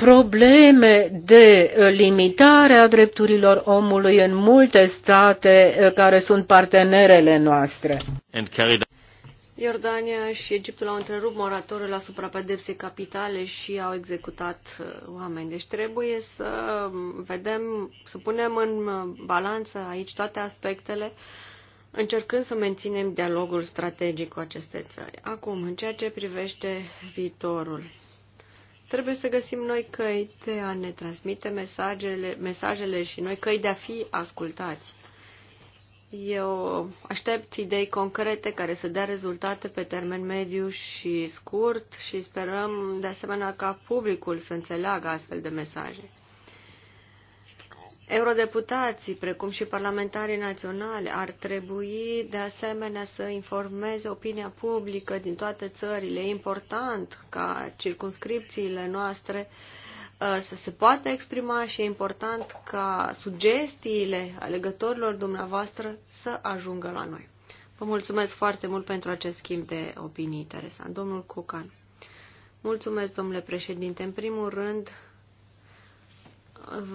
probleme de uh, limitare a drepturilor omului în multe state uh, care sunt partenerele noastre. Iordania și Egiptul au întrerupt moratorul asupra pedepsei capitale și au executat uh, oameni. Deci trebuie să um, vedem, să punem în balanță aici toate aspectele, încercând să menținem dialogul strategic cu aceste țări. Acum, în ceea ce privește viitorul. Trebuie să găsim noi căi de a ne transmite mesajele, mesajele și noi căi de a fi ascultați. Eu aștept idei concrete care să dea rezultate pe termen mediu și scurt și sperăm de asemenea ca publicul să înțeleagă astfel de mesaje. Eurodeputații, precum și parlamentarii naționali, ar trebui de asemenea să informeze opinia publică din toate țările. E important ca circunscripțiile noastre uh, să se poată exprima și e important ca sugestiile alegătorilor dumneavoastră să ajungă la noi. Vă mulțumesc foarte mult pentru acest schimb de opinii interesant. Domnul Cucan. Mulțumesc, domnule președinte. În primul rând,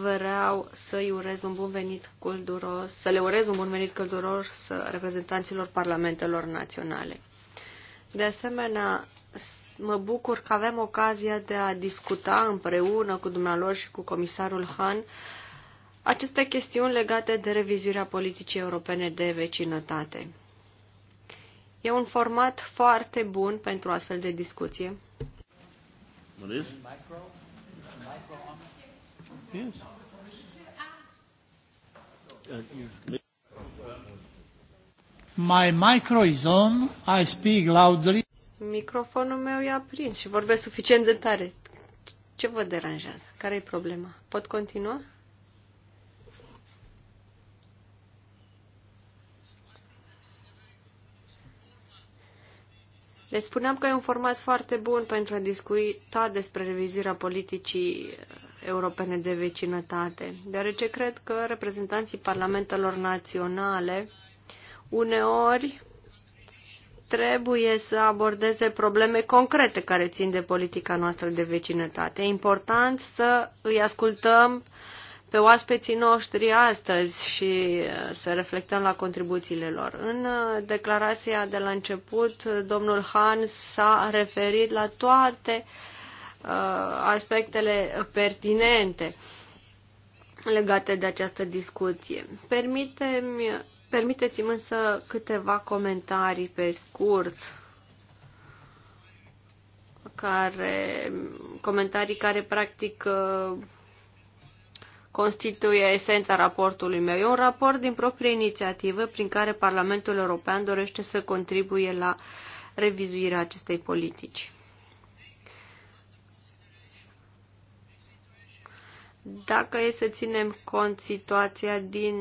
vreau să-i urez un bun venit călduros, să le urez un bun venit călduros uh, reprezentanților parlamentelor naționale. De asemenea, mă bucur că avem ocazia de a discuta împreună cu dumnealor și cu comisarul Han aceste chestiuni legate de revizuirea politicii europene de vecinătate. E un format foarte bun pentru astfel de discuție. What is? Yes. My micro is on. I speak loudly. Microfonul meu e aprins și vorbesc suficient de tare. Ce vă deranjează? Care e problema? Pot continua? Le deci spuneam că e un format foarte bun pentru a discuta despre revizuirea politicii europene de vecinătate, deoarece cred că reprezentanții parlamentelor naționale uneori trebuie să abordeze probleme concrete care țin de politica noastră de vecinătate. E important să îi ascultăm pe oaspeții noștri astăzi și uh, să reflectăm la contribuțiile lor. În uh, declarația de la început, domnul Hans s-a referit la toate uh, Uh, aspectele pertinente legate de această discuție. permite permiteți-mi însă câteva comentarii pe scurt, care, comentarii care practic uh, constituie esența raportului meu. E un raport din proprie inițiativă prin care Parlamentul European dorește să contribuie la revizuirea acestei politici. Dacă e să ținem cont situația din,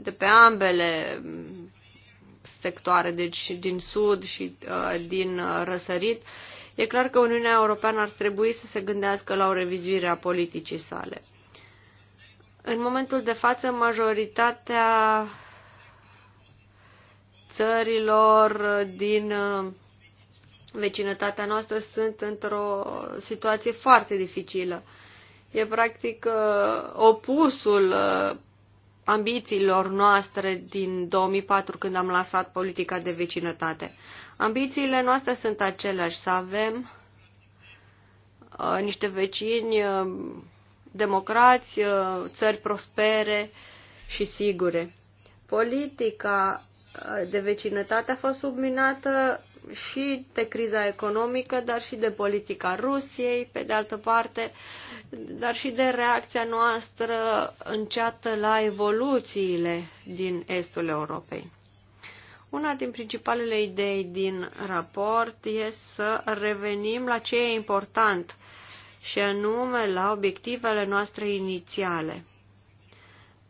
de pe ambele sectoare, deci din sud și uh, din răsărit, e clar că Uniunea Europeană ar trebui să se gândească la o revizuire a politicii sale. În momentul de față, majoritatea țărilor din uh, vecinătatea noastră sunt într-o situație foarte dificilă. Uh, E practic uh, opusul uh, ambițiilor noastre din 2004 când am lansat politica de vecinătate. Ambițiile noastre sunt aceleași, să avem uh, niște vecini uh, democrați, uh, țări prospere și sigure. Politica uh, de vecinătate a fost subminată și de criza economică, dar și de politica Rusiei, pe de altă parte, dar și de reacția noastră înceată la evoluțiile din estul Europei. Una din principalele idei din raport este să revenim la ce e important și anume la obiectivele noastre inițiale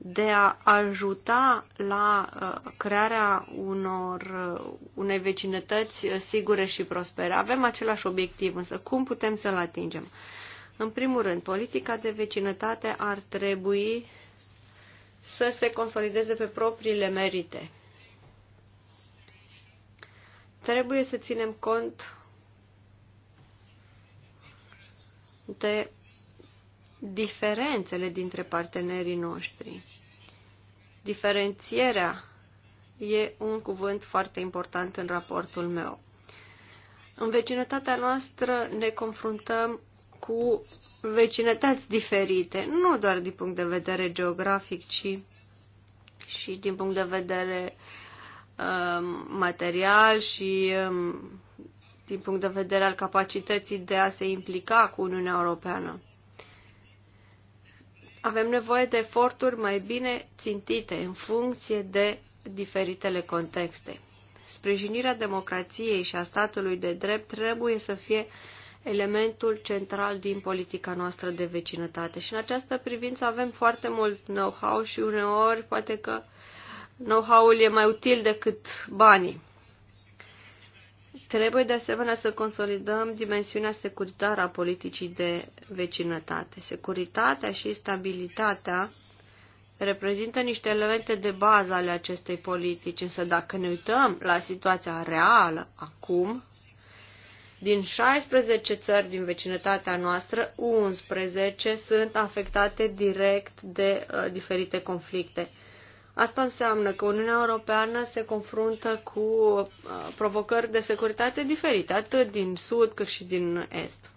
de a ajuta la uh, crearea unor, uh, unei vecinătăți uh, sigure și prospere. Avem același obiectiv, însă cum putem să-l atingem? În primul rând, politica de vecinătate ar trebui să se consolideze pe propriile merite. Trebuie să ținem cont de diferențele dintre partenerii noștri. Diferențierea e un cuvânt foarte important în raportul meu. În vecinătatea noastră ne confruntăm cu vecinătăți diferite, nu doar din punct de vedere geografic, ci și din punct de vedere um, material și um, din punct de vedere al capacității de a se implica cu Uniunea Europeană. Avem nevoie de eforturi mai bine țintite în funcție de diferitele contexte. Sprijinirea democrației și a statului de drept trebuie să fie elementul central din politica noastră de vecinătate. Și în această privință avem foarte mult know-how și uneori poate că know-how-ul e mai util decât banii. Trebuie de asemenea să consolidăm dimensiunea securitară a politicii de vecinătate. Securitatea și stabilitatea reprezintă niște elemente de bază ale acestei politici, însă dacă ne uităm la situația reală acum, din 16 țări din vecinătatea noastră, 11 sunt afectate direct de uh, diferite conflicte. Asta înseamnă că Uniunea Europeană se confruntă cu uh, provocări de securitate diferite, atât din sud cât și din est.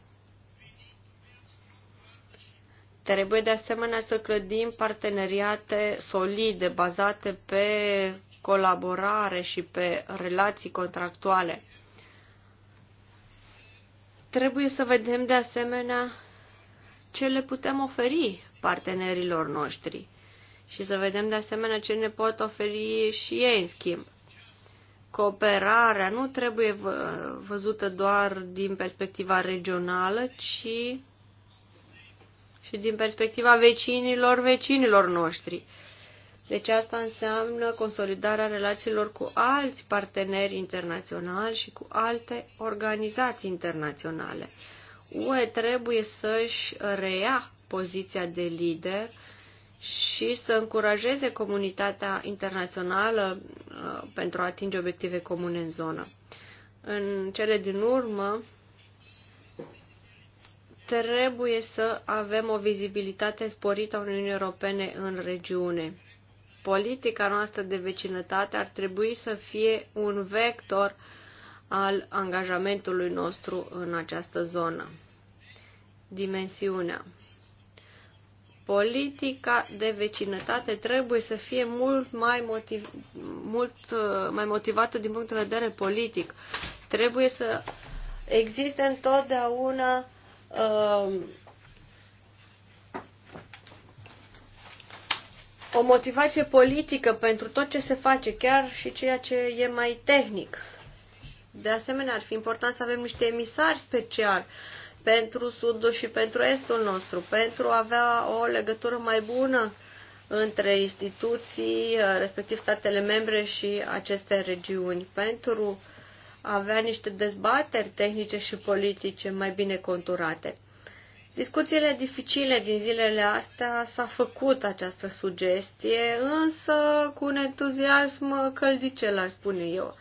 Trebuie de asemenea să clădim parteneriate solide, bazate pe colaborare și pe relații contractuale. Trebuie să vedem de asemenea ce le putem oferi partenerilor noștri și să vedem de asemenea ce ne pot oferi și ei în schimb. Cooperarea nu trebuie văzută doar din perspectiva regională, ci și din perspectiva vecinilor vecinilor noștri. Deci asta înseamnă consolidarea relațiilor cu alți parteneri internaționali și cu alte organizații internaționale. UE trebuie să-și reia poziția de lider și să încurajeze comunitatea internațională uh, pentru a atinge obiective comune în zonă. În cele din urmă, trebuie să avem o vizibilitate sporită a Uniunii Europene în regiune. Politica noastră de vecinătate ar trebui să fie un vector al angajamentului nostru în această zonă. Dimensiunea politica de vecinătate trebuie să fie mult mai, motiv, mult uh, mai motivată din punct de vedere politic. Trebuie să existe întotdeauna uh, o motivație politică pentru tot ce se face, chiar și ceea ce e mai tehnic. De asemenea, ar fi important să avem niște emisari speciali uh, pentru sudul și pentru estul nostru, pentru a avea o legătură mai bună între instituții, respectiv statele membre și aceste regiuni, pentru a avea niște dezbateri tehnice și politice mai bine conturate. Discuțiile dificile din zilele astea s-a făcut această sugestie, însă cu un entuziasm căldice, l-aș spune eu.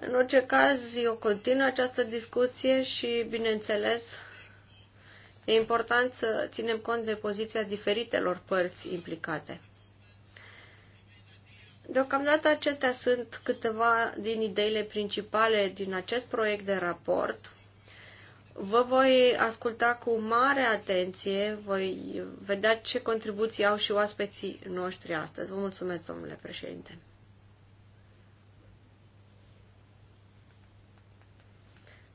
În orice caz, eu continu această discuție și, bineînțeles, e important să ținem cont de poziția diferitelor părți implicate. Deocamdată acestea sunt câteva din ideile principale din acest proiect de raport. Vă voi asculta cu mare atenție, voi vedea ce contribuții au și oaspeții noștri astăzi. Vă mulțumesc, domnule președinte.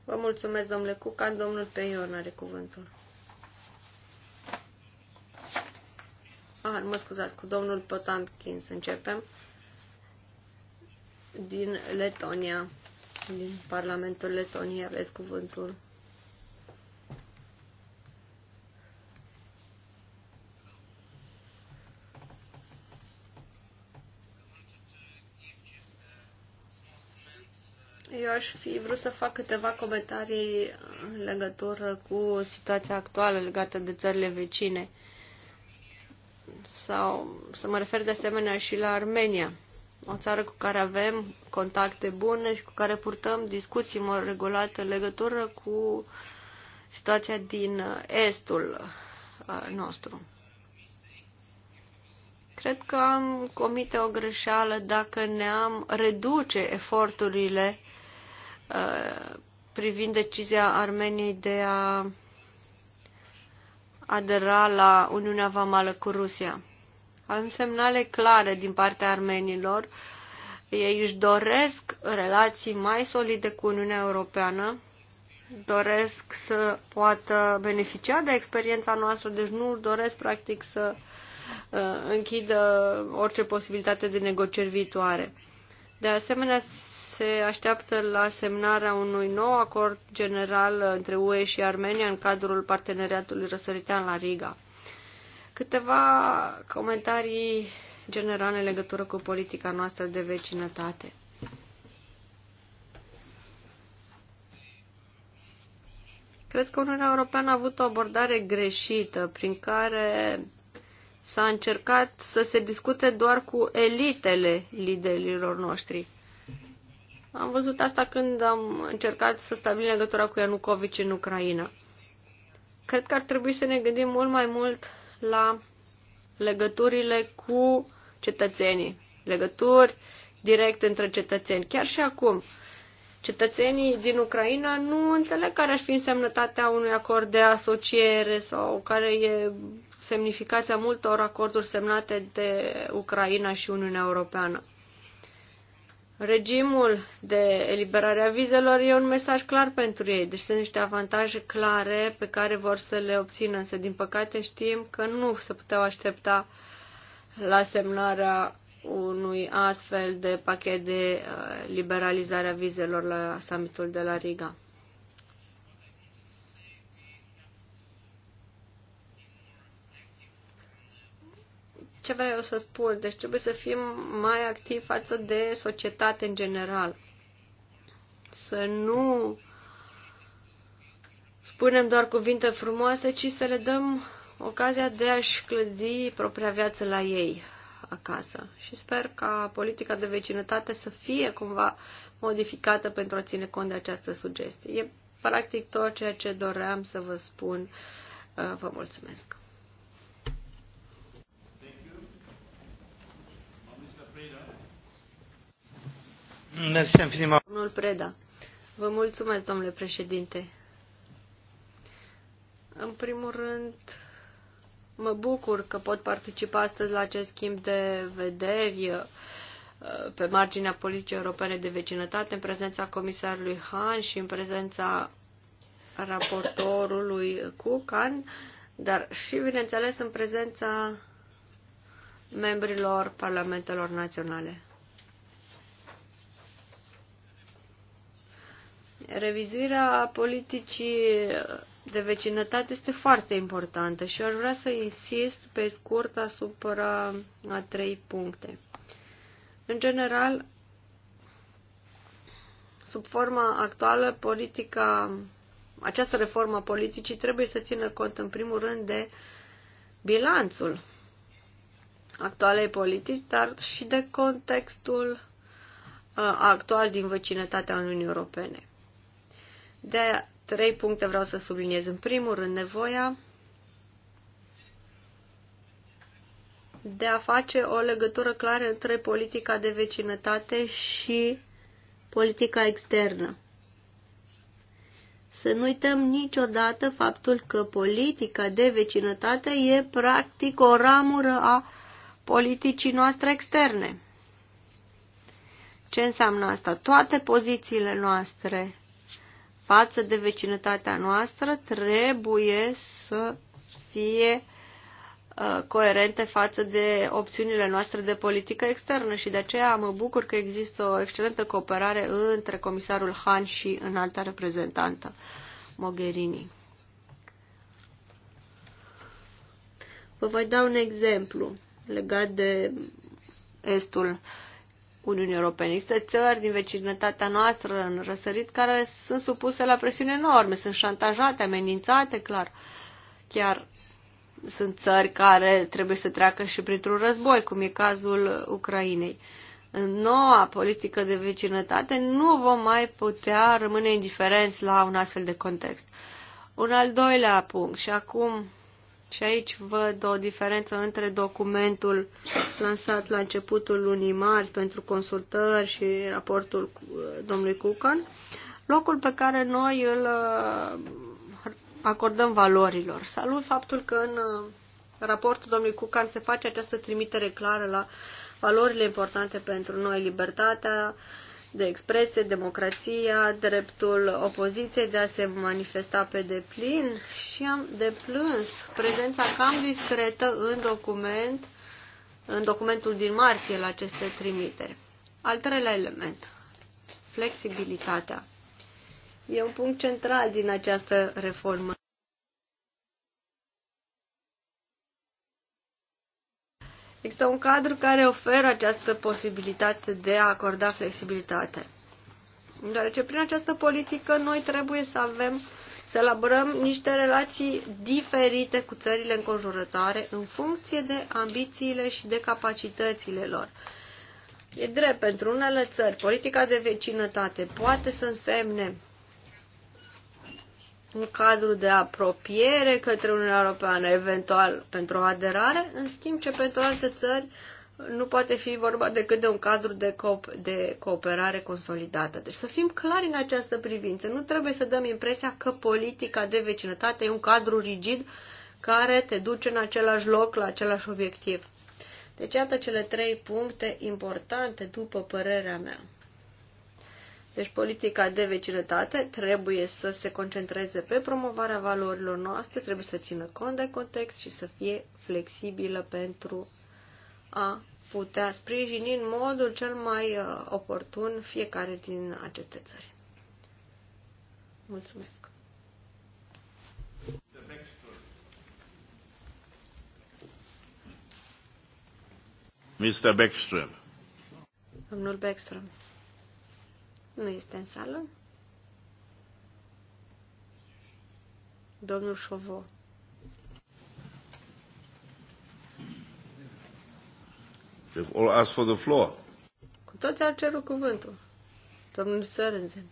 Vă mulțumesc, domnule Cucan. Domnul Peion are cuvântul. Ah, mă scuzați, cu domnul Potamkin să începem. Din Letonia, din Parlamentul Letoniei aveți cuvântul. Eu aș fi vrut să fac câteva comentarii în legătură cu situația actuală legată de țările vecine. Sau să mă refer de asemenea și la Armenia, o țară cu care avem contacte bune și cu care purtăm discuții în regulate în legătură cu situația din estul nostru. Cred că am comite o greșeală dacă ne-am reduce eforturile Uh, privind decizia Armeniei de a adera la Uniunea Vamală cu Rusia. Avem semnale clare din partea armenilor. Ei își doresc relații mai solide cu Uniunea Europeană, doresc să poată beneficia de experiența noastră, deci nu doresc practic să uh, închidă orice posibilitate de negocieri viitoare. De asemenea, se așteaptă la semnarea unui nou acord general între UE și Armenia în cadrul parteneriatului răsăritean la Riga. Câteva comentarii generale în legătură cu politica noastră de vecinătate. Cred că Uniunea Europeană a avut o abordare greșită prin care s-a încercat să se discute doar cu elitele liderilor noștri. Am văzut asta când am încercat să stabilim legătura cu Ianucovici în Ucraina. Cred că ar trebui să ne gândim mult mai mult la legăturile cu cetățenii, legături directe între cetățeni. Chiar și acum, cetățenii din Ucraina nu înțeleg care ar fi însemnătatea unui acord de asociere sau care e semnificația multor acorduri semnate de Ucraina și Uniunea Europeană. Regimul de eliberare a vizelor e un mesaj clar pentru ei, deci sunt niște avantaje clare pe care vor să le obțină, însă din păcate știm că nu se puteau aștepta la semnarea unui astfel de pachet de uh, liberalizare a vizelor la summitul de la Riga. Ce vreau să spun? Deci trebuie să fim mai activi față de societate în general. Să nu spunem doar cuvinte frumoase, ci să le dăm ocazia de a-și clădi propria viață la ei acasă. Și sper ca politica de vecinătate să fie cumva modificată pentru a ține cont de această sugestie. E practic tot ceea ce doream să vă spun. Uh, vă mulțumesc! Domnul Preda. Vă mulțumesc, domnule președinte. În primul rând, mă bucur că pot participa astăzi la acest schimb de vederi uh, pe marginea politicii europene de vecinătate, în prezența comisarului Han și în prezența raportorului Cucan, dar și, bineînțeles, în prezența membrilor parlamentelor naționale. Revizuirea politicii de vecinătate este foarte importantă și aș vrea să insist pe scurt asupra a trei puncte. În general, sub forma actuală, politica, această reformă a politicii trebuie să țină cont în primul rând de bilanțul actualei politici, dar și de contextul uh, actual din vecinătatea Uniunii Europene. De trei puncte vreau să subliniez. În primul rând, nevoia de a face o legătură clară între politica de vecinătate și politica externă. Să nu uităm niciodată faptul că politica de vecinătate e practic o ramură a politicii noastre externe. Ce înseamnă asta? Toate pozițiile noastre față de vecinătatea noastră trebuie să fie uh, coerente față de opțiunile noastre de politică externă și de aceea mă bucur că există o excelentă cooperare între comisarul Han și înalta reprezentantă Mogherini. Vă voi da un exemplu legat de estul Uniunii Europene. Există țări din vecinătatea noastră în răsărit care sunt supuse la presiuni enorme, sunt șantajate, amenințate, clar. Chiar sunt țări care trebuie să treacă și printr-un război, cum e cazul Ucrainei. În noua politică de vecinătate nu vom mai putea rămâne indiferenți la un astfel de context. Un al doilea punct, și acum și aici văd o diferență între documentul lansat la începutul lunii marți pentru consultări și raportul domnului Cucan, locul pe care noi îl uh, acordăm valorilor. Salut faptul că în uh, raportul domnului Cucan se face această trimitere clară la valorile importante pentru noi, libertatea, de expresie, democrația, dreptul opoziției de a se manifesta pe deplin și am deplâns prezența cam discretă în document, în documentul din martie la aceste trimiteri. Al treilea element, flexibilitatea. E un punct central din această reformă. Există un cadru care oferă această posibilitate de a acorda flexibilitate. Deoarece prin această politică noi trebuie să avem, să elaborăm niște relații diferite cu țările înconjurătoare în funcție de ambițiile și de capacitățile lor. E drept, pentru unele țări, politica de vecinătate poate să însemne un cadru de apropiere către Uniunea Europeană, eventual pentru o aderare, în schimb ce pentru alte țări nu poate fi vorba decât de un cadru de, co- de cooperare consolidată. Deci să fim clari în această privință. Nu trebuie să dăm impresia că politica de vecinătate e un cadru rigid care te duce în același loc, la același obiectiv. Deci iată cele trei puncte importante, după părerea mea. Deci politica de vecinătate trebuie să se concentreze pe promovarea valorilor noastre, trebuie să țină cont de context și să fie flexibilă pentru a putea sprijini în modul cel mai uh, oportun fiecare din aceste țări. Mulțumesc! Mr. Beckström. Domnul Beckström. Nu este în sală. Domnul Șovo. They've all asked for the floor. Cu toți au cerut cuvântul. Domnul Sărânzen.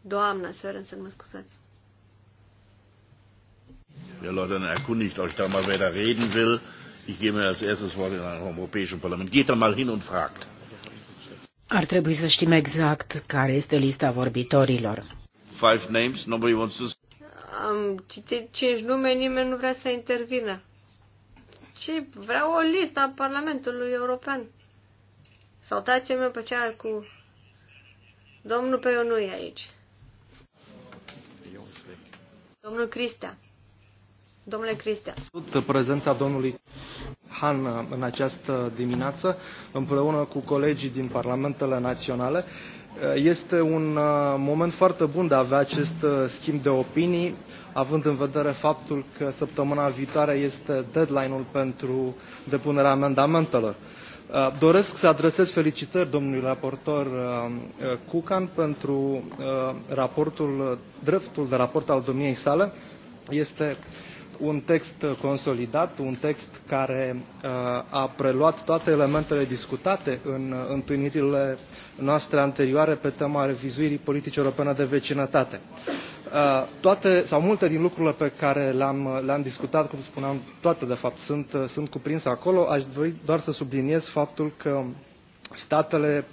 Doamna Sărânzen, mă scuzați. Ja, Leute, dann erkundigt euch da mal, wer da reden will. Ich gebe als erstes Wort in einem europäischen Parlament. Geht da mal hin und fragt. Ar trebui să știm exact care este lista vorbitorilor. Five names, nobody wants to... Am citit cinci nume, nimeni nu vrea să intervină. Ce? Vreau o listă a Parlamentului European. Sau tați mi pe cea cu... Domnul Peiu aici. Domnul Cristea. Domnule Cristian. Sunt prezența domnului Han în această dimineață, împreună cu colegii din Parlamentele Naționale. Este un uh, moment foarte bun de a avea acest uh, schimb de opinii, având în vedere faptul că săptămâna viitoare este deadline-ul pentru depunerea amendamentelor. Uh, doresc să adresez felicitări domnului raportor Cucan pentru raportul, dreptul de raport al domniei sale. Este un text consolidat, un text care uh, a preluat toate elementele discutate în uh, întâlnirile noastre anterioare pe tema revizuirii politicii europene de vecinătate. Uh, toate sau multe din lucrurile pe care le-am, le discutat, cum spuneam, toate de fapt sunt, sunt cuprinse acolo. Aș dori doar să subliniez faptul că statele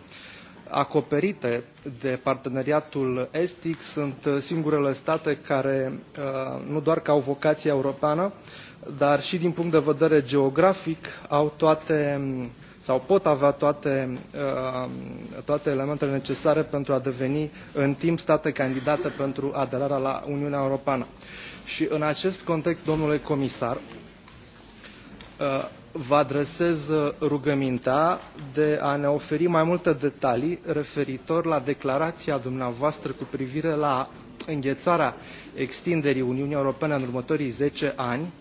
acoperite de parteneriatul estic sunt uh, singurele state care uh, nu doar că au vocație europeană, dar și din punct de vedere geografic au toate sau pot avea toate, uh, toate elementele necesare pentru a deveni în timp state candidate pentru aderarea la Uniunea Europeană. Și în acest context, domnule comisar, vă adresez uh, rugămintea de a ne oferi mai multe detalii referitor la declarația dumneavoastră cu privire la înghețarea extinderii Uniunii Europene în următorii 10 ani,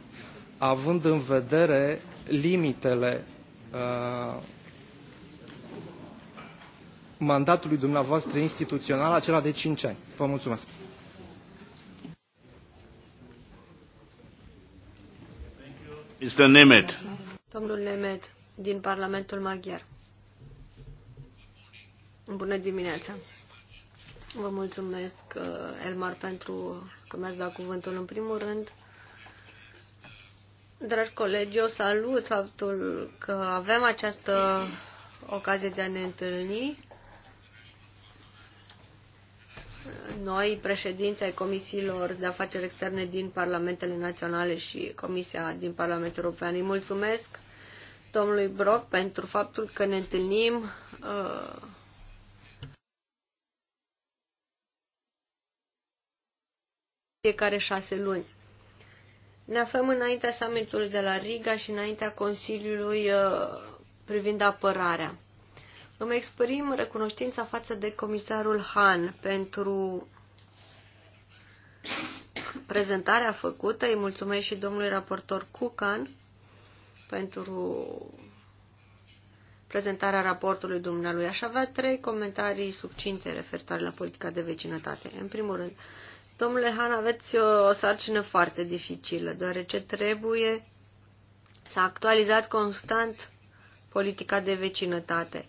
având în vedere limitele uh, mandatului dumneavoastră instituțional, acela de 5 ani. Vă mulțumesc. Mr. Nimitz domnul Nemed din Parlamentul Maghiar. Bună dimineața! Vă mulțumesc, uh, Elmar, pentru că mi-ați dat cuvântul în primul rând. Dragi colegi, eu salut faptul că avem această ocazie de a ne întâlni. Noi, președinții ai comisiilor de afaceri externe din Parlamentele Naționale și Comisia din Parlamentul European, îi mulțumesc domnului Brock pentru faptul că ne întâlnim uh, fiecare șase luni. Ne aflăm înaintea summitului de la Riga și înaintea Consiliului uh, privind apărarea. Îmi exprim recunoștința față de comisarul Han pentru prezentarea făcută. Îi mulțumesc și domnului raportor Cucan pentru prezentarea raportului dumnealui. Aș avea trei comentarii subcinte referitoare la politica de vecinătate. În primul rând, domnule Han, aveți o, o sarcină foarte dificilă, deoarece trebuie să actualizați constant politica de vecinătate.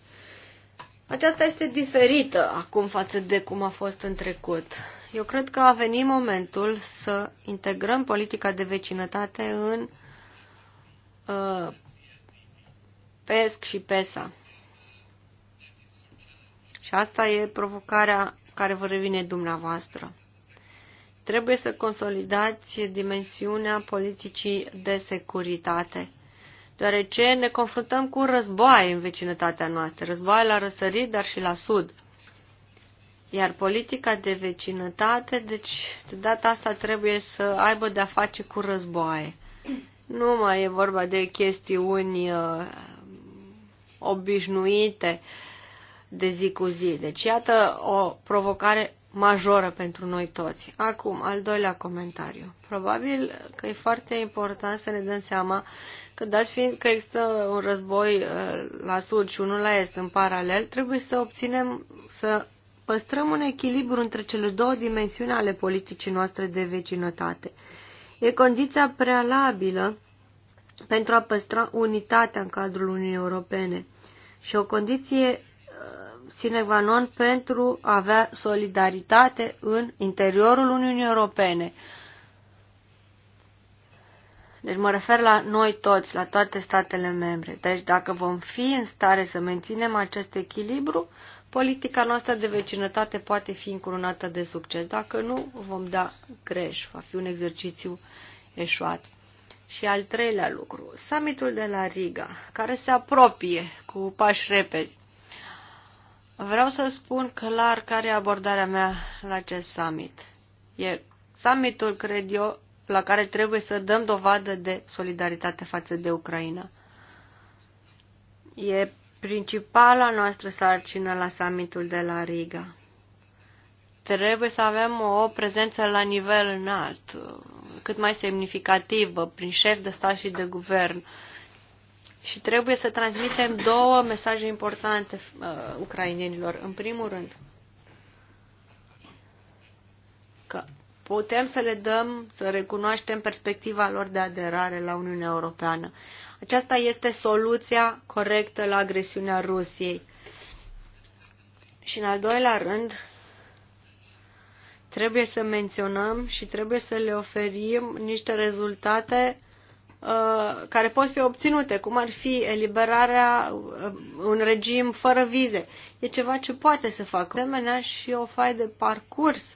Aceasta este diferită acum față de cum a fost în trecut. Eu cred că a venit momentul să integrăm politica de vecinătate în Uh, PESC și PESA. Și asta e provocarea care vă revine dumneavoastră. Trebuie să consolidați dimensiunea politicii de securitate, deoarece ne confruntăm cu războaie în vecinătatea noastră, războaie la răsărit, dar și la sud. Iar politica de vecinătate, deci de data asta trebuie să aibă de-a face cu războaie. Nu mai e vorba de chestiuni uh, obișnuite de zi cu zi. Deci, iată o provocare majoră pentru noi toți. Acum, al doilea comentariu. Probabil că e foarte important să ne dăm seama că, dat fiind că există un război uh, la sud și unul la est în paralel, trebuie să obținem, să păstrăm un echilibru între cele două dimensiuni ale politicii noastre de vecinătate. E condiția prealabilă pentru a păstra unitatea în cadrul Uniunii Europene și o condiție uh, sine qua non pentru a avea solidaritate în interiorul Uniunii Europene. Deci mă refer la noi toți, la toate statele membre. Deci dacă vom fi în stare să menținem acest echilibru, politica noastră de vecinătate poate fi încurunată de succes. Dacă nu, vom da greș. Va fi un exercițiu eșuat. Și al treilea lucru, summitul de la Riga, care se apropie cu pași repezi. Vreau să spun clar care e abordarea mea la acest summit. E summitul, cred eu, la care trebuie să dăm dovadă de solidaritate față de Ucraina. E principala noastră sarcină la summitul de la Riga. Trebuie să avem o prezență la nivel înalt, cât mai semnificativă, prin șef de stat și de guvern. Și trebuie să transmitem două mesaje importante uh, ucrainienilor. În primul rând, că putem să le dăm, să recunoaștem perspectiva lor de aderare la Uniunea Europeană. Uh, aceasta este soluția corectă la agresiunea Rusiei. Și în al doilea rând, trebuie să menționăm și trebuie să le oferim niște rezultate uh, care pot fi obținute, cum ar fi eliberarea uh, un regim fără vize. E ceva ce poate să facă. De asemenea și o fai de parcurs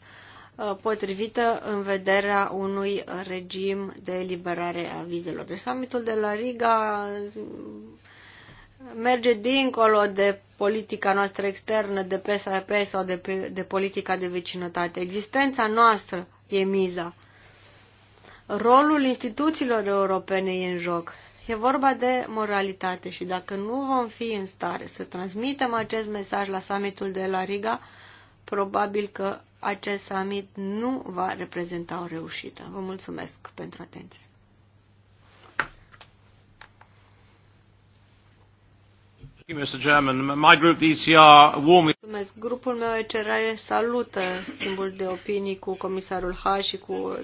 Uh, potrivită în vederea unui regim de eliberare a vizelor. Deci summitul de la Riga mm, merge dincolo de politica noastră externă, de PSAP sau de, de politica de vecinătate. Existența noastră e miza. Rolul instituțiilor europene e în joc. E vorba de moralitate și dacă nu vom fi în stare să transmitem acest mesaj la summitul de la Riga, probabil că acest summit nu va reprezenta o reușită. Vă mulțumesc pentru atenție. Mulțumesc. Grupul meu ECR salută schimbul de opinii cu comisarul H și cu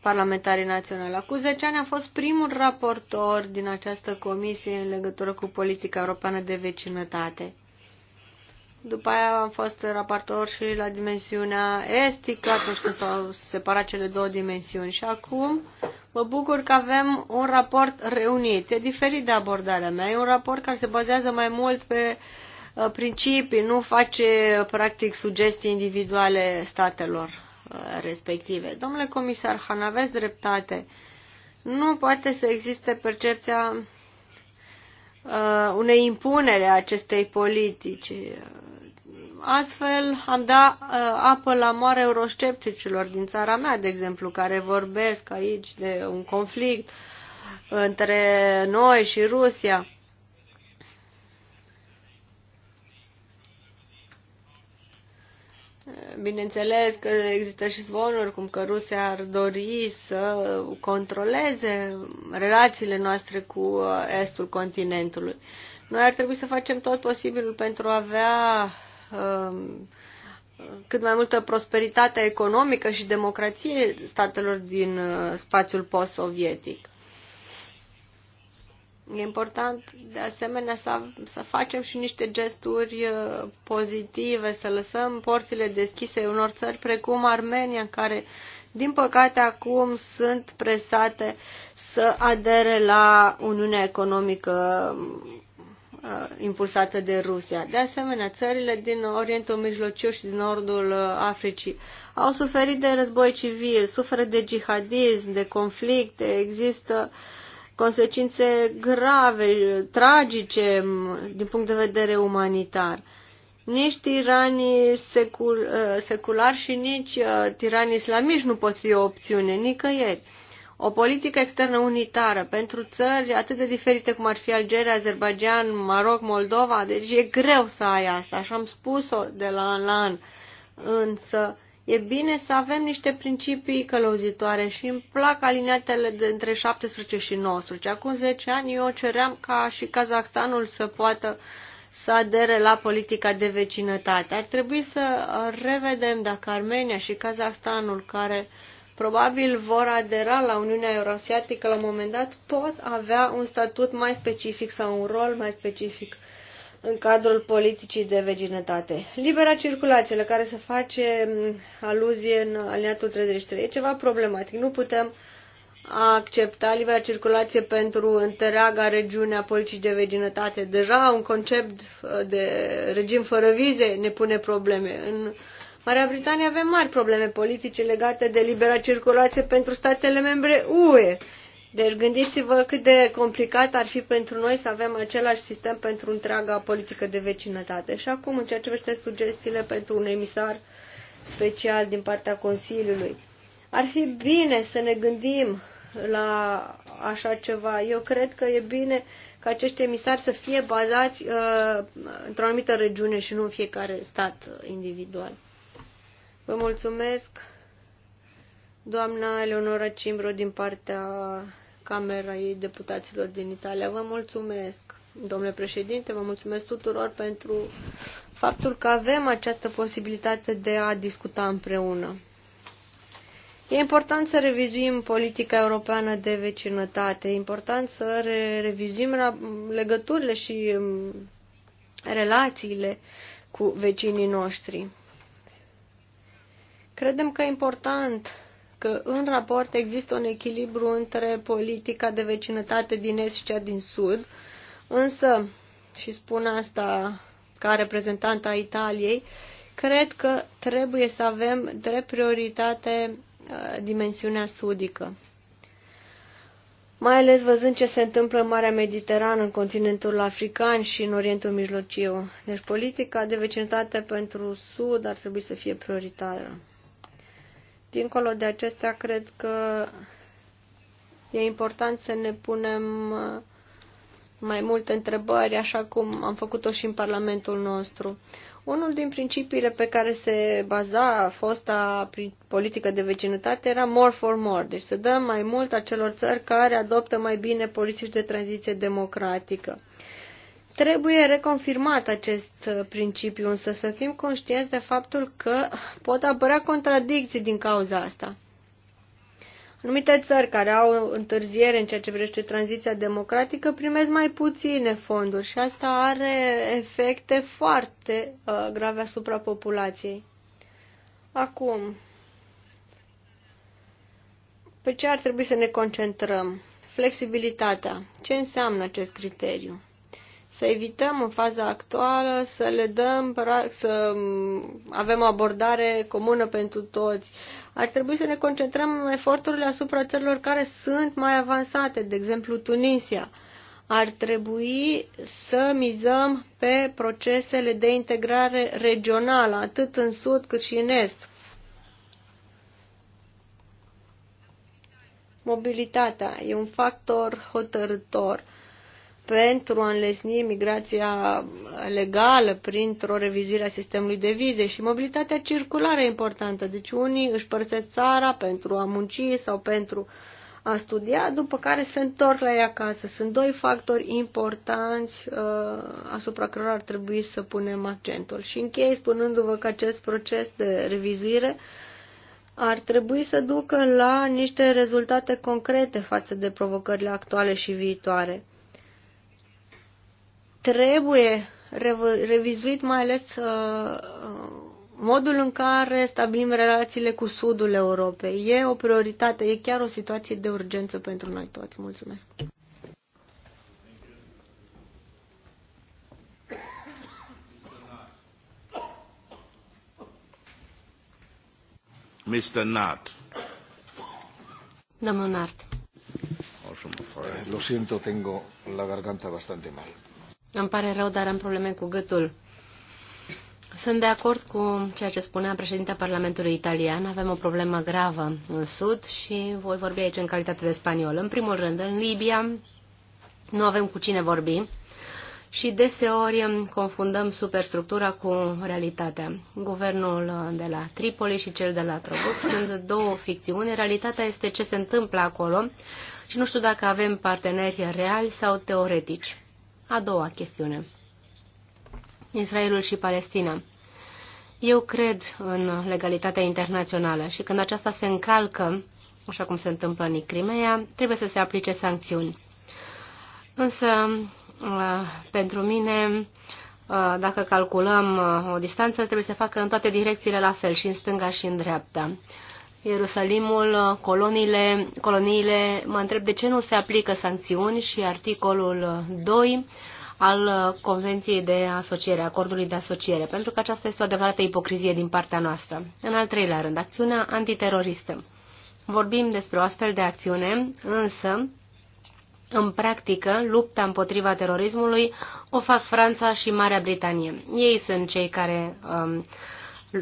parlamentarii naționali. Acum 10 ani a fost primul raportor din această comisie în legătură cu politica europeană de vecinătate. După aia am fost raportor și la dimensiunea estică, atunci când s-au separat cele două dimensiuni. Și acum mă bucur că avem un raport reunit. E diferit de abordarea mea. E un raport care se bazează mai mult pe uh, principii, nu face uh, practic sugestii individuale statelor uh, respective. Domnule comisar Han, aveți dreptate. Nu poate să existe percepția uh, unei impunere a acestei politici. Astfel am dat uh, apă la moare euroscepticilor din țara mea, de exemplu, care vorbesc aici de un conflict între noi și Rusia. Bineînțeles că există și zvonuri cum că Rusia ar dori să controleze relațiile noastre cu uh, estul continentului. Noi ar trebui să facem tot posibilul pentru a avea um, cât mai multă prosperitate economică și democrație statelor din uh, spațiul post-sovietic. E important, de asemenea, să, să facem și niște gesturi uh, pozitive, să lăsăm porțile deschise unor țări precum Armenia, care, din păcate, acum sunt presate să adere la Uniunea Economică uh, impulsată de Rusia. De asemenea, țările din Orientul Mijlociu și din Nordul uh, Africii au suferit de război civil, suferă de jihadism, de conflicte, există uh, consecințe grave, tragice din punct de vedere umanitar. Nici tiranii secul, uh, seculari și nici uh, tiranii islamici nu pot fi o opțiune, nicăieri. O politică externă unitară pentru țări atât de diferite cum ar fi Algeria, Azerbaijan, Maroc, Moldova, deci e greu să ai asta, așa am spus-o de la an la an. Însă e bine să avem niște principii călăuzitoare și îmi plac alineatele de între 17 și 19. Acum 10 ani eu ceream ca și Kazakhstanul să poată să adere la politica de vecinătate. Ar trebui să revedem dacă Armenia și Kazahstanul, care probabil vor adera la Uniunea Eurasiatică la un moment dat, pot avea un statut mai specific sau un rol mai specific în cadrul politicii de vecinătate. Libera circulație, la care se face mm, aluzie în aliatul 33, e ceva problematic. Nu putem accepta libera circulație pentru întreaga regiune a politicii de vecinătate. Deja un concept uh, de regim fără vize ne pune probleme. În Marea Britanie avem mari probleme politice legate de libera circulație pentru statele membre UE. Deci gândiți-vă cât de complicat ar fi pentru noi să avem același sistem pentru întreaga politică de vecinătate. Și acum, în ceea ce vreți sugestiile pentru un emisar special din partea Consiliului, ar fi bine să ne gândim la așa ceva. Eu cred că e bine ca acești emisari să fie bazați uh, într-o anumită regiune și nu în fiecare stat uh, individual. Vă mulțumesc, doamna Eleonora Cimbro, din partea Camerei Deputaților din Italia. Vă mulțumesc, domnule președinte, vă mulțumesc tuturor pentru faptul că avem această posibilitate de a discuta împreună. E important să revizuim politica europeană de vecinătate, e important să re- revizuim legăturile și um, relațiile cu vecinii noștri. Credem că e important că în raport există un echilibru între politica de vecinătate din est și cea din sud, însă, și spun asta ca reprezentant a Italiei, cred că trebuie să avem drept prioritate uh, dimensiunea sudică. Mai ales văzând ce se întâmplă în Marea Mediterană, în continentul african și în Orientul Mijlociu. Deci politica de vecinătate pentru Sud ar trebui să fie prioritară. Dincolo de acestea, cred că e important să ne punem uh, mai multe întrebări, așa cum am făcut-o și în Parlamentul nostru. Unul din principiile pe care se baza fosta politică de vecinătate era more for more, deci să dăm mai mult acelor țări care adoptă mai bine politici de tranziție democratică. Trebuie reconfirmat acest uh, principiu, însă să fim conștienți de faptul că pot apărea contradicții din cauza asta. Anumite țări care au întârziere în ceea ce vrește tranziția democratică primesc mai puține fonduri și asta are efecte foarte uh, grave asupra populației. Acum, pe ce ar trebui să ne concentrăm? Flexibilitatea. Ce înseamnă acest criteriu? să evităm în faza actuală să le dăm, să avem o abordare comună pentru toți. Ar trebui să ne concentrăm eforturile asupra țărilor care sunt mai avansate, de exemplu Tunisia. Ar trebui să mizăm pe procesele de integrare regională, atât în sud cât și în est. Mobilitatea e un factor hotărător pentru a înlesni migrația legală printr-o revizuire a sistemului de vize și mobilitatea circulară e importantă. Deci unii își părțesc țara pentru a munci sau pentru a studia, după care se întorc la ei acasă. Sunt doi factori importanți uh, asupra cărora ar trebui să punem accentul. Și închei spunându-vă că acest proces de revizuire ar trebui să ducă la niște rezultate concrete față de provocările actuale și viitoare trebuie revizuit mai ales uh, uh, modul în care stabilim relațiile cu sudul Europei. E o prioritate, e chiar o situație de urgență pentru noi toți. Mulțumesc! Mr. Nart. Domnul Nart. Lo siento, tengo la garganta bastante mal. Îmi pare rău, dar am probleme cu gâtul. Sunt de acord cu ceea ce spunea președintea Parlamentului Italian. Avem o problemă gravă în Sud și voi vorbi aici în calitate de spaniol. În primul rând, în Libia nu avem cu cine vorbi și deseori confundăm superstructura cu realitatea. Guvernul de la Tripoli și cel de la Trobuk sunt două ficțiuni. Realitatea este ce se întâmplă acolo și nu știu dacă avem parteneri reali sau teoretici. A doua chestiune. Israelul și Palestina. Eu cred în legalitatea internațională și când aceasta se încalcă, așa cum se întâmplă în Crimea, trebuie să se aplice sancțiuni. Însă, uh, pentru mine, uh, dacă calculăm uh, o distanță, trebuie să facă în toate direcțiile la fel, și în stânga și în dreapta. Ierusalimul, coloniile, coloniile, mă întreb de ce nu se aplică sancțiuni și articolul 2 al Convenției de Asociere, Acordului de Asociere, pentru că aceasta este o adevărată ipocrizie din partea noastră. În al treilea rând, acțiunea antiteroristă. Vorbim despre o astfel de acțiune, însă, în practică, lupta împotriva terorismului o fac Franța și Marea Britanie. Ei sunt cei care um,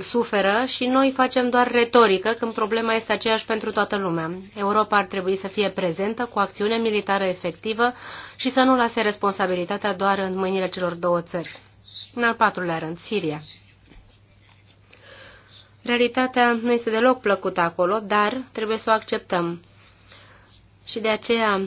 suferă și noi facem doar retorică când problema este aceeași pentru toată lumea. Europa ar trebui să fie prezentă cu acțiune militară efectivă și să nu lase responsabilitatea doar în mâinile celor două țări. În al patrulea rând, Siria. Realitatea nu este deloc plăcută acolo, dar trebuie să o acceptăm. Și de aceea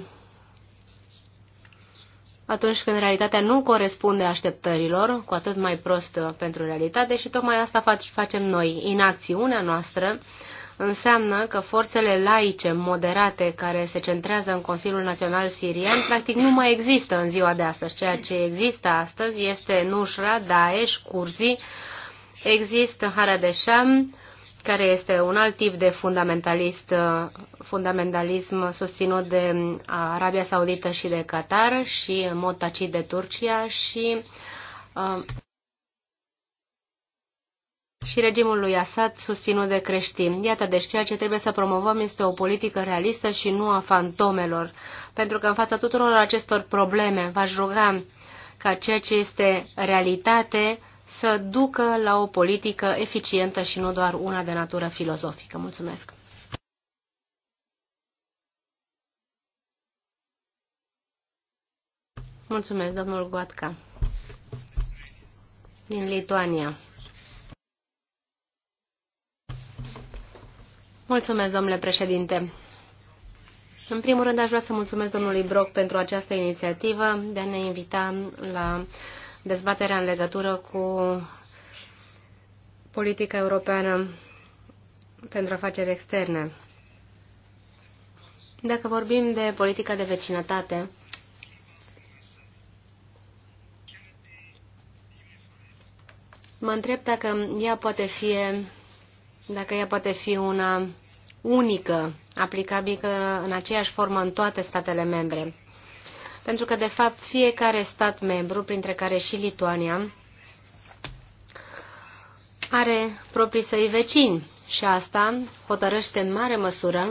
atunci când realitatea nu corespunde așteptărilor, cu atât mai prost pentru realitate și tocmai asta facem noi. Inacțiunea noastră înseamnă că forțele laice moderate care se centrează în Consiliul Național Sirian practic nu mai există în ziua de astăzi. Ceea ce există astăzi este Nușra, Daesh, Curzi, există Haradesham, care este un alt tip de fundamentalist, fundamentalism susținut de Arabia Saudită și de Qatar și în mod tacit de Turcia și, uh, și regimul lui Assad susținut de creștini. Iată, deci ceea ce trebuie să promovăm este o politică realistă și nu a fantomelor, pentru că în fața tuturor acestor probleme v-aș ruga ca ceea ce este realitate să ducă la o politică eficientă și nu doar una de natură filozofică. Mulțumesc! Mulțumesc, domnul Goatca, din Lituania. Mulțumesc, domnule președinte. În primul rând, aș vrea să mulțumesc domnului Brock pentru această inițiativă de a ne invita la dezbaterea în legătură cu politica europeană pentru afaceri externe. Dacă vorbim de politica de vecinătate, mă întreb dacă ea poate fi, dacă ea poate fi una unică, aplicabilă în aceeași formă în toate statele membre pentru că, de fapt, fiecare stat membru, printre care și Lituania, are proprii săi vecini și asta hotărăște în mare măsură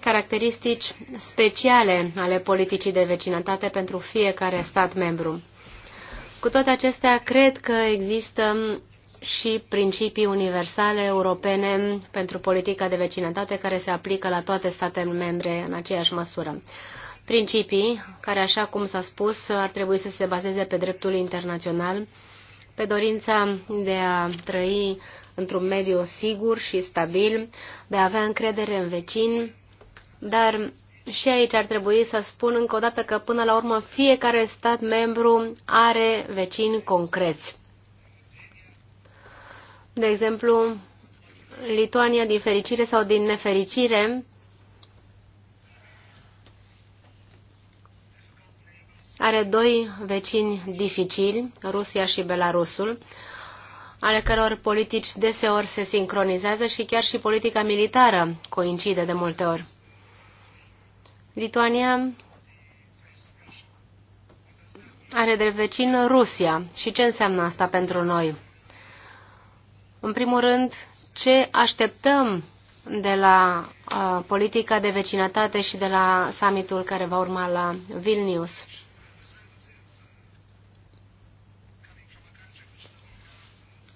caracteristici speciale ale politicii de vecinătate pentru fiecare stat membru. Cu toate acestea, cred că există și principii universale europene pentru politica de vecinătate care se aplică la toate statele membre în aceeași măsură. Principii care, așa cum s-a spus, ar trebui să se bazeze pe dreptul internațional, pe dorința de a trăi într-un mediu sigur și stabil, de a avea încredere în vecini, dar și aici ar trebui să spun încă o dată că până la urmă fiecare stat membru are vecini concreți. De exemplu, Lituania, din fericire sau din nefericire, are doi vecini dificili, Rusia și Belarusul, ale căror politici deseori se sincronizează și chiar și politica militară coincide de multe ori. Lituania are de vecin Rusia. Și ce înseamnă asta pentru noi? În primul rând, ce așteptăm de la uh, politica de vecinătate și de la summitul care va urma la Vilnius.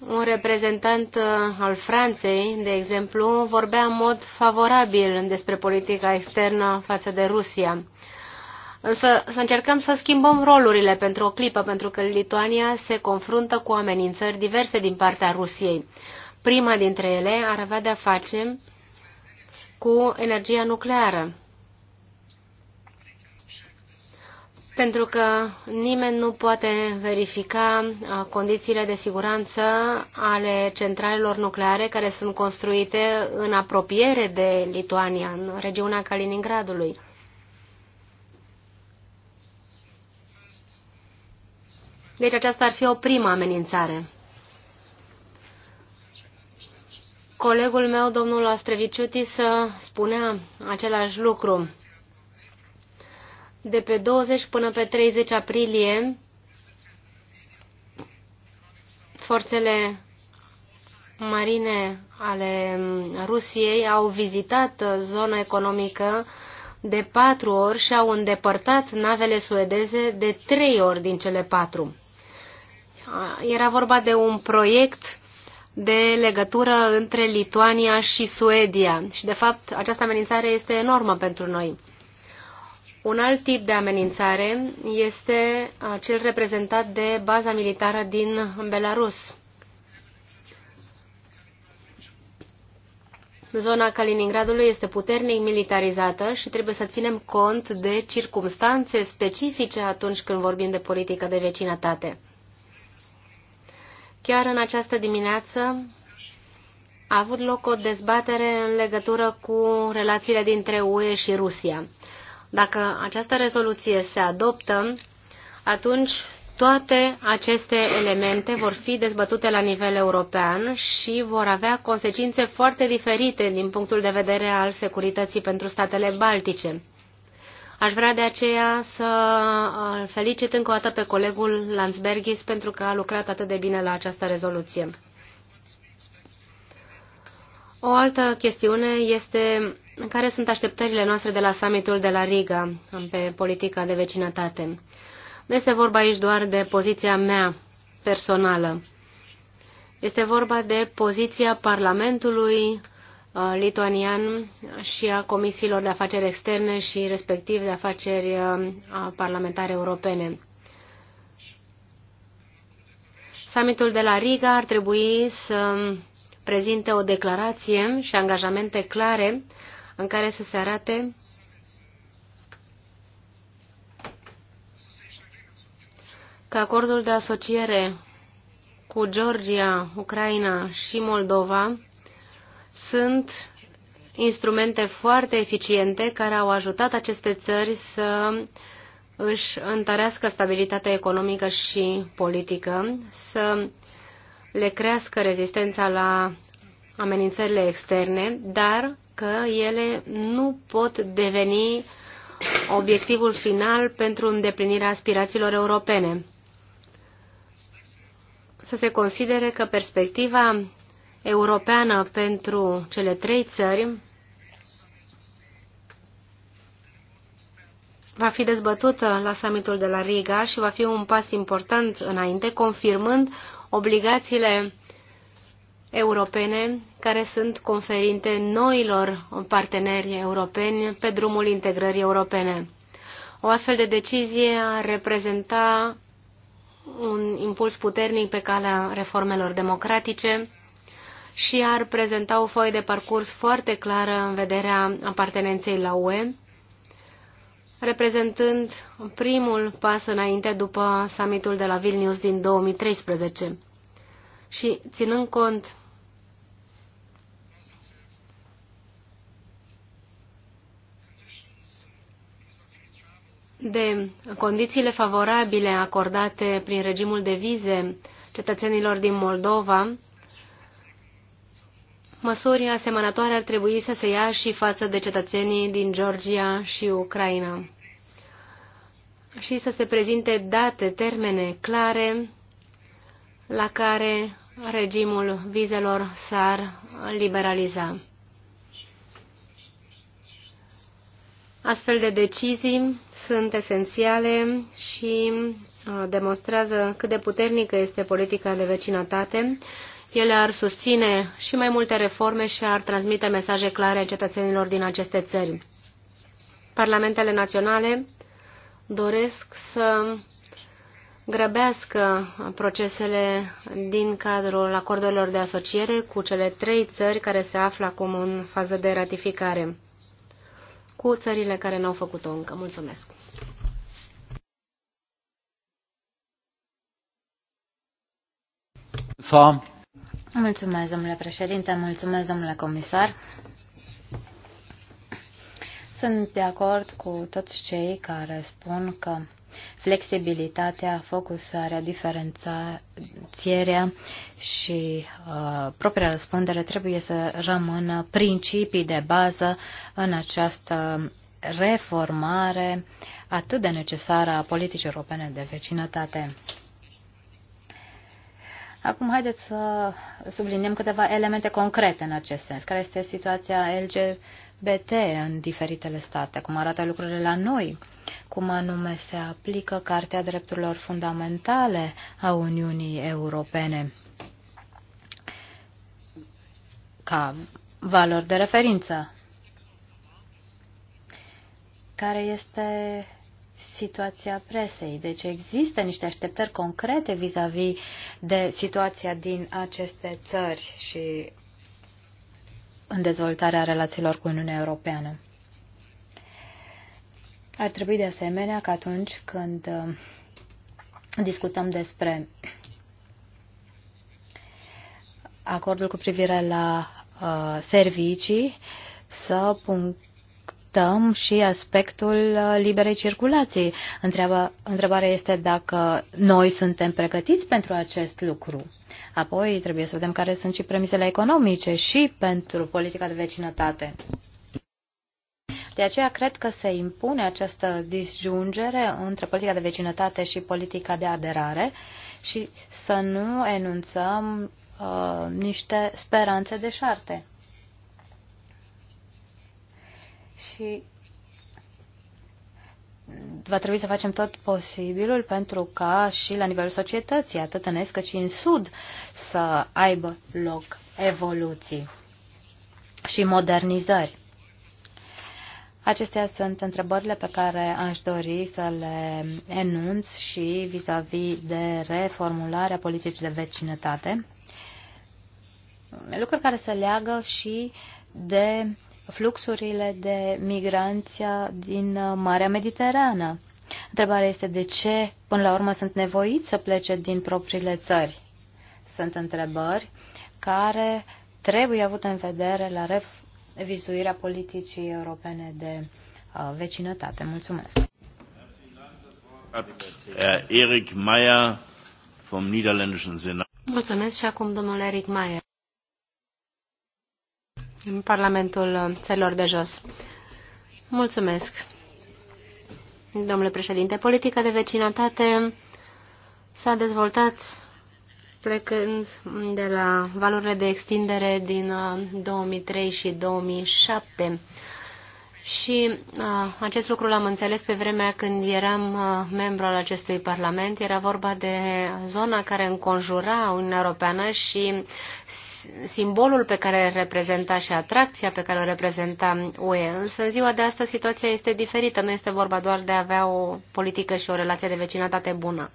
Un reprezentant uh, al Franței, de exemplu, vorbea în mod favorabil despre politica externă față de Rusia. Însă să încercăm să schimbăm rolurile pentru o clipă, pentru că Lituania se confruntă cu amenințări diverse din partea Rusiei. Prima dintre ele ar avea de-a face cu energia nucleară. Pentru că nimeni nu poate verifica uh, condițiile de siguranță ale centralelor nucleare care sunt construite în apropiere de Lituania, în regiunea Kaliningradului. Deci aceasta ar fi o primă amenințare. Colegul meu, domnul să spunea același lucru. De pe 20 până pe 30 aprilie, forțele marine ale Rusiei au vizitat zona economică de patru ori și au îndepărtat navele suedeze de trei ori din cele patru. Era vorba de un proiect de legătură între Lituania și Suedia și, de fapt, această amenințare este enormă pentru noi. Un alt tip de amenințare este cel reprezentat de baza militară din Belarus. Zona Kaliningradului este puternic militarizată și trebuie să ținem cont de circumstanțe specifice atunci când vorbim de politică de vecinătate. Chiar în această dimineață a avut loc o dezbatere în legătură cu relațiile dintre UE și Rusia. Dacă această rezoluție se adoptă, atunci toate aceste elemente vor fi dezbătute la nivel european și vor avea consecințe foarte diferite din punctul de vedere al securității pentru statele baltice. Aș vrea de aceea să uh, felicit încă o dată pe colegul Landsbergis pentru că a lucrat atât de bine la această rezoluție. O altă chestiune este care sunt așteptările noastre de la summitul de la Riga pe politica de vecinătate. Nu este vorba aici doar de poziția mea personală. Este vorba de poziția Parlamentului Uh, lituanian și a comisiilor de afaceri externe și respectiv de afaceri uh, parlamentare europene. Summitul de la Riga ar trebui să prezinte o declarație și angajamente clare în care să se arate că acordul de asociere cu Georgia, Ucraina și Moldova sunt instrumente foarte eficiente care au ajutat aceste țări să își întărească stabilitatea economică și politică, să le crească rezistența la amenințările externe, dar că ele nu pot deveni obiectivul final pentru îndeplinirea aspirațiilor europene. Să se considere că perspectiva europeană pentru cele trei țări va fi dezbătută la summitul de la Riga și va fi un pas important înainte, confirmând obligațiile europene care sunt conferite noilor parteneri europeni pe drumul integrării europene. O astfel de decizie ar reprezenta un impuls puternic pe calea reformelor democratice și ar prezenta o foaie de parcurs foarte clară în vederea apartenenței la UE, reprezentând primul pas înainte după summitul de la Vilnius din 2013. Și ținând cont de condițiile favorabile acordate prin regimul de vize cetățenilor din Moldova, Măsuri asemănătoare ar trebui să se ia și față de cetățenii din Georgia și Ucraina și să se prezinte date, termene clare la care regimul vizelor s-ar liberaliza. Astfel de decizii sunt esențiale și uh, demonstrează cât de puternică este politica de vecinătate ele ar susține și mai multe reforme și ar transmite mesaje clare cetățenilor din aceste țări. Parlamentele naționale doresc să grăbească procesele din cadrul acordurilor de asociere cu cele trei țări care se află acum în fază de ratificare, cu țările care n-au făcut-o încă. Mulțumesc! Sa. Mulțumesc, domnule președinte, mulțumesc, domnule comisar. Sunt de acord cu toți cei care spun că flexibilitatea, focusarea, diferențierea și uh, propria răspundere trebuie să rămână principii de bază în această reformare atât de necesară a politicii europene de vecinătate. Acum haideți să subliniem câteva elemente concrete în acest sens. Care este situația LGBT în diferitele state? Cum arată lucrurile la noi? Cum anume se aplică Cartea Drepturilor Fundamentale a Uniunii Europene? Ca valori de referință. Care este situația presei. Deci există niște așteptări concrete vis-a-vis -vis de situația din aceste țări și în dezvoltarea relațiilor cu Uniunea Europeană. Ar trebui de asemenea că atunci când uh, discutăm despre acordul cu privire la uh, servicii, să punct uităm și aspectul uh, liberei circulații. Întreaba, întrebarea este dacă noi suntem pregătiți pentru acest lucru. Apoi trebuie să vedem care sunt și premisele economice și pentru politica de vecinătate. De aceea cred că se impune această disjungere între politica de vecinătate și politica de aderare și să nu enunțăm uh, niște speranțe deșarte și va trebui să facem tot posibilul pentru ca și la nivelul societății, atât în est cât și în sud, să aibă loc evoluții și modernizări. Acestea sunt întrebările pe care aș dori să le enunț și vis-a-vis -vis de reformularea politicii de vecinătate, lucruri care se leagă și de fluxurile de migranți din Marea Mediterană. Întrebarea este de ce, până la urmă, sunt nevoiți să plece din propriile țări. Sunt întrebări care trebuie avute în vedere la revizuirea politicii europene de uh, vecinătate. Mulțumesc. Eric Mayer vom Mulțumesc și acum domnul Eric Mayer în Parlamentul țărilor de jos. Mulțumesc, domnule președinte. Politica de vecinătate s-a dezvoltat plecând de la valurile de extindere din 2003 uh, și 2007. Și a, uh, acest lucru l-am înțeles pe vremea când eram a, uh, membru al acestui parlament. Era vorba de zona care înconjura Uniunea Europeană și simbolul pe care îl reprezenta și atracția pe care o reprezenta UE. Însă în ziua de astăzi situația este diferită. Nu este vorba doar de a avea o politică și o relație de vecinătate bună.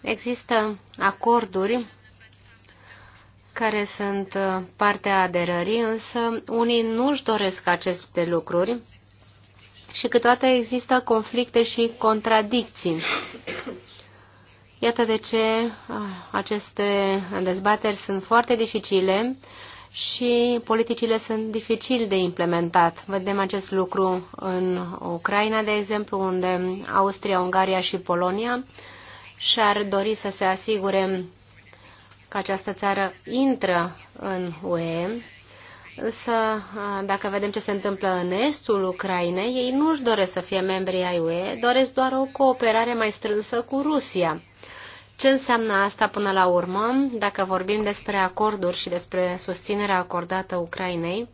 Există acorduri care sunt partea aderării, însă unii nu-și doresc aceste lucruri și câteodată există conflicte și contradicții. Iată de ce ah, aceste dezbateri sunt foarte dificile și politicile sunt dificil de implementat. Vedem acest lucru în Ucraina, de exemplu, unde Austria, Ungaria și Polonia și-ar dori să se asigure că această țară intră în UE, însă ah, dacă vedem ce se întâmplă în estul Ucrainei, ei nu-și doresc să fie membri ai UE, doresc doar o cooperare mai strânsă cu Rusia. Ce înseamnă asta până la urmă, dacă vorbim despre acorduri și despre susținerea acordată Ucrainei?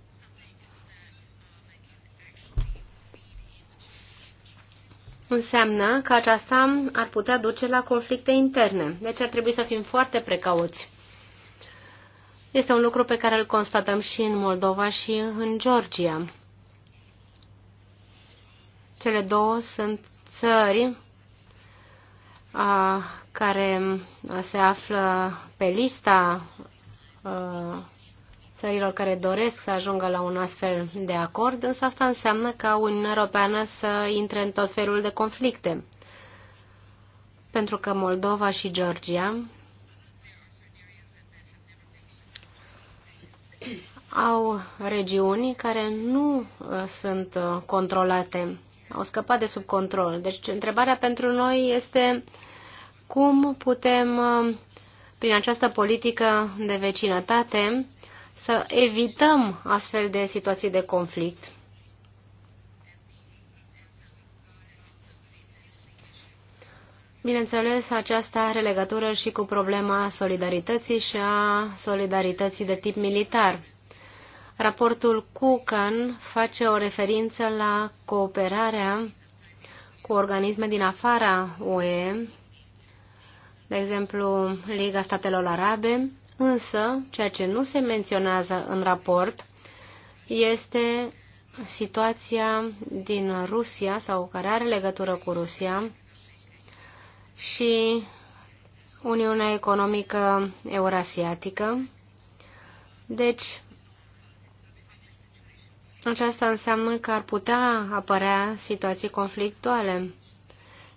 Înseamnă că aceasta ar putea duce la conflicte interne, deci ar trebui să fim foarte precauți. Este un lucru pe care îl constatăm și în Moldova și în Georgia. Cele două sunt țări care uh, se află pe lista uh, țărilor care doresc să ajungă la un astfel de acord, însă asta înseamnă ca Uniunea Europeană să intre în tot felul de conflicte. Pentru că Moldova și Georgia au regiuni care nu uh, sunt controlate, au scăpat de sub control. Deci întrebarea pentru noi este uh, cum putem, uh, prin această politică de vecinătate, să evităm astfel de situații de conflict. Bineînțeles, aceasta are legătură și cu problema solidarității și a solidarității de tip militar. Raportul Kukan face o referință la cooperarea cu organisme din afara UE de exemplu Liga Statelor Arabe, însă ceea ce nu se menționează în raport este situația din Rusia sau care are legătură cu Rusia și Uniunea Economică Eurasiatică. Deci, aceasta înseamnă că ar putea apărea situații conflictuale,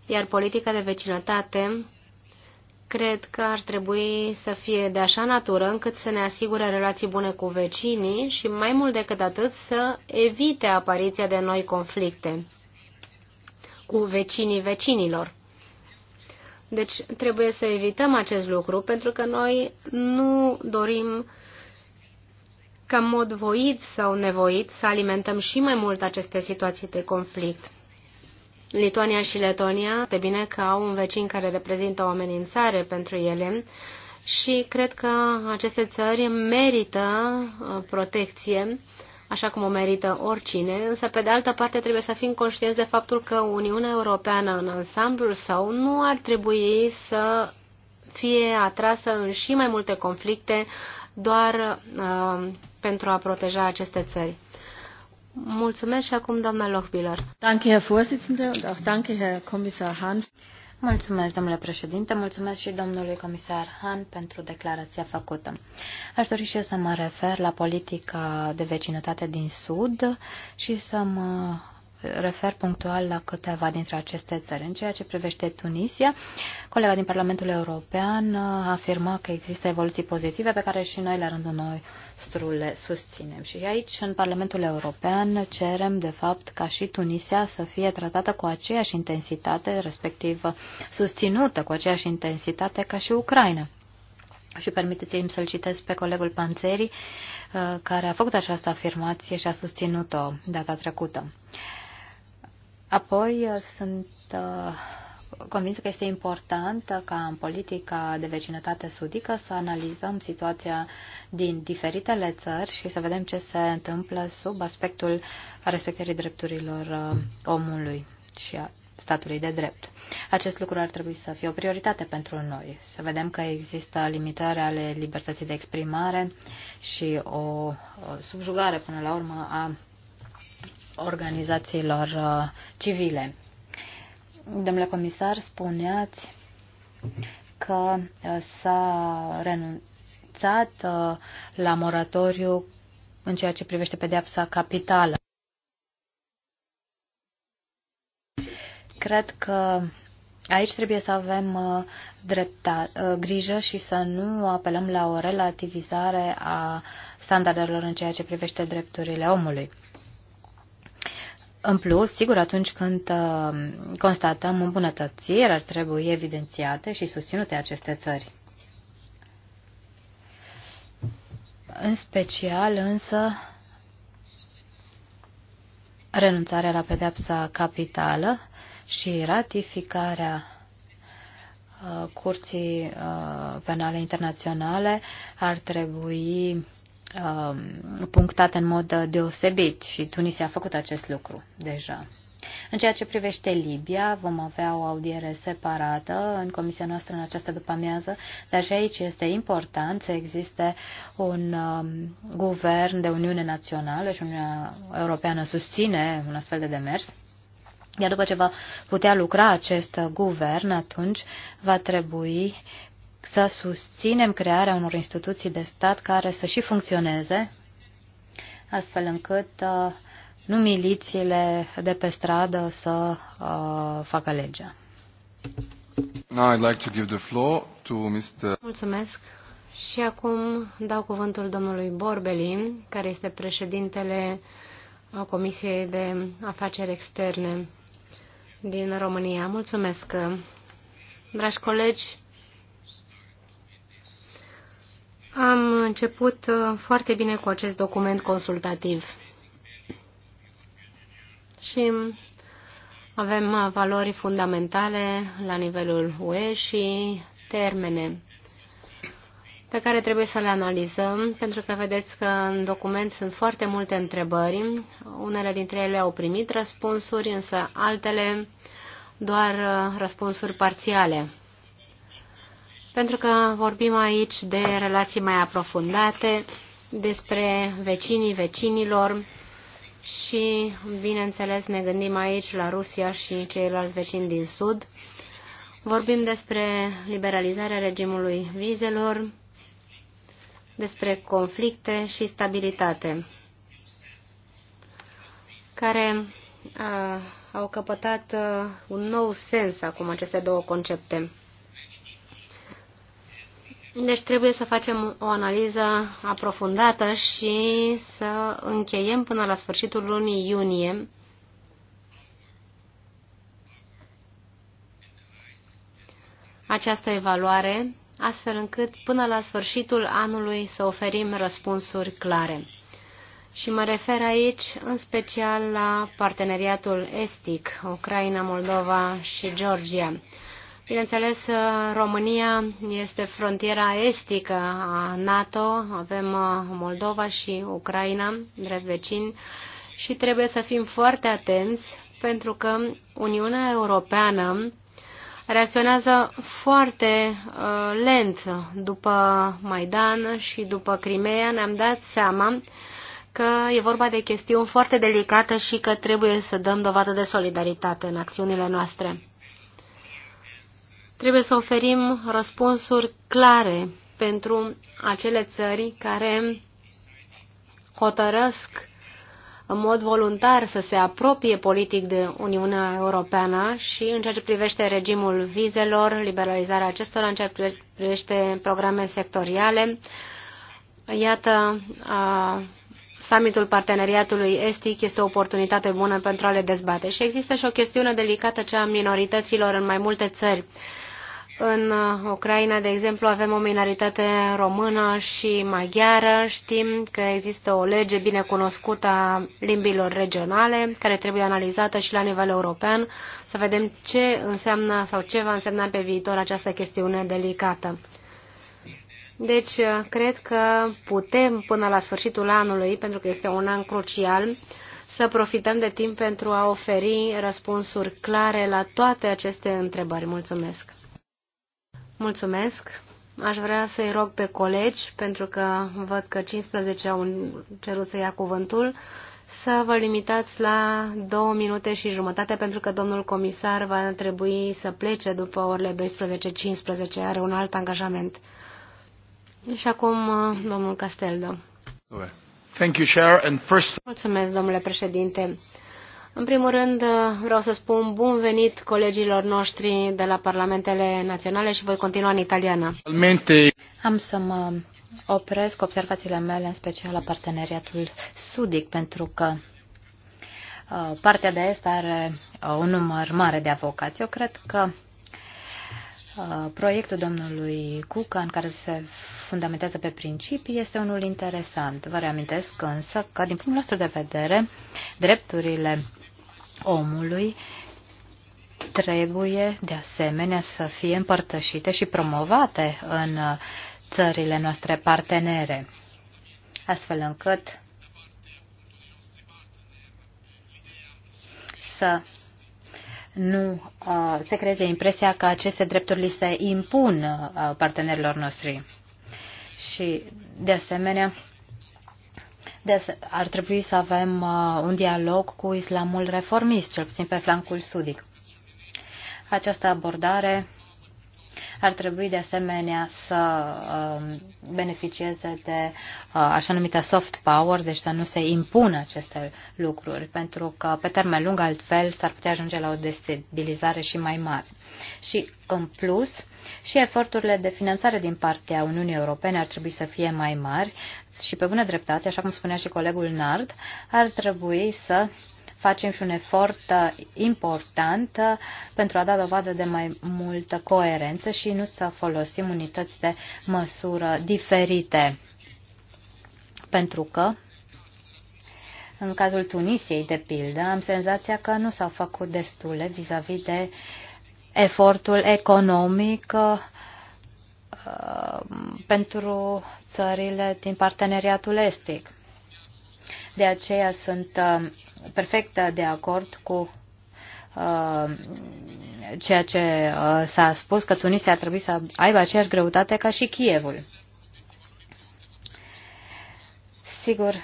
iar politica de vecinătate cred că ar trebui să fie de așa natură încât să ne asigure relații bune cu vecinii și, mai mult decât atât, să evite apariția de noi conflicte cu vecinii vecinilor. Deci trebuie să evităm acest lucru pentru că noi nu dorim ca mod voit sau nevoit să alimentăm și mai mult aceste situații de conflict. Lituania și Letonia, de bine că au un vecin care reprezintă o amenințare pentru ele și cred că aceste țări merită uh, protecție așa cum o merită oricine, însă pe de altă parte trebuie să fim conștienți de faptul că Uniunea Europeană în ansamblul său nu ar trebui să fie atrasă în și mai multe conflicte doar uh, pentru a proteja aceste țări. Mulțumesc și acum doamna Lochbiller. Danke, Herr Vorsitzender, und auch danke, Herr Kommissar Hahn. Mulțumesc, domnule președinte, mulțumesc și domnului comisar Han pentru declarația făcută. Aș dori și eu să mă refer la politica de vecinătate din Sud și să mă refer punctual la câteva dintre aceste țări. În ceea ce privește Tunisia, colega din Parlamentul European afirma că există evoluții pozitive pe care și noi, la rândul nostru, le susținem. Și aici, în Parlamentul European, cerem, de fapt, ca și Tunisia să fie tratată cu aceeași intensitate, respectiv susținută cu aceeași intensitate ca și Ucraina. Și permiteți-mi să-l citesc pe colegul Panțeri, uh, care a făcut această afirmație și a susținut-o data trecută. Apoi uh, sunt uh, convinsă că este important uh, ca în politica de vecinătate sudică să analizăm situația din diferitele țări și să vedem ce se întâmplă sub aspectul respectării drepturilor omului și a statului de drept. Acest lucru ar trebui să fie o prioritate pentru noi. Să vedem că există limitări ale libertății de exprimare și o subjugare până la urmă a organizațiilor uh, civile. Domnule comisar, spuneați că uh, s-a renunțat uh, la moratoriu în ceea ce privește pedeapsa capitală. Cred că aici trebuie să avem drepta, grijă și să nu apelăm la o relativizare a standardelor în ceea ce privește drepturile omului. În plus, sigur, atunci când uh, constatăm îmbunătățiri, ar trebui evidențiate și susținute aceste țări. În special, însă, renunțarea la pedepsa capitală și ratificarea uh, Curții uh, Penale Internaționale ar trebui Um, punctate în mod deosebit și Tunisia a făcut acest lucru deja. În ceea ce privește Libia, vom avea o audiere separată în comisia noastră în această după-amiază, dar și aici este important să existe un um, guvern de Uniune Națională și Uniunea Europeană susține un astfel de demers. Iar după ce va putea lucra acest guvern, atunci va trebui să susținem crearea unor instituții de stat care să și funcționeze, astfel încât uh, nu milițiile de pe stradă să uh, facă legea. Now I'd like to give the floor to Mr. Mulțumesc. Și acum dau cuvântul domnului Borbeli, care este președintele Comisiei de Afaceri Externe din România. Mulțumesc. Dragi colegi, Am început uh, foarte bine cu acest document consultativ și avem uh, valori fundamentale la nivelul UE și termene pe care trebuie să le analizăm, pentru că vedeți că în document sunt foarte multe întrebări. Unele dintre ele au primit răspunsuri, însă altele doar uh, răspunsuri parțiale pentru că vorbim aici de relații mai aprofundate, despre vecinii vecinilor și, bineînțeles, ne gândim aici la Rusia și ceilalți vecini din Sud. Vorbim despre liberalizarea regimului vizelor, despre conflicte și stabilitate, care a, uh, au căpătat a, uh, un nou sens acum aceste două concepte. Deci trebuie să facem o analiză aprofundată și să încheiem până la sfârșitul lunii iunie această evaluare, astfel încât până la sfârșitul anului să oferim răspunsuri clare. Și mă refer aici în special la parteneriatul estic, Ucraina, Moldova și Georgia Bineînțeles, uh, România este frontiera estică a NATO, avem uh, Moldova și Ucraina, drept vecini, și trebuie să fim foarte atenți pentru că Uniunea Europeană reacționează foarte uh, lent după Maidan și după Crimea. Ne-am dat seama că e vorba de chestiuni foarte delicate și că trebuie să dăm dovadă de solidaritate în acțiunile noastre. Trebuie să oferim răspunsuri clare pentru acele țări care hotărăsc în mod voluntar să se apropie politic de Uniunea Europeană și în ceea ce privește regimul vizelor, liberalizarea acestora, în ceea ce privește programe sectoriale. Iată, a, summitul parteneriatului estic este o oportunitate bună pentru a le dezbate. Și există și o chestiune delicată, cea a minorităților în mai multe țări. În uh, Ucraina, de exemplu, avem o minoritate română și maghiară. Știm că există o lege bine cunoscută a limbilor regionale, care trebuie analizată și la nivel european, să vedem ce înseamnă sau ce va însemna pe viitor această chestiune delicată. Deci, uh, cred că putem până la sfârșitul anului, pentru că este un an crucial, să profităm de timp pentru a oferi răspunsuri clare la toate aceste întrebări. Mulțumesc! Mulțumesc. Aș vrea să-i rog pe colegi, pentru că văd că 15 au cerut să ia cuvântul, să vă limitați la două minute și jumătate, pentru că domnul comisar va trebui să plece după orele 12-15, are un alt angajament. Și acum, domnul Casteldo. Mulțumesc, domnule președinte. În primul rând, uh, vreau să spun bun venit colegilor noștri de la Parlamentele Naționale și voi continua în italiană. Am să mă opresc observațiile mele, în special la parteneriatul sudic, pentru că uh, partea de est are uh, un număr mare de avocați. Eu cred că proiectul domnului Cuca, în care se fundamentează pe principii, este unul interesant. Vă reamintesc însă că, din punctul nostru de vedere, drepturile omului trebuie de asemenea să fie împărtășite și promovate în uh, țările noastre partenere, astfel încât să nu uh, se creeze impresia că aceste drepturi li se impun uh, partenerilor noștri. Și, de asemenea, de, ar trebui să avem uh, un dialog cu islamul reformist, cel puțin pe flancul sudic. Această abordare ar trebui de asemenea să um, beneficieze de uh, așa numită soft power, deci să nu se impună aceste lucruri, pentru că pe termen lung altfel s-ar putea ajunge la o destabilizare și mai mare. Și în plus, și eforturile de finanțare din partea Uniunii Europene ar trebui să fie mai mari și pe bună dreptate, așa cum spunea și colegul Nard, ar trebui să facem și un efort uh, important uh, pentru a da dovadă de mai multă coerență și nu să folosim unități de măsură diferite. Pentru că în cazul Tunisiei, de pildă, am senzația că nu s-au făcut destule vis-a-vis -vis de efortul economic uh, pentru țările din parteneriatul estic. De aceea sunt uh, perfect de acord cu uh, ceea ce uh, s-a spus, că Tunisia ar trebui să aibă aceeași greutate ca și Kievul. Sigur,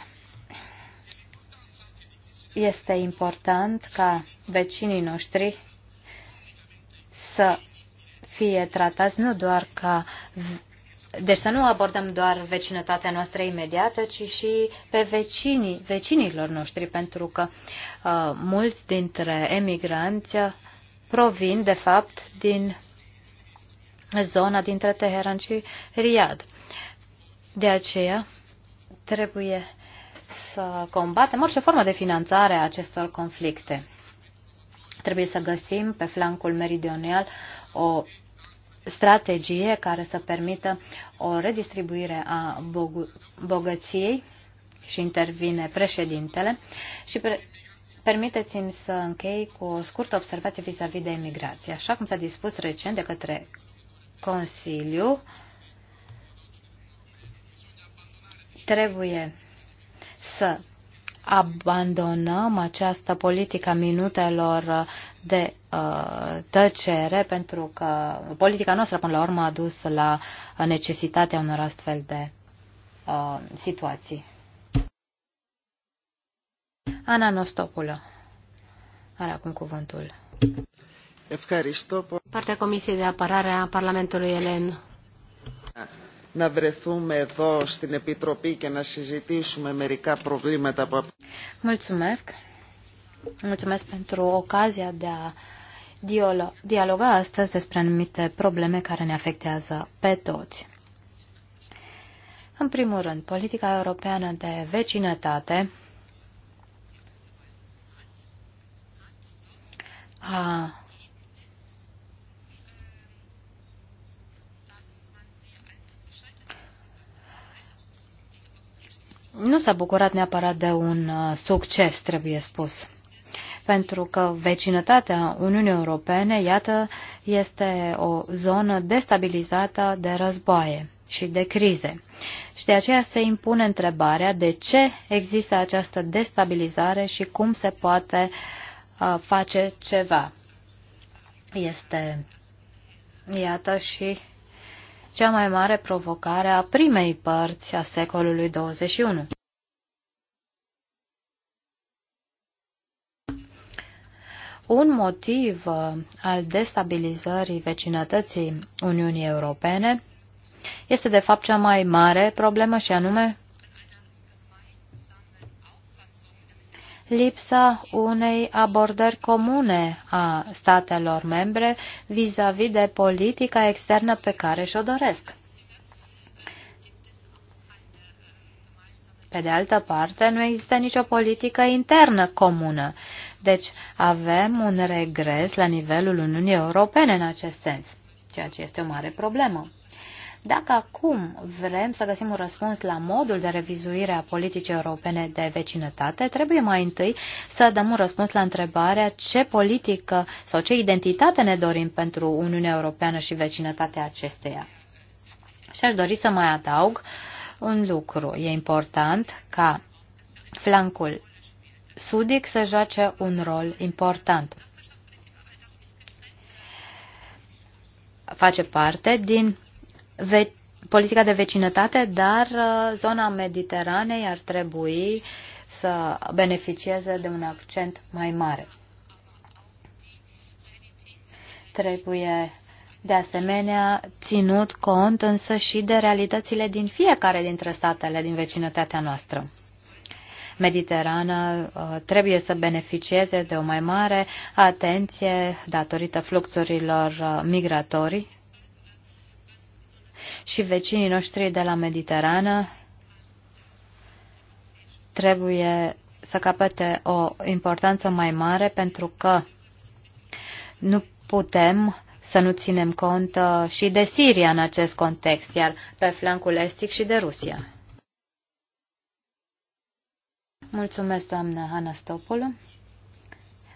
este important ca vecinii noștri să fie tratați nu doar ca deci să nu abordăm doar vecinătatea noastră imediată, ci și pe vecinii, vecinilor noștri, pentru că uh, mulți dintre emigranți provin, de fapt, din zona dintre Teheran și Riad. De aceea trebuie să combatem orice formă de finanțare a acestor conflicte. Trebuie să găsim pe flancul meridional o strategie care să permită o redistribuire a bogăției și intervine președintele și pre- Permiteți-mi să închei cu o scurtă observație vis-a-vis -vis de emigrație. Așa cum s-a dispus recent de către Consiliu, trebuie să abandonăm această politică a minutelor de Uh, tăcere, pentru că politica noastră până la urmă a dus la necesitatea unor astfel de uh, situații. Ana Nostopulă are acum cuvântul. Partea Comisiei de Apărare a Parlamentului Elen. Να βρεθούμε εδώ στην Επιτροπή και να συζητήσουμε μερικά προβλήματα που... Mulțumesc. Mulțumesc pentru ocazia de dialoga astăzi despre anumite probleme care ne afectează pe toți. În primul rând, politica europeană de vecinătate a nu s-a bucurat neapărat de un uh, succes, trebuie spus pentru că vecinătatea Uniunii Europene, iată, este o zonă destabilizată de războaie și de crize. Și de aceea se impune întrebarea de ce există această destabilizare și cum se poate uh, face ceva. Este, iată, și cea mai mare provocare a primei părți a secolului 21. Un motiv uh, al destabilizării vecinătății Uniunii Europene este de fapt cea mai mare problemă și anume lipsa unei abordări comune a statelor membre vis-a-vis -vis de politica externă pe care și-o doresc. Pe de altă parte, nu există nicio politică internă comună deci avem un regres la nivelul Uniunii Europene în acest sens, ceea ce este o mare problemă. Dacă acum vrem să găsim un răspuns la modul de revizuire a politicii europene de vecinătate, trebuie mai întâi să dăm un răspuns la întrebarea ce politică sau ce identitate ne dorim pentru Uniunea Europeană și vecinătatea acesteia. Și aș dori să mai adaug un lucru. E important ca flancul sudic să joace un rol important. Face parte din ve- politica de vecinătate, dar uh, zona Mediteranei ar trebui să beneficieze de un accent mai mare. Trebuie de asemenea ținut cont însă și de realitățile din fiecare dintre statele din vecinătatea noastră mediterană uh, trebuie să beneficieze de o mai mare atenție datorită fluxurilor uh, migratorii și vecinii noștri de la Mediterană trebuie să capete o importanță mai mare pentru că nu putem să nu ținem cont uh, și de Siria în acest context, iar pe flancul estic și de Rusia. Mulțumesc, doamnă Anastopolă.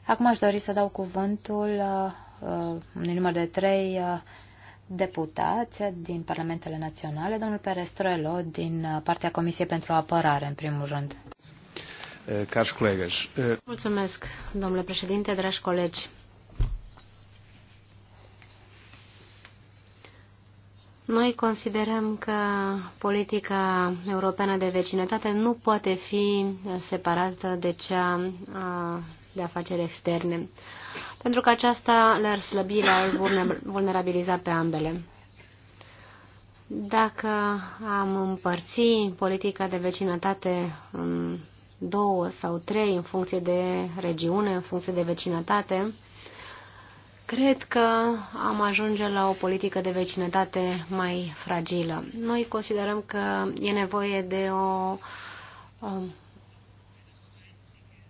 Acum aș dori să dau cuvântul uh, unui număr de trei uh, deputați din Parlamentele Naționale, domnul Perestrelo din uh, partea Comisiei pentru Apărare, în primul rând. Dragi eh, colegi. Eh, Mulțumesc, domnule președinte, dragi colegi. Noi considerăm că politica europeană de vecinătate nu poate fi separată de cea de afaceri externe, pentru că aceasta le-ar slăbi, le-ar vulnerabiliza pe ambele. Dacă am împărți politica de vecinătate în două sau trei în funcție de regiune, în funcție de vecinătate, Cred că am ajunge la o politică de vecinătate mai fragilă. Noi considerăm că e nevoie de o, o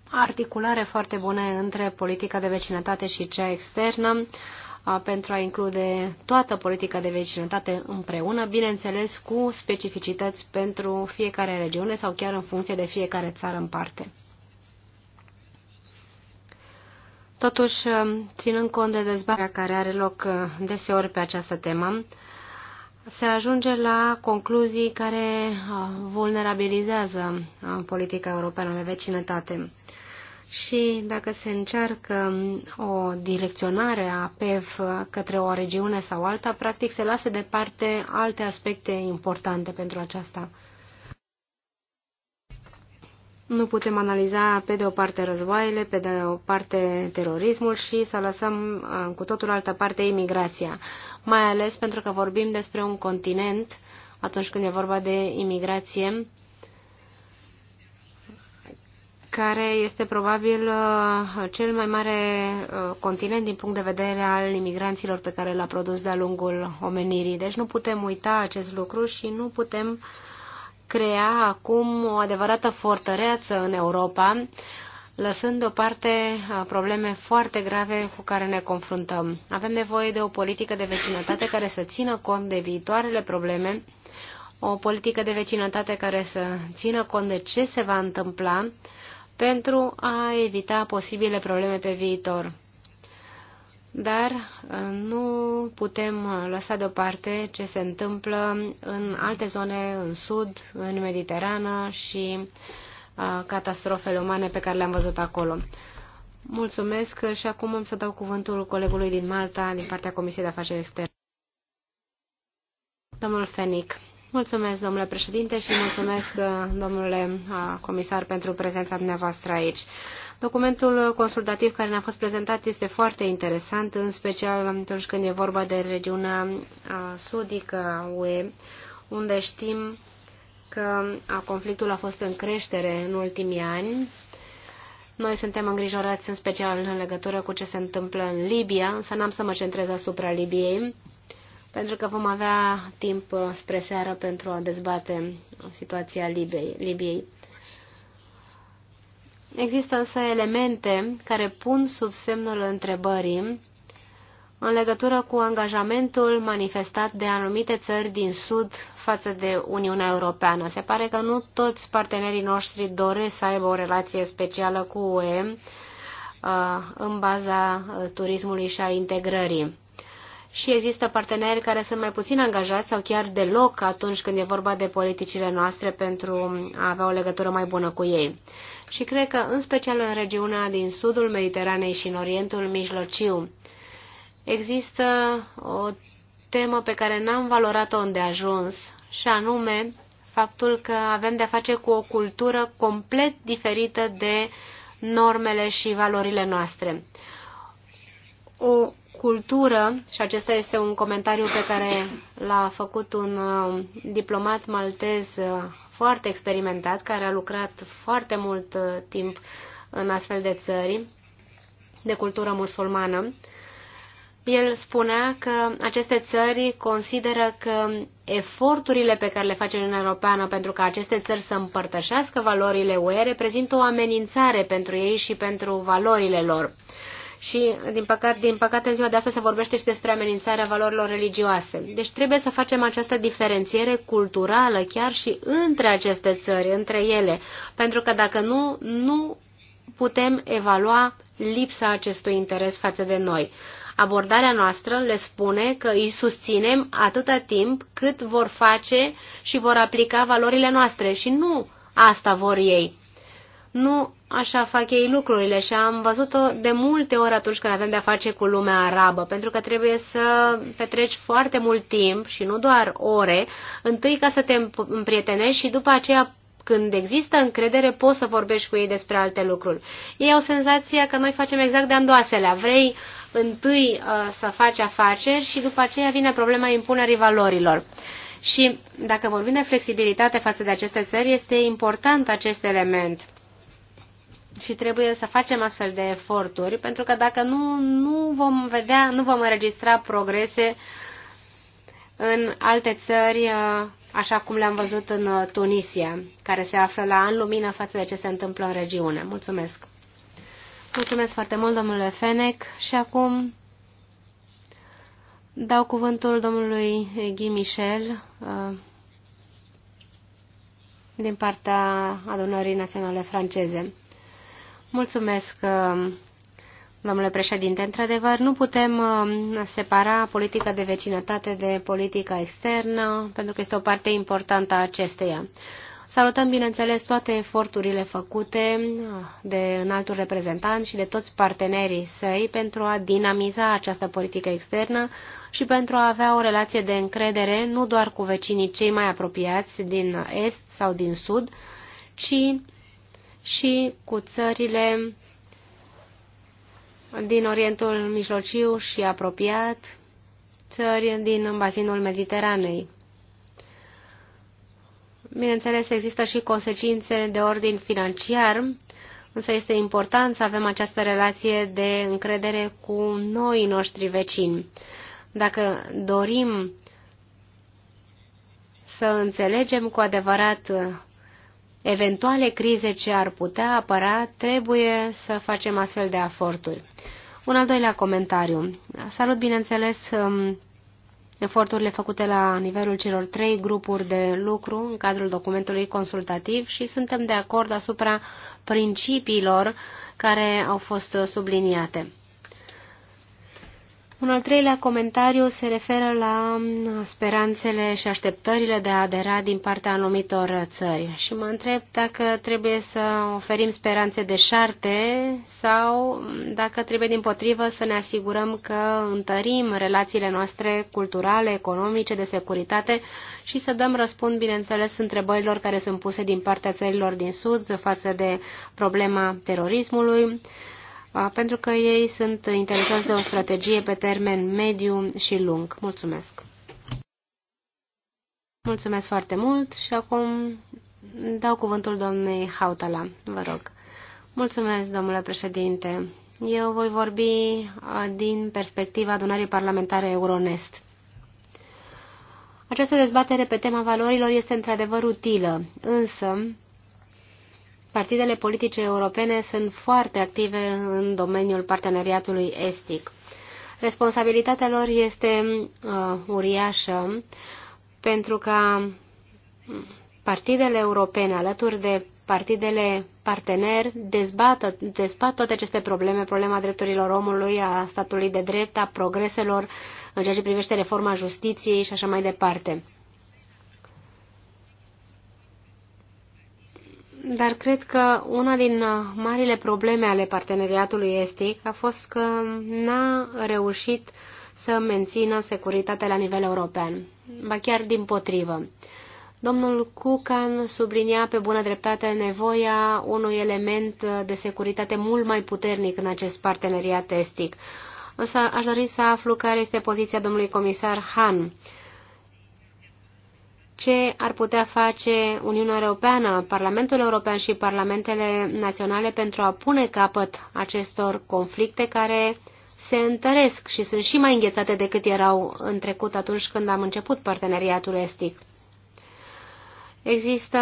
articulare foarte bună între politica de vecinătate și cea externă pentru a include toată politica de vecinătate împreună, bineînțeles cu specificități pentru fiecare regiune sau chiar în funcție de fiecare țară în parte. Totuși, um, ținând cont de dezbaterea care are loc uh, deseori pe această temă, se ajunge la concluzii care uh, vulnerabilizează uh, politica europeană de vecinătate. Și dacă se încearcă um, o direcționare a PEV către o regiune sau alta, practic se lasă departe alte aspecte importante pentru aceasta. Nu putem analiza pe de o parte războaiele, pe de o parte terorismul și să lăsăm uh, cu totul altă parte imigrația. Mai ales pentru că vorbim despre un continent, atunci când e vorba de imigrație, care este probabil uh, cel mai mare uh, continent din punct de vedere al imigranților pe care l-a produs de-a lungul omenirii. Deci nu putem uita acest lucru și nu putem uh, crea acum o adevărată fortăreață în Europa, lăsând deoparte uh, probleme foarte grave cu care ne confruntăm. Avem nevoie de o politică de vecinătate care să țină cont de viitoarele probleme, o politică de vecinătate care să țină cont de ce se va întâmpla pentru a evita posibile probleme pe viitor dar uh, nu putem uh, lăsa deoparte ce se întâmplă în alte zone, în sud, în Mediterană și uh, catastrofele umane pe care le-am văzut acolo. Mulțumesc și acum am să dau cuvântul colegului din Malta, din partea Comisiei de Afaceri Externe. Domnul Fenic. Mulțumesc, domnule președinte, și mulțumesc, domnule comisar, pentru prezența dumneavoastră aici. Documentul consultativ care ne-a fost prezentat este foarte interesant, în special atunci când e vorba de regiunea sudică a UE, unde știm că conflictul a fost în creștere în ultimii ani. Noi suntem îngrijorați în special în legătură cu ce se întâmplă în Libia, însă n-am să mă centrez asupra Libiei, pentru că vom avea timp spre seară pentru a dezbate situația Libiei. Libiei. Există însă elemente care pun sub semnul întrebării în legătură cu angajamentul manifestat de anumite țări din Sud față de Uniunea Europeană. Se pare că nu toți partenerii noștri doresc să aibă o relație specială cu UE uh, în baza uh, turismului și a integrării. Și există parteneri care sunt mai puțin angajați sau chiar deloc atunci când e vorba de politicile noastre pentru a avea o legătură mai bună cu ei și cred că în special în regiunea din sudul Mediteranei și în Orientul Mijlociu există o temă pe care n-am valorat-o îndeajuns și anume faptul că avem de-a face cu o cultură complet diferită de normele și valorile noastre. O cultură, și acesta este un comentariu pe care l-a făcut un um, diplomat maltez uh, foarte experimentat, care a lucrat foarte mult uh, timp în astfel de țări de cultură musulmană. El spunea că aceste țări consideră că eforturile pe care le face Uniunea Europeană pentru ca aceste țări să împărtășească valorile UE reprezintă o amenințare pentru ei și pentru valorile lor și, din, păcate, din păcate, în ziua de astăzi se vorbește și despre amenințarea valorilor religioase. Deci trebuie să facem această diferențiere culturală chiar și între aceste țări, între ele, pentru că dacă nu, nu putem evalua lipsa acestui interes față de noi. Abordarea noastră le spune că îi susținem atâta timp cât vor face și vor aplica valorile noastre și nu asta vor ei. Nu așa fac ei lucrurile și am văzut-o de multe ori atunci când avem de-a face cu lumea arabă, pentru că trebuie să petreci foarte mult timp și nu doar ore, întâi ca să te împrietenești și după aceea când există încredere, poți să vorbești cu ei despre alte lucruri. Ei au senzația că noi facem exact de andoaselea. Vrei întâi uh, să faci afaceri și după aceea vine problema impunerii valorilor. Și dacă vorbim de flexibilitate față de aceste țări, este important acest element și trebuie să facem astfel de eforturi, pentru că dacă nu, nu vom vedea, nu vom înregistra progrese în alte țări, uh, așa cum le-am văzut în uh, Tunisia, care se află la an lumină față de ce se întâmplă în regiune. Mulțumesc! Mulțumesc foarte mult, domnule Fenec, și acum dau cuvântul domnului Guy Michel uh, din partea adunării naționale franceze. Mulțumesc, uh, domnule președinte. Într-adevăr, nu putem uh, separa politica de vecinătate de politica externă, pentru că este o parte importantă a acesteia. Salutăm, bineînțeles, toate eforturile făcute uh, de înaltul reprezentant și de toți partenerii săi pentru a dinamiza această politică externă și pentru a avea o relație de încredere nu doar cu vecinii cei mai apropiați din Est sau din Sud, ci și cu țările din Orientul Mijlociu și apropiat, țări din bazinul Mediteranei. Bineînțeles, există și consecințe de ordin financiar, însă este important să avem această relație de încredere cu noi noștri vecini. Dacă dorim să înțelegem cu adevărat eventuale crize ce ar putea apăra, trebuie să facem astfel de eforturi. Un al doilea comentariu. Salut, bineînțeles, um, eforturile făcute la nivelul celor trei grupuri de lucru în cadrul documentului consultativ și suntem de acord asupra principiilor care au fost subliniate. Un al treilea comentariu se referă la mm, speranțele și așteptările de a adera din partea anumitor țări și mă întreb dacă trebuie să oferim speranțe de șarte sau mm, dacă trebuie din potrivă să ne asigurăm că întărim relațiile noastre culturale, economice, de securitate și să dăm răspund, bineînțeles, întrebărilor care sunt puse din partea țărilor din Sud față de problema terorismului, pentru că ei sunt interesați de o strategie pe termen mediu și lung. Mulțumesc! Mulțumesc foarte mult și acum dau cuvântul domnului Hautala, vă rog. Mulțumesc, domnule președinte. Eu voi vorbi din perspectiva adunării parlamentare Euronest. Această dezbatere pe tema valorilor este într-adevăr utilă, însă Partidele politice europene sunt foarte active în domeniul parteneriatului estic. Responsabilitatea lor este uh, uriașă pentru că partidele europene alături de partidele partener dezbată, dezbat toate aceste probleme, problema drepturilor omului, a statului de drept, a progreselor în ceea ce privește reforma justiției și așa mai departe. Dar cred că una din uh, marile probleme ale parteneriatului estic a fost că n-a reușit să mențină securitatea la nivel european, ba chiar din potrivă. Domnul Cucan sublinia pe bună dreptate nevoia unui element uh, de securitate mult mai puternic în acest parteneriat estic. Însă aș dori să aflu care este poziția domnului comisar Han ce ar putea face Uniunea Europeană, Parlamentul European și Parlamentele Naționale pentru a pune capăt acestor conflicte care se întăresc și sunt și mai înghețate decât erau în trecut atunci când am început parteneriatul estic. Există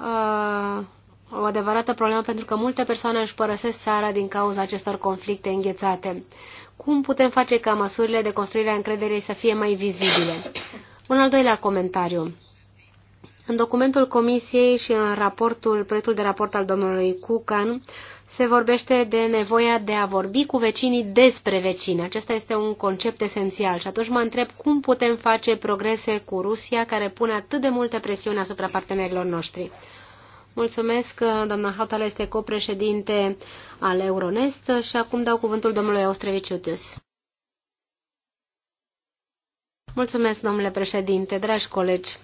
uh, o adevărată problemă pentru că multe persoane își părăsesc țara din cauza acestor conflicte înghețate. Cum putem face ca măsurile de construire a încrederei să fie mai vizibile? Un al doilea comentariu. În documentul Comisiei și în raportul, proiectul de raport al domnului Cucan, se vorbește de nevoia de a vorbi cu vecinii despre vecini. Acesta este un concept esențial și atunci mă întreb cum putem face progrese cu Rusia care pune atât de multă presiune asupra partenerilor noștri. Mulțumesc, doamna Hautala este copreședinte al Euronest și acum dau cuvântul domnului Austreviciutius. Mulțumesc, domnule președinte, dragi colegi.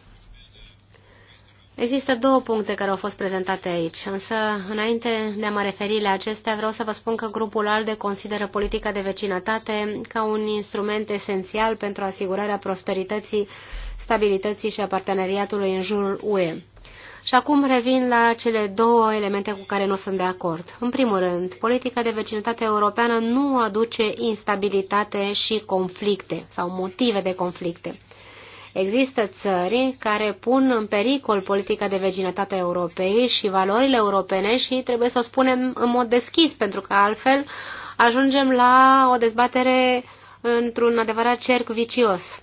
Există două puncte care au fost prezentate aici, însă înainte de a mă referi la acestea, vreau să vă spun că grupul ALDE consideră politica de vecinătate ca un instrument esențial pentru asigurarea prosperității, stabilității și a parteneriatului în jurul UE. Și acum revin la cele două elemente cu care nu sunt de acord. În primul rând, politica de vecinătate europeană nu aduce instabilitate și conflicte sau motive de conflicte. Există țări care pun în pericol politica de vecinătate europei și valorile europene și trebuie să o spunem în mod deschis, pentru că altfel ajungem la o dezbatere într-un adevărat cerc vicios.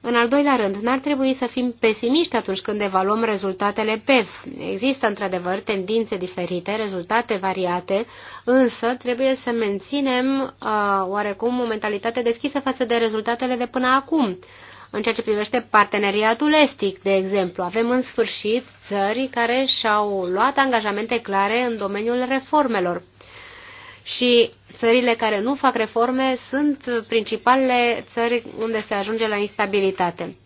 În al doilea rând, n-ar trebui să fim pesimiști atunci când evaluăm rezultatele PEV. Există într-adevăr tendințe diferite, rezultate variate, însă trebuie să menținem uh, oarecum o mentalitate deschisă față de rezultatele de până acum. În ceea ce privește parteneriatul estic, de exemplu, avem în sfârșit țări care și-au luat angajamente clare în domeniul reformelor. Și țările care nu fac reforme sunt principalele țări unde se ajunge la instabilitate.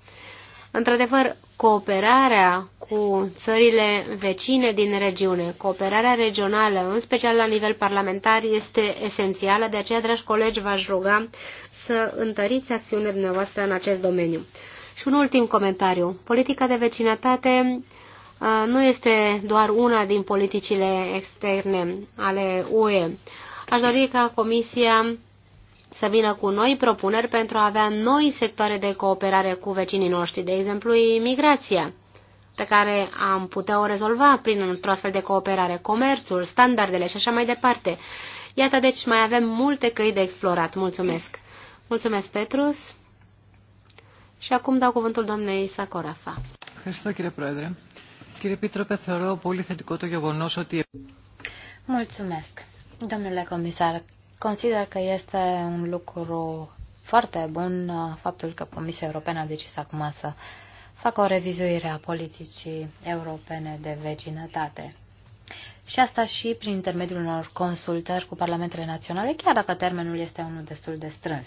Într-adevăr, cooperarea cu țările vecine din regiune. Cooperarea regională, în special la nivel parlamentar, este esențială, de aceea, dragi colegi, v-aș ruga să întăriți acțiunea dumneavoastră în acest domeniu. Și un ultim comentariu. Politica de vecinătate nu este doar una din politicile externe ale UE. Aș dori ca Comisia să vină cu noi propuneri pentru a avea noi sectoare de cooperare cu vecinii noștri, de exemplu imigrația, pe care am putea o rezolva prin o astfel de cooperare, comerțul, standardele și așa mai departe. Iată, deci mai avem multe căi de explorat. Mulțumesc! Mulțumesc, Petrus! Și acum dau cuvântul doamnei Sacorafa. Mulțumesc. Domnule comisar, Consider că este un lucru foarte bun uh, faptul că Comisia Europeană a decis acum să facă o revizuire a politicii europene de vecinătate. Și asta și prin intermediul unor consultări cu parlamentele naționale, chiar dacă termenul este unul destul de strâns.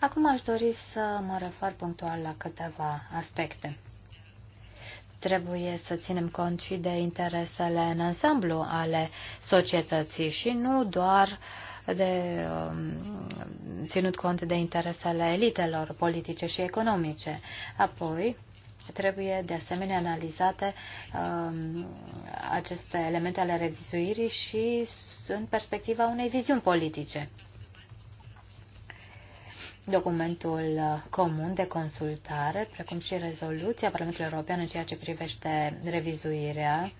Acum aș dori să mă refer punctual la câteva aspecte trebuie să ținem cont și de interesele în ansamblu ale societății și nu doar de um, ținut cont de interesele elitelor politice și economice. Apoi, trebuie de asemenea analizate um, aceste elemente ale revizuirii și în perspectiva unei viziuni politice documentul uh, comun de consultare, precum și rezoluția Parlamentului European în ceea ce privește revizuirea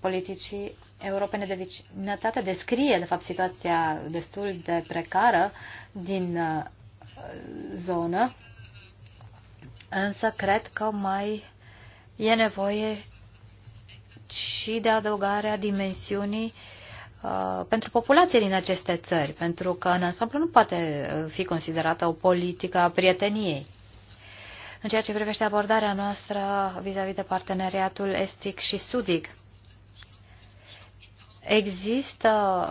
politicii europene de vicinătate, descrie, de fapt, situația destul de precară din uh, zonă, însă cred că mai e nevoie și de adăugarea dimensiunii uh, Uh, pentru populație din aceste țări, pentru că în ansamblu nu poate uh, fi considerată o politică a prieteniei. În ceea ce privește abordarea noastră vis-a-vis -vis de parteneriatul estic și sudic, există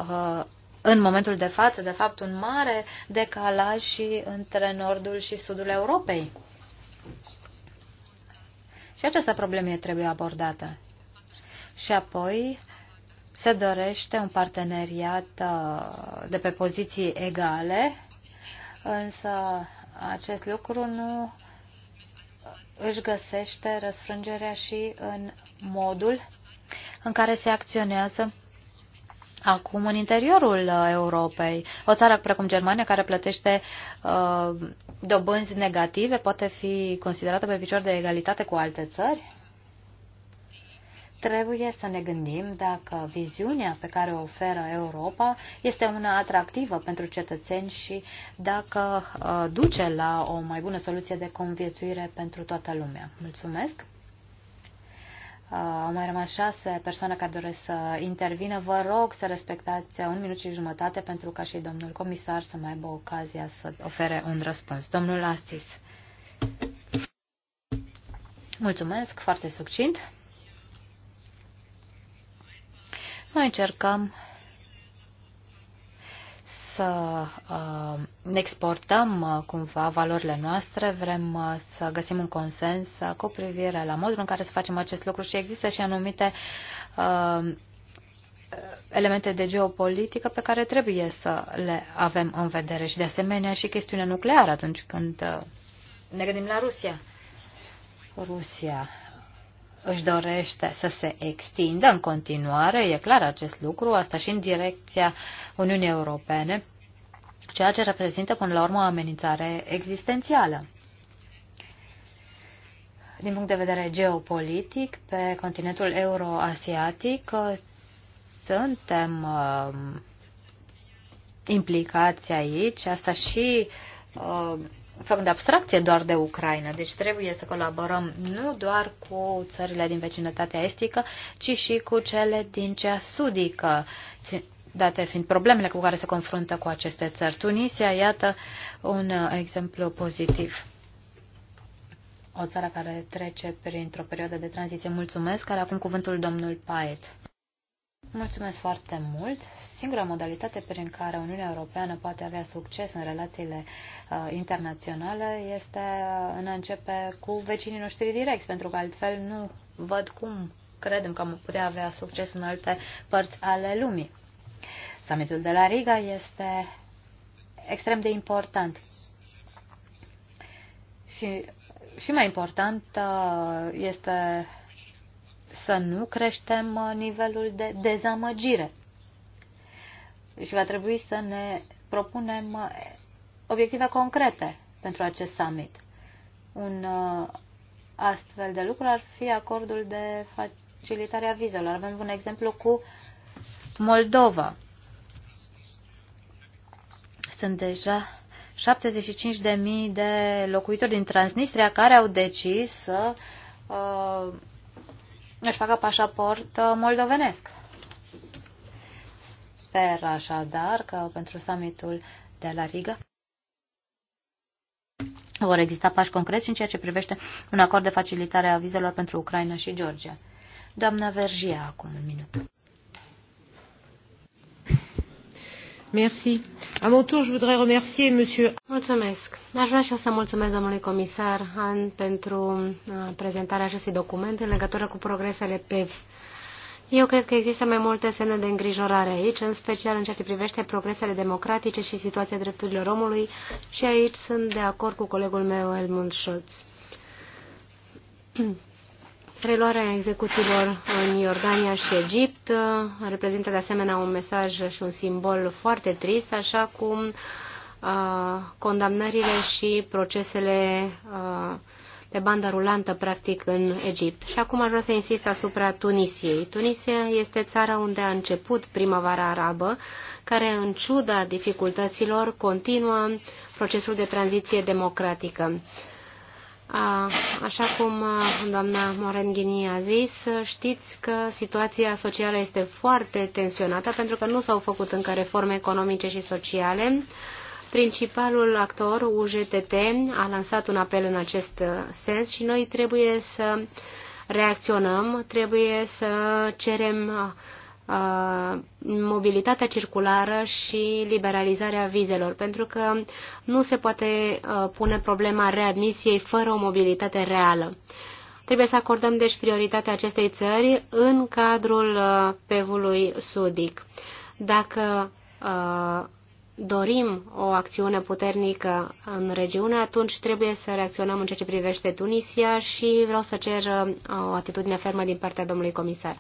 uh, în momentul de față, de fapt, un mare decalaj și între nordul și sudul Europei. Și această problemă trebuie abordată. Și apoi, se dorește un parteneriat uh, de pe poziții egale, însă acest lucru nu își găsește răsfrângerea și în modul în care se acționează acum în interiorul uh, Europei. O țară precum Germania, care plătește uh, dobânzi negative, poate fi considerată pe picior de egalitate cu alte țări? Trebuie să ne gândim dacă viziunea pe care o oferă Europa este una atractivă pentru cetățeni și dacă uh, duce la o mai bună soluție de conviețuire pentru toată lumea. Mulțumesc! Uh, au mai rămas șase persoane care doresc să intervină. Vă rog să respectați un minut și jumătate pentru ca și domnul comisar să mai aibă ocazia să ofere un răspuns. Domnul Astis. Mulțumesc, foarte succint. Noi încercăm să uh, exportăm uh, cumva valorile noastre, vrem uh, să găsim un consens uh, cu privire la modul în care să facem acest lucru și există și anumite uh, elemente de geopolitică pe care trebuie să le avem în vedere și de asemenea și chestiunea nucleară atunci când uh, ne gândim la Rusia. Rusia își dorește să se extindă în continuare, e clar acest lucru, asta și în direcția Uniunii Europene, ceea ce reprezintă până la urmă o amenințare existențială. Din punct de vedere geopolitic, pe continentul euroasiatic uh, suntem uh, implicați aici, asta și uh, făcând abstracție doar de Ucraina. Deci trebuie să colaborăm nu doar cu țările din vecinătatea estică, ci și cu cele din cea sudică, date fiind problemele cu care se confruntă cu aceste țări. Tunisia, iată un uh, exemplu pozitiv. O țară care trece printr-o perioadă de tranziție. Mulțumesc, care acum cuvântul domnul Paet. Mulțumesc foarte mult. Singura modalitate prin care Uniunea Europeană poate avea succes în relațiile uh, internaționale este uh, în a începe cu vecinii noștri direcți, pentru că altfel nu văd cum credem că am putea avea succes în alte părți ale lumii. Summitul de la Riga este extrem de important. Și, și mai important uh, este să nu creștem uh, nivelul de dezamăgire. Și va trebui să ne propunem uh, obiective concrete pentru acest summit. Un uh, astfel de lucru ar fi acordul de facilitare a vizelor. Avem un exemplu cu Moldova. Sunt deja 75.000 de locuitori din Transnistria care au decis să uh, își facă pașaport uh, moldovenesc. Sper așadar că pentru summitul de la Riga vor exista pași concreți în ceea ce privește un acord de facilitare a vizelor pentru Ucraina și Georgia. Doamna Vergia, acum un minut. mon tour, je voudrais remercier Mulțumesc. Aș vrea și eu să mulțumesc domnului comisar Han pentru uh, prezentarea acestui document în legătură cu progresele PEV. Eu cred că există mai multe semne de îngrijorare aici, în special în ceea ce privește progresele democratice și situația drepturilor omului și aici sunt de acord cu colegul meu Helmut Schulz. Reluarea execuțiilor în Iordania și Egipt uh, reprezintă de asemenea un mesaj și un simbol foarte trist, așa cum uh, condamnările și procesele uh, pe bandă rulantă, practic, în Egipt. Și acum aș vrea să insist asupra Tunisiei. Tunisia este țara unde a început primăvara arabă, care, în ciuda dificultăților, continuă procesul de tranziție democratică. Așa cum doamna Morenghini a zis, știți că situația socială este foarte tensionată pentru că nu s-au făcut încă reforme economice și sociale. Principalul actor, UGTT, a lansat un apel în acest uh, sens și noi trebuie să reacționăm, trebuie să cerem uh, Uh, mobilitatea circulară și liberalizarea vizelor, pentru că nu se poate uh, pune problema readmisiei fără o mobilitate reală. Trebuie să acordăm deci prioritatea acestei țări în cadrul uh, PEV-ului sudic. Dacă dorim o acțiune puternică în regiune, atunci trebuie să reacționăm în ceea ce privește Tunisia și vreau să cer o atitudine fermă din partea domnului comisar.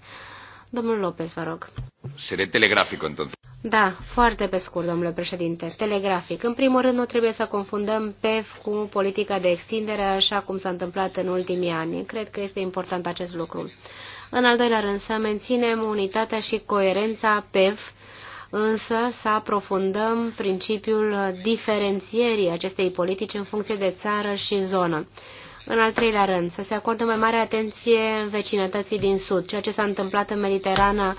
Domnul Lopez, vă rog. Seré telegrafic, atunci. Da, foarte pe scurt, domnule președinte. Telegrafic. În primul rând, nu trebuie să confundăm PEF cu politica de extindere, așa cum s-a întâmplat în ultimii ani. Cred că este important acest lucru. În al doilea rând, să menținem unitatea și coerența PEF, însă să aprofundăm principiul diferențierii acestei politici în funcție de țară și zonă. În al treilea rând, să se acordă mai mare atenție vecinătății din sud. Ceea ce s-a întâmplat în Mediterană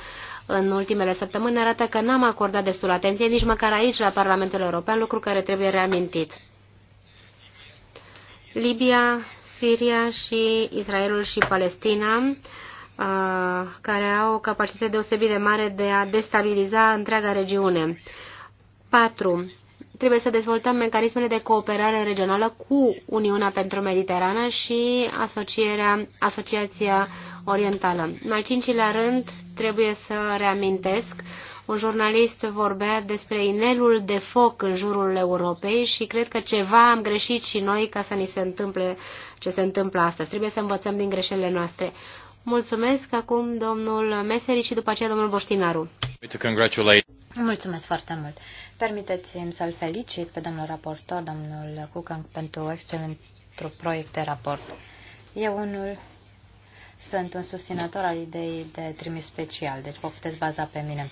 în ultimele săptămâni arată că n-am acordat destul atenție nici măcar aici la Parlamentul European, lucru care trebuie reamintit. Libia, Siria și Israelul și Palestina, care au o capacitate deosebit de mare de a destabiliza întreaga regiune. 4 trebuie să dezvoltăm mecanismele de cooperare regională cu Uniunea pentru Mediterană și Asocierea, Asociația Orientală. În al cincilea rând, trebuie să reamintesc, un jurnalist vorbea despre inelul de foc în jurul Europei și cred că ceva am greșit și noi ca să ni se întâmple ce se întâmplă astăzi. Trebuie să învățăm din greșelile noastre. Mulțumesc acum domnul Meseri și după aceea domnul Boștinaru. Mulțumesc foarte mult. Permiteți-mi să-l felicit pe domnul raportor, domnul Cucan, pentru excelentul proiect de raport. Eu unul sunt un susținător al ideii de trimis special, deci vă puteți baza pe mine.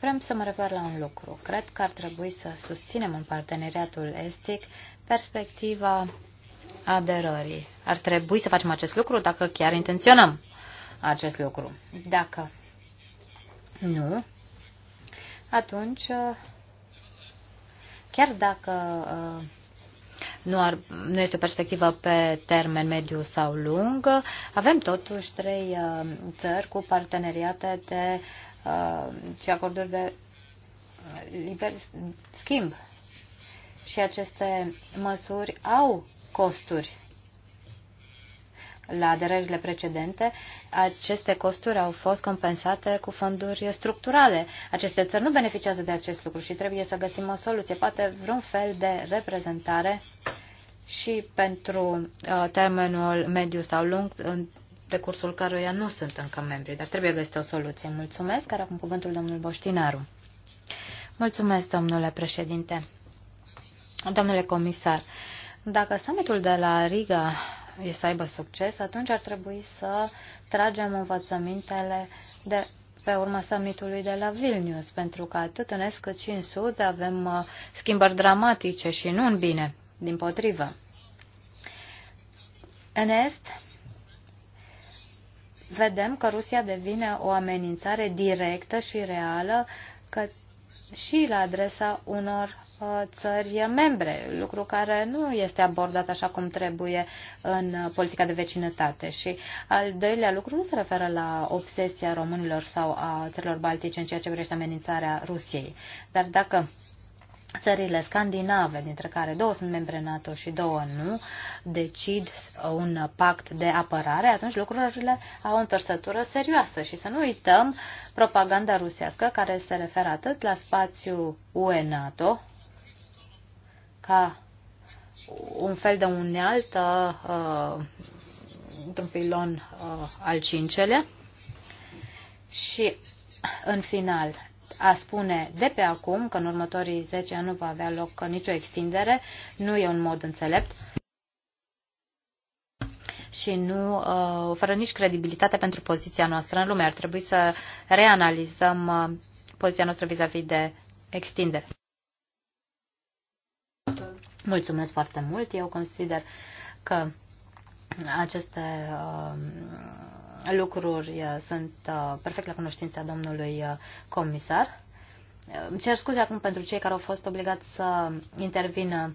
Vrem să mă refer la un lucru. Cred că ar trebui să susținem în parteneriatul estic perspectiva aderării. Ar trebui să facem acest lucru dacă chiar intenționăm acest lucru. Dacă nu, atunci uh, chiar dacă uh, nu, ar, nu este o perspectivă pe termen mediu sau lung, avem totuși trei uh, țări cu parteneriate de și acorduri de liber schimb. Și aceste măsuri au costuri. La aderările precedente, aceste costuri au fost compensate cu fonduri structurale. Aceste țări nu beneficiază de acest lucru și trebuie să găsim o soluție, poate vreun fel de reprezentare și pentru uh, termenul mediu sau lung, în decursul căruia nu sunt încă membri, dar trebuie găsit o soluție. Mulțumesc, care acum cuvântul domnul Boștinaru. Mulțumesc, domnule președinte. Domnule comisar, dacă summitul de la Riga e să aibă succes, atunci ar trebui să tragem învățămintele de pe urma summitului de la Vilnius, pentru că atât în est cât și în sud avem uh, schimbări dramatice și nu în bine, din potrivă. În est vedem că Rusia devine o amenințare directă și reală că și la adresa unor Uh, țări membre, lucru care nu este abordat așa cum trebuie în politica de vecinătate. Și al doilea lucru nu se referă la obsesia românilor sau a țărilor baltice în ceea ce privește amenințarea Rusiei. Dar dacă țările scandinave, dintre care două sunt membre NATO și două nu, decid un pact de apărare, atunci lucrurile au o întorsătură serioasă. Și să nu uităm propaganda rusească care se referă atât la spațiul UE-NATO, ca un fel de unealtă uh, într-un pilon uh, al cincelea. Și în final, a spune de pe acum că în următorii 10 ani nu va avea loc nicio extindere, nu e un mod înțelept și nu uh, fără nici credibilitate pentru poziția noastră în lume. Ar trebui să reanalizăm uh, poziția noastră vis-a-vis -vis de extindere. Mulțumesc foarte mult. Eu consider că aceste uh, lucruri uh, sunt uh, perfect la cunoștința domnului uh, comisar. Îmi uh, cer scuze acum pentru cei care au fost obligați să intervină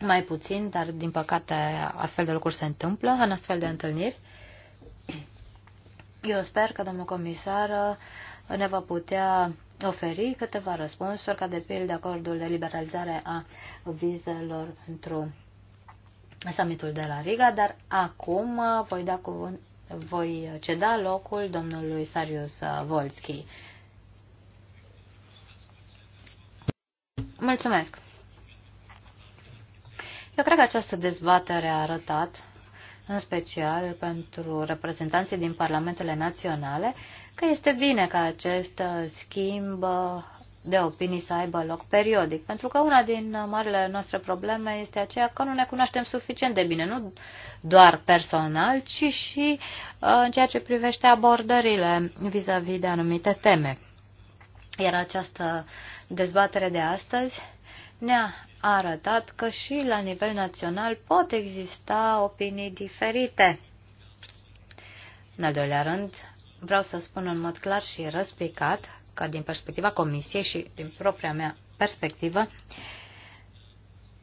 mai puțin, dar din păcate astfel de lucruri se întâmplă în astfel de întâlniri. Eu sper că domnul comisar uh, ne va putea oferi câteva răspunsuri, ca de pildă acordul de liberalizare a vizelor pentru summitul de la Riga, dar acum uh, voi da cuvânt, voi ceda locul domnului Sarius Volski. Uh, Mulțumesc! Eu cred că această dezbatere a arătat, în special pentru reprezentanții din parlamentele naționale, că este bine ca acest uh, schimb uh, de opinii să aibă loc periodic, pentru că una din marile noastre probleme este aceea că nu ne cunoaștem suficient de bine, nu doar personal, ci și uh, în ceea ce privește abordările vis-a-vis -vis de anumite teme. Iar această dezbatere de astăzi ne-a arătat că și la nivel național pot exista opinii diferite. În al doilea rând, vreau să spun în mod clar și răspicat că din perspectiva Comisiei și din propria mea perspectivă,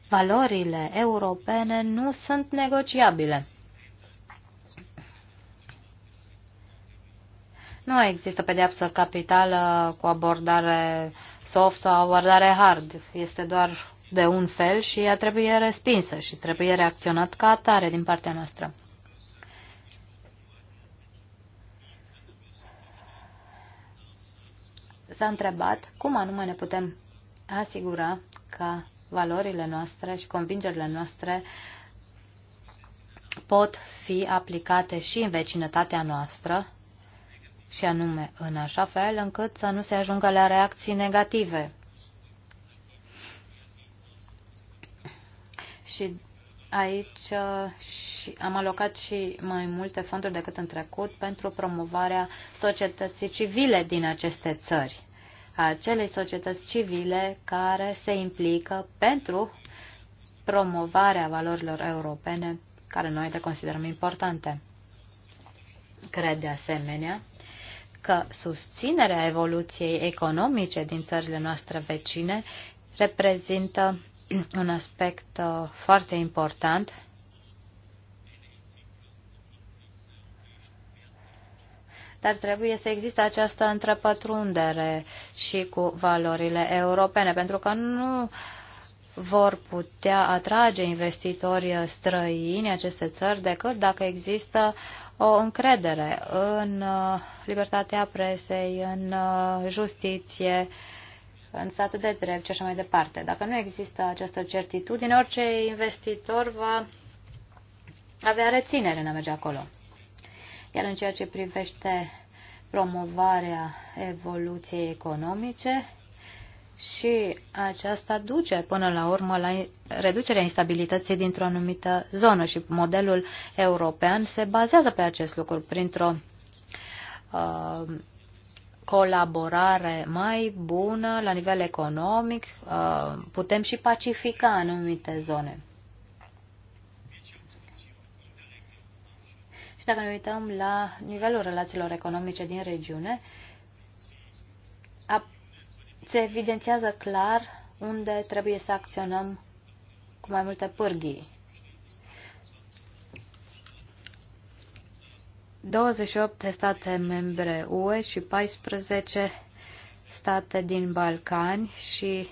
valorile europene nu sunt negociabile. Nu există pedeapsă capitală cu abordare soft sau abordare hard. Este doar de un fel și ea trebuie respinsă și trebuie reacționat ca atare din partea noastră. s-a întrebat cum anume ne putem asigura că valorile noastre și convingerile noastre pot fi aplicate și în vecinătatea noastră, și anume în așa fel încât să nu se ajungă la reacții negative. Și aici uh, și am alocat și mai multe fonduri decât în trecut pentru promovarea societății civile din aceste țări acelei societăți civile care se implică pentru promovarea valorilor europene care noi le considerăm importante. Cred de asemenea că susținerea evoluției economice din țările noastre vecine reprezintă un aspect uh, foarte important dar trebuie să existe această întrepătrundere și cu valorile europene, pentru că nu vor putea atrage investitori străini aceste țări decât dacă există o încredere în uh, libertatea presei, în uh, justiție, în statul de drept și așa mai departe. Dacă nu există această certitudine, orice investitor va avea reținere în a merge acolo. Iar în ceea ce privește promovarea evoluției economice, și aceasta duce până la urmă la reducerea instabilității dintr-o anumită zonă și modelul european se bazează pe acest lucru printr-o uh, colaborare mai bună la nivel economic, uh, putem și pacifica anumite zone. Și deci, dacă ne uităm la nivelul relațiilor economice din regiune, se evidențiază clar unde trebuie să acționăm cu mai multe pârghii. 28 de state membre UE și 14 state din Balcani și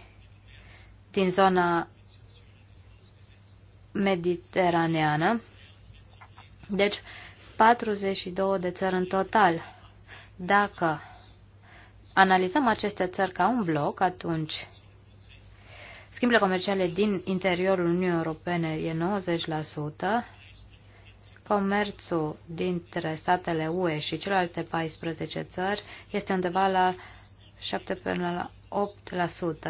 din zona mediteraneană. Deci, 42 de țări în total. Dacă analizăm aceste țări ca un bloc, atunci schimbele comerciale din interiorul Uniunii Europene e 90%, comerțul dintre statele UE și celelalte 14 țări este undeva la 7 până la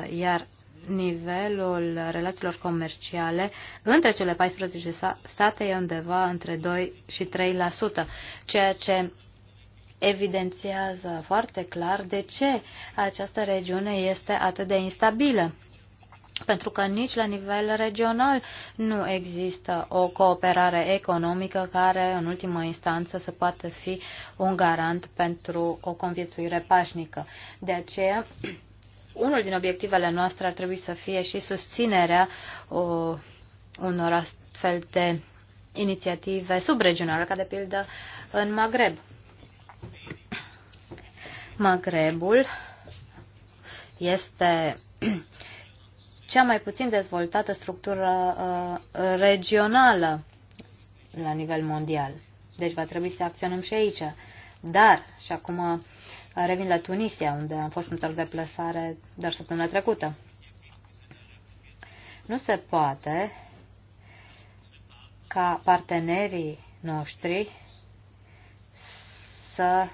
8%, iar nivelul relațiilor comerciale între cele 14 state e undeva între 2 și 3%, ceea ce evidențiază foarte clar de ce această regiune este atât de instabilă. Pentru că nici la nivel regional nu există o cooperare economică care, în ultimă instanță, să poată fi un garant pentru o conviețuire pașnică. De aceea, unul din obiectivele noastre ar trebui să fie și susținerea o, unor astfel de inițiative subregionale, ca de pildă în Maghreb. Maghrebul este cea mai puțin dezvoltată structură uh, regională la nivel mondial. Deci va trebui să acționăm și aici. Dar, și acum Revin la Tunisia, unde am fost într-o deplasare doar săptămâna trecută. Nu se poate ca partenerii noștri să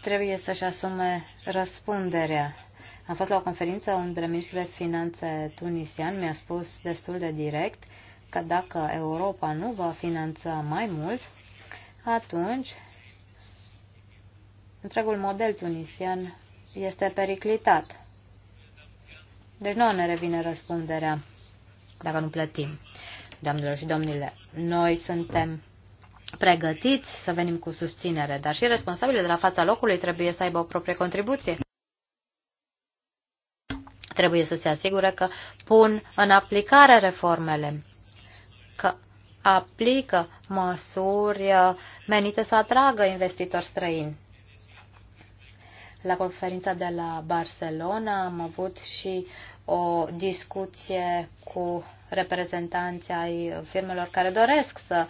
trebuie să-și asume răspunderea. Am fost la o conferință unde ministrul de finanțe tunisian mi-a spus destul de direct că dacă Europa nu va finanța mai mult, atunci întregul model tunisian este periclitat. Deci nu ne revine răspunderea dacă nu plătim. Doamnelor și domnile, noi suntem pregătiți să venim cu susținere, dar și responsabile de la fața locului trebuie să aibă o proprie contribuție. Trebuie să se asigure că pun în aplicare reformele, că aplică măsuri menite să atragă investitori străini. La conferința de la Barcelona am avut și o discuție cu reprezentanții ai firmelor care doresc să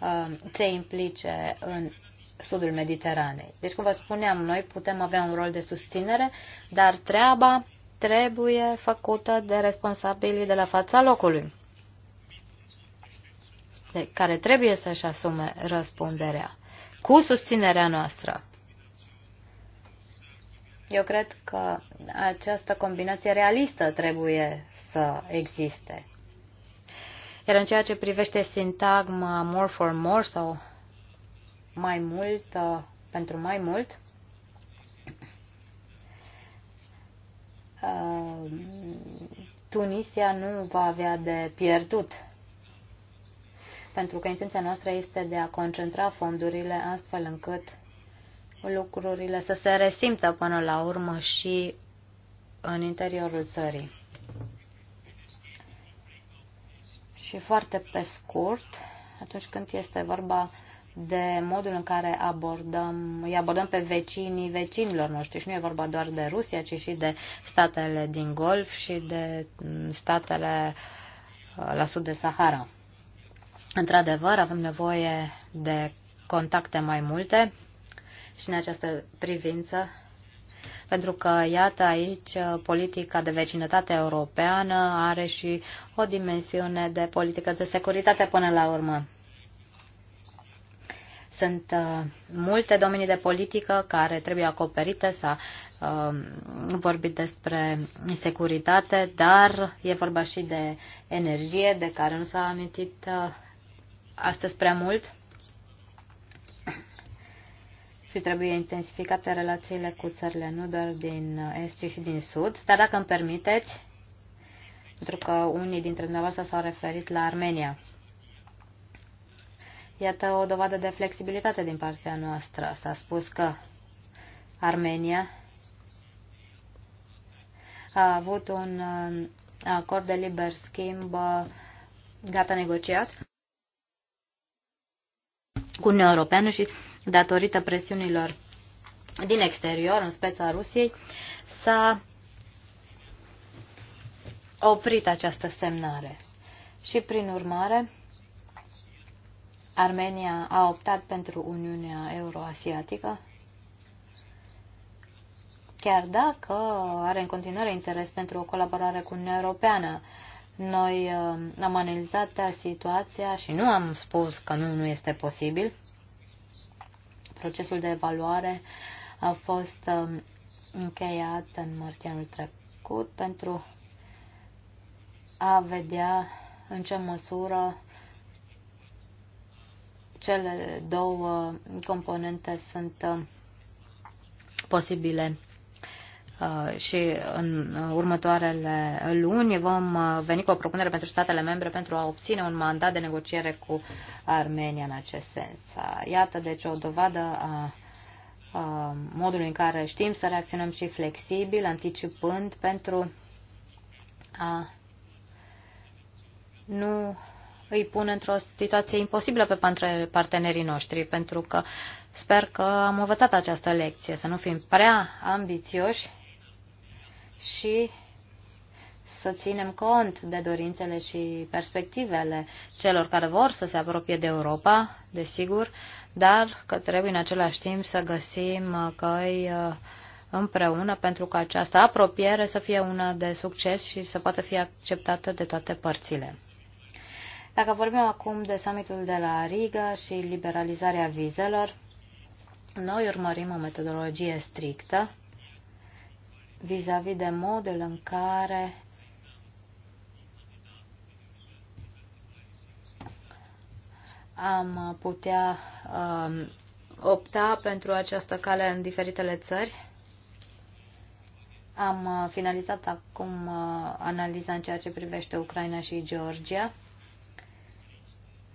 uh, se implice în sudul Mediteranei. Deci, cum vă spuneam, noi putem avea un rol de susținere, dar treaba trebuie făcută de responsabilii de la fața locului, de care trebuie să-și asume răspunderea cu susținerea noastră. Eu cred că această combinație realistă trebuie să existe. Iar în ceea ce privește sintagma more for more sau mai mult uh, pentru mai mult, uh, Tunisia nu va avea de pierdut. Pentru că intenția noastră este de a concentra fondurile astfel încât lucrurile să se resimtă până la urmă și în interiorul țării. Și foarte pe scurt, atunci când este vorba de modul în care abordăm, îi abordăm pe vecinii vecinilor noștri. Și nu e vorba doar de Rusia, ci și de statele din Golf și de mm, statele uh, la sud de Sahara. Într-adevăr, avem nevoie de contacte mai multe și în această privință, pentru că, iată, aici uh, politica de vecinătate europeană are și o dimensiune de politică de securitate până la urmă. Sunt uh, multe domenii de politică care trebuie acoperite. S-a uh, vorbit despre securitate, dar e vorba și de energie, de care nu s-a amintit uh, astăzi prea mult și trebuie intensificate relațiile cu țările nu doar din Est, ci și din Sud. Dar dacă îmi permiteți, pentru că unii dintre dumneavoastră s-au referit la Armenia. Iată o dovadă de flexibilitate din partea noastră. S-a spus că Armenia a avut un um, acord de liber schimb uh, gata negociat cu Uniunea Europeană și datorită presiunilor din exterior, în speța Rusiei, s-a oprit această semnare. Și, prin urmare, Armenia a optat pentru Uniunea Euroasiatică, chiar dacă are în continuare interes pentru o colaborare cu Uniunea Europeană. Noi uh, am analizat situația și nu am spus că nu, nu este posibil. Procesul de evaluare a fost um, încheiat în martie anul trecut pentru a vedea în ce măsură cele două componente sunt um, posibile Uh, și în uh, următoarele luni vom uh, veni cu o propunere pentru statele membre pentru a obține un mandat de negociere cu Armenia în acest sens. Iată, deci, o dovadă a modului în care știm să reacționăm și flexibil, anticipând pentru a nu îi pun într-o situație imposibilă pe partenerii noștri, pentru că sper că am învățat această lecție, să nu fim prea ambițioși și să ținem cont de dorințele și perspectivele celor care vor să se apropie de Europa, desigur, dar că trebuie în același timp să găsim căi uh, împreună pentru că această apropiere să fie una de succes și să poată fi acceptată de toate părțile. Dacă vorbim acum de summitul de la Riga și liberalizarea vizelor, noi urmărim o metodologie strictă vis-a-vis -vis de modul în care am putea um, opta pentru această cale în diferitele țări. Am uh, finalizat acum uh, analiza în ceea ce privește Ucraina și Georgia,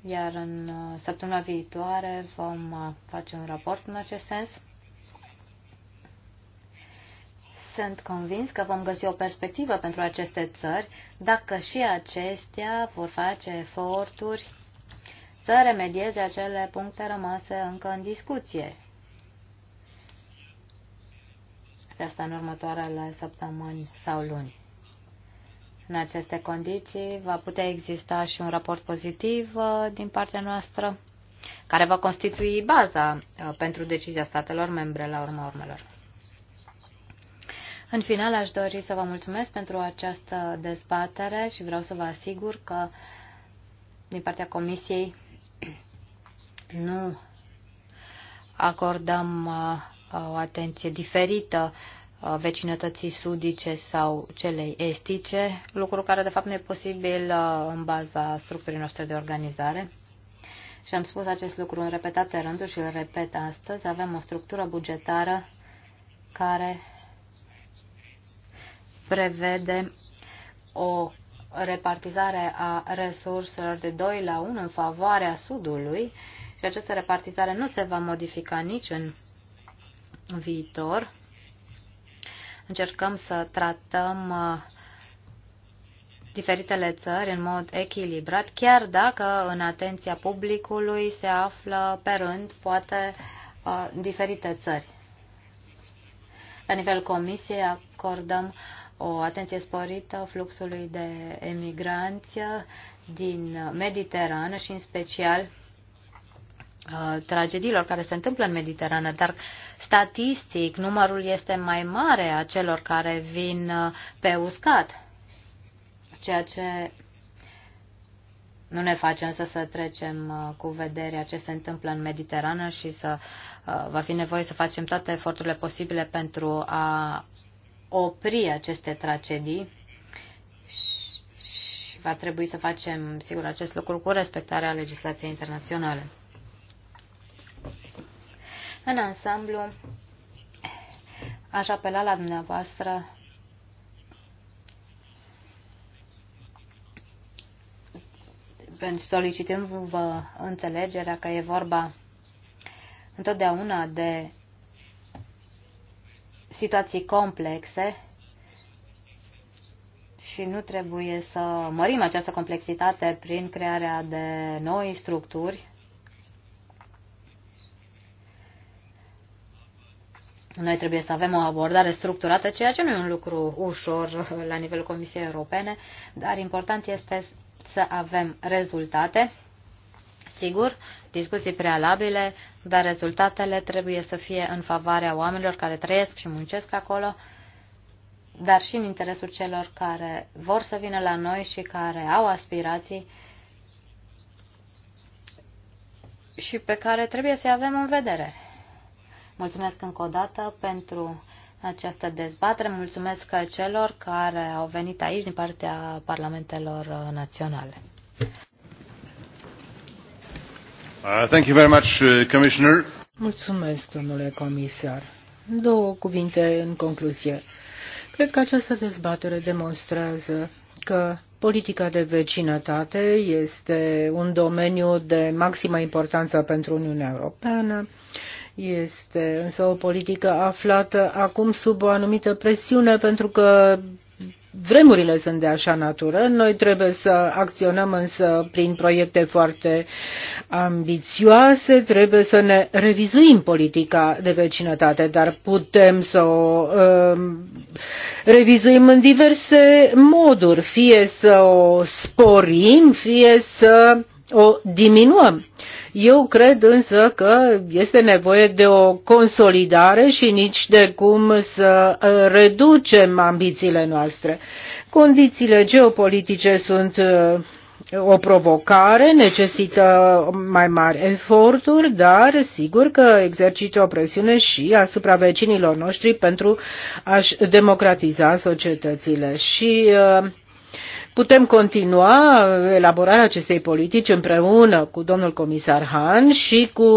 iar în uh, săptămâna viitoare vom face un raport în acest sens. Sunt convins că vom găsi o perspectivă pentru aceste țări dacă și acestea vor face eforturi să remedieze acele puncte rămase încă în discuție. Pe asta în următoarele săptămâni sau luni. În aceste condiții va putea exista și un raport pozitiv uh, din partea noastră, care va constitui baza uh, pentru decizia statelor membre la urma urmelor. În final, aș dori să vă mulțumesc pentru această dezbatere și vreau să vă asigur că din partea Comisiei nu acordăm uh, o atenție diferită uh, vecinătății sudice sau celei estice, lucru care de fapt nu e posibil uh, în baza structurii noastre de organizare. Și am spus acest lucru în repetate rânduri și îl repet astăzi. Avem o structură bugetară care prevede o repartizare a resurselor de 2 la 1 în favoarea Sudului și această repartizare nu se va modifica nici în viitor. Încercăm să tratăm uh, diferitele țări în mod echilibrat, chiar dacă în atenția publicului se află pe rând poate uh, diferite țări. La nivel comisiei acordăm uh, o atenție sporită fluxului de emigranți din Mediterană și în special uh, tragediilor care se întâmplă în Mediterană, dar statistic numărul este mai mare a celor care vin uh, pe uscat, ceea ce nu ne face însă să trecem uh, cu vederea ce se întâmplă în Mediterană și să va fi nevoie să facem toate eforturile posibile pentru a opri aceste tragedii și va trebui să facem, sigur, acest lucru cu respectarea legislației internaționale. În ansamblu, aș apela la dumneavoastră solicitându-vă înțelegerea că e vorba întotdeauna de situații complexe și nu trebuie să mărim această complexitate prin crearea de noi structuri. Noi trebuie să avem o abordare structurată, ceea ce nu e un lucru ușor la nivelul Comisiei Europene, dar important este să avem rezultate Sigur, discuții prealabile, dar rezultatele trebuie să fie în favoarea oamenilor care trăiesc și muncesc acolo, dar și în interesul celor care vor să vină la noi și care au aspirații și pe care trebuie să-i avem în vedere. Mulțumesc încă o dată pentru această dezbatere. Mulțumesc celor care au venit aici din partea parlamentelor naționale. Uh, uh, Mulțumesc, domnule comisar. Două cuvinte în concluzie. Cred că această dezbatere demonstrează că politica de vecinătate este un domeniu de maximă importanță pentru Uniunea Europeană. Este însă o politică aflată acum sub o anumită presiune pentru că vremurile sunt de așa natură. Noi trebuie să acționăm însă prin proiecte foarte ambițioase, trebuie să ne revizuim politica de vecinătate, dar putem să o uh, revizuim în diverse moduri, fie să o sporim, fie să o diminuăm. Uh, eu cred însă că este nevoie de o consolidare și nici de cum să uh, reducem ambițiile noastre. Condițiile geopolitice sunt uh, o provocare, necesită mai mari eforturi, dar sigur că exercită o presiune și asupra vecinilor noștri pentru a-și democratiza societățile. Și uh, Putem continua elaborarea acestei politici împreună cu domnul comisar Han și cu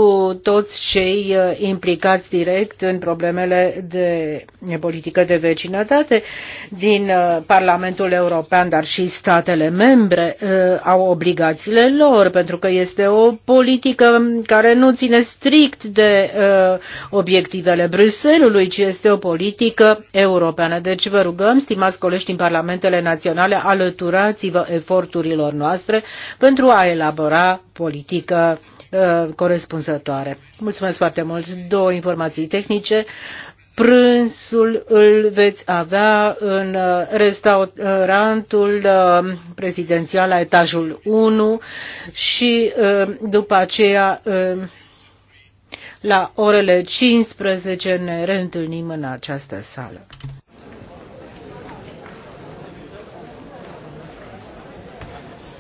toți cei uh, implicați direct în problemele de politică de vecinătate din uh, Parlamentul European, dar și statele membre uh, au obligațiile lor, pentru că este o politică care nu ține strict de obiectivele Bruselului, ci este o politică europeană. Deci vă rugăm, stimați colegi din Parlamentele Naționale, alături alăturați-vă eforturilor noastre pentru a elabora politică uh, corespunzătoare. Mulțumesc foarte mult. Două informații tehnice. Prânzul îl veți avea în uh, restaurantul uh, prezidențial la etajul 1 și după aceea la orele 15 ne reîntâlnim în această sală.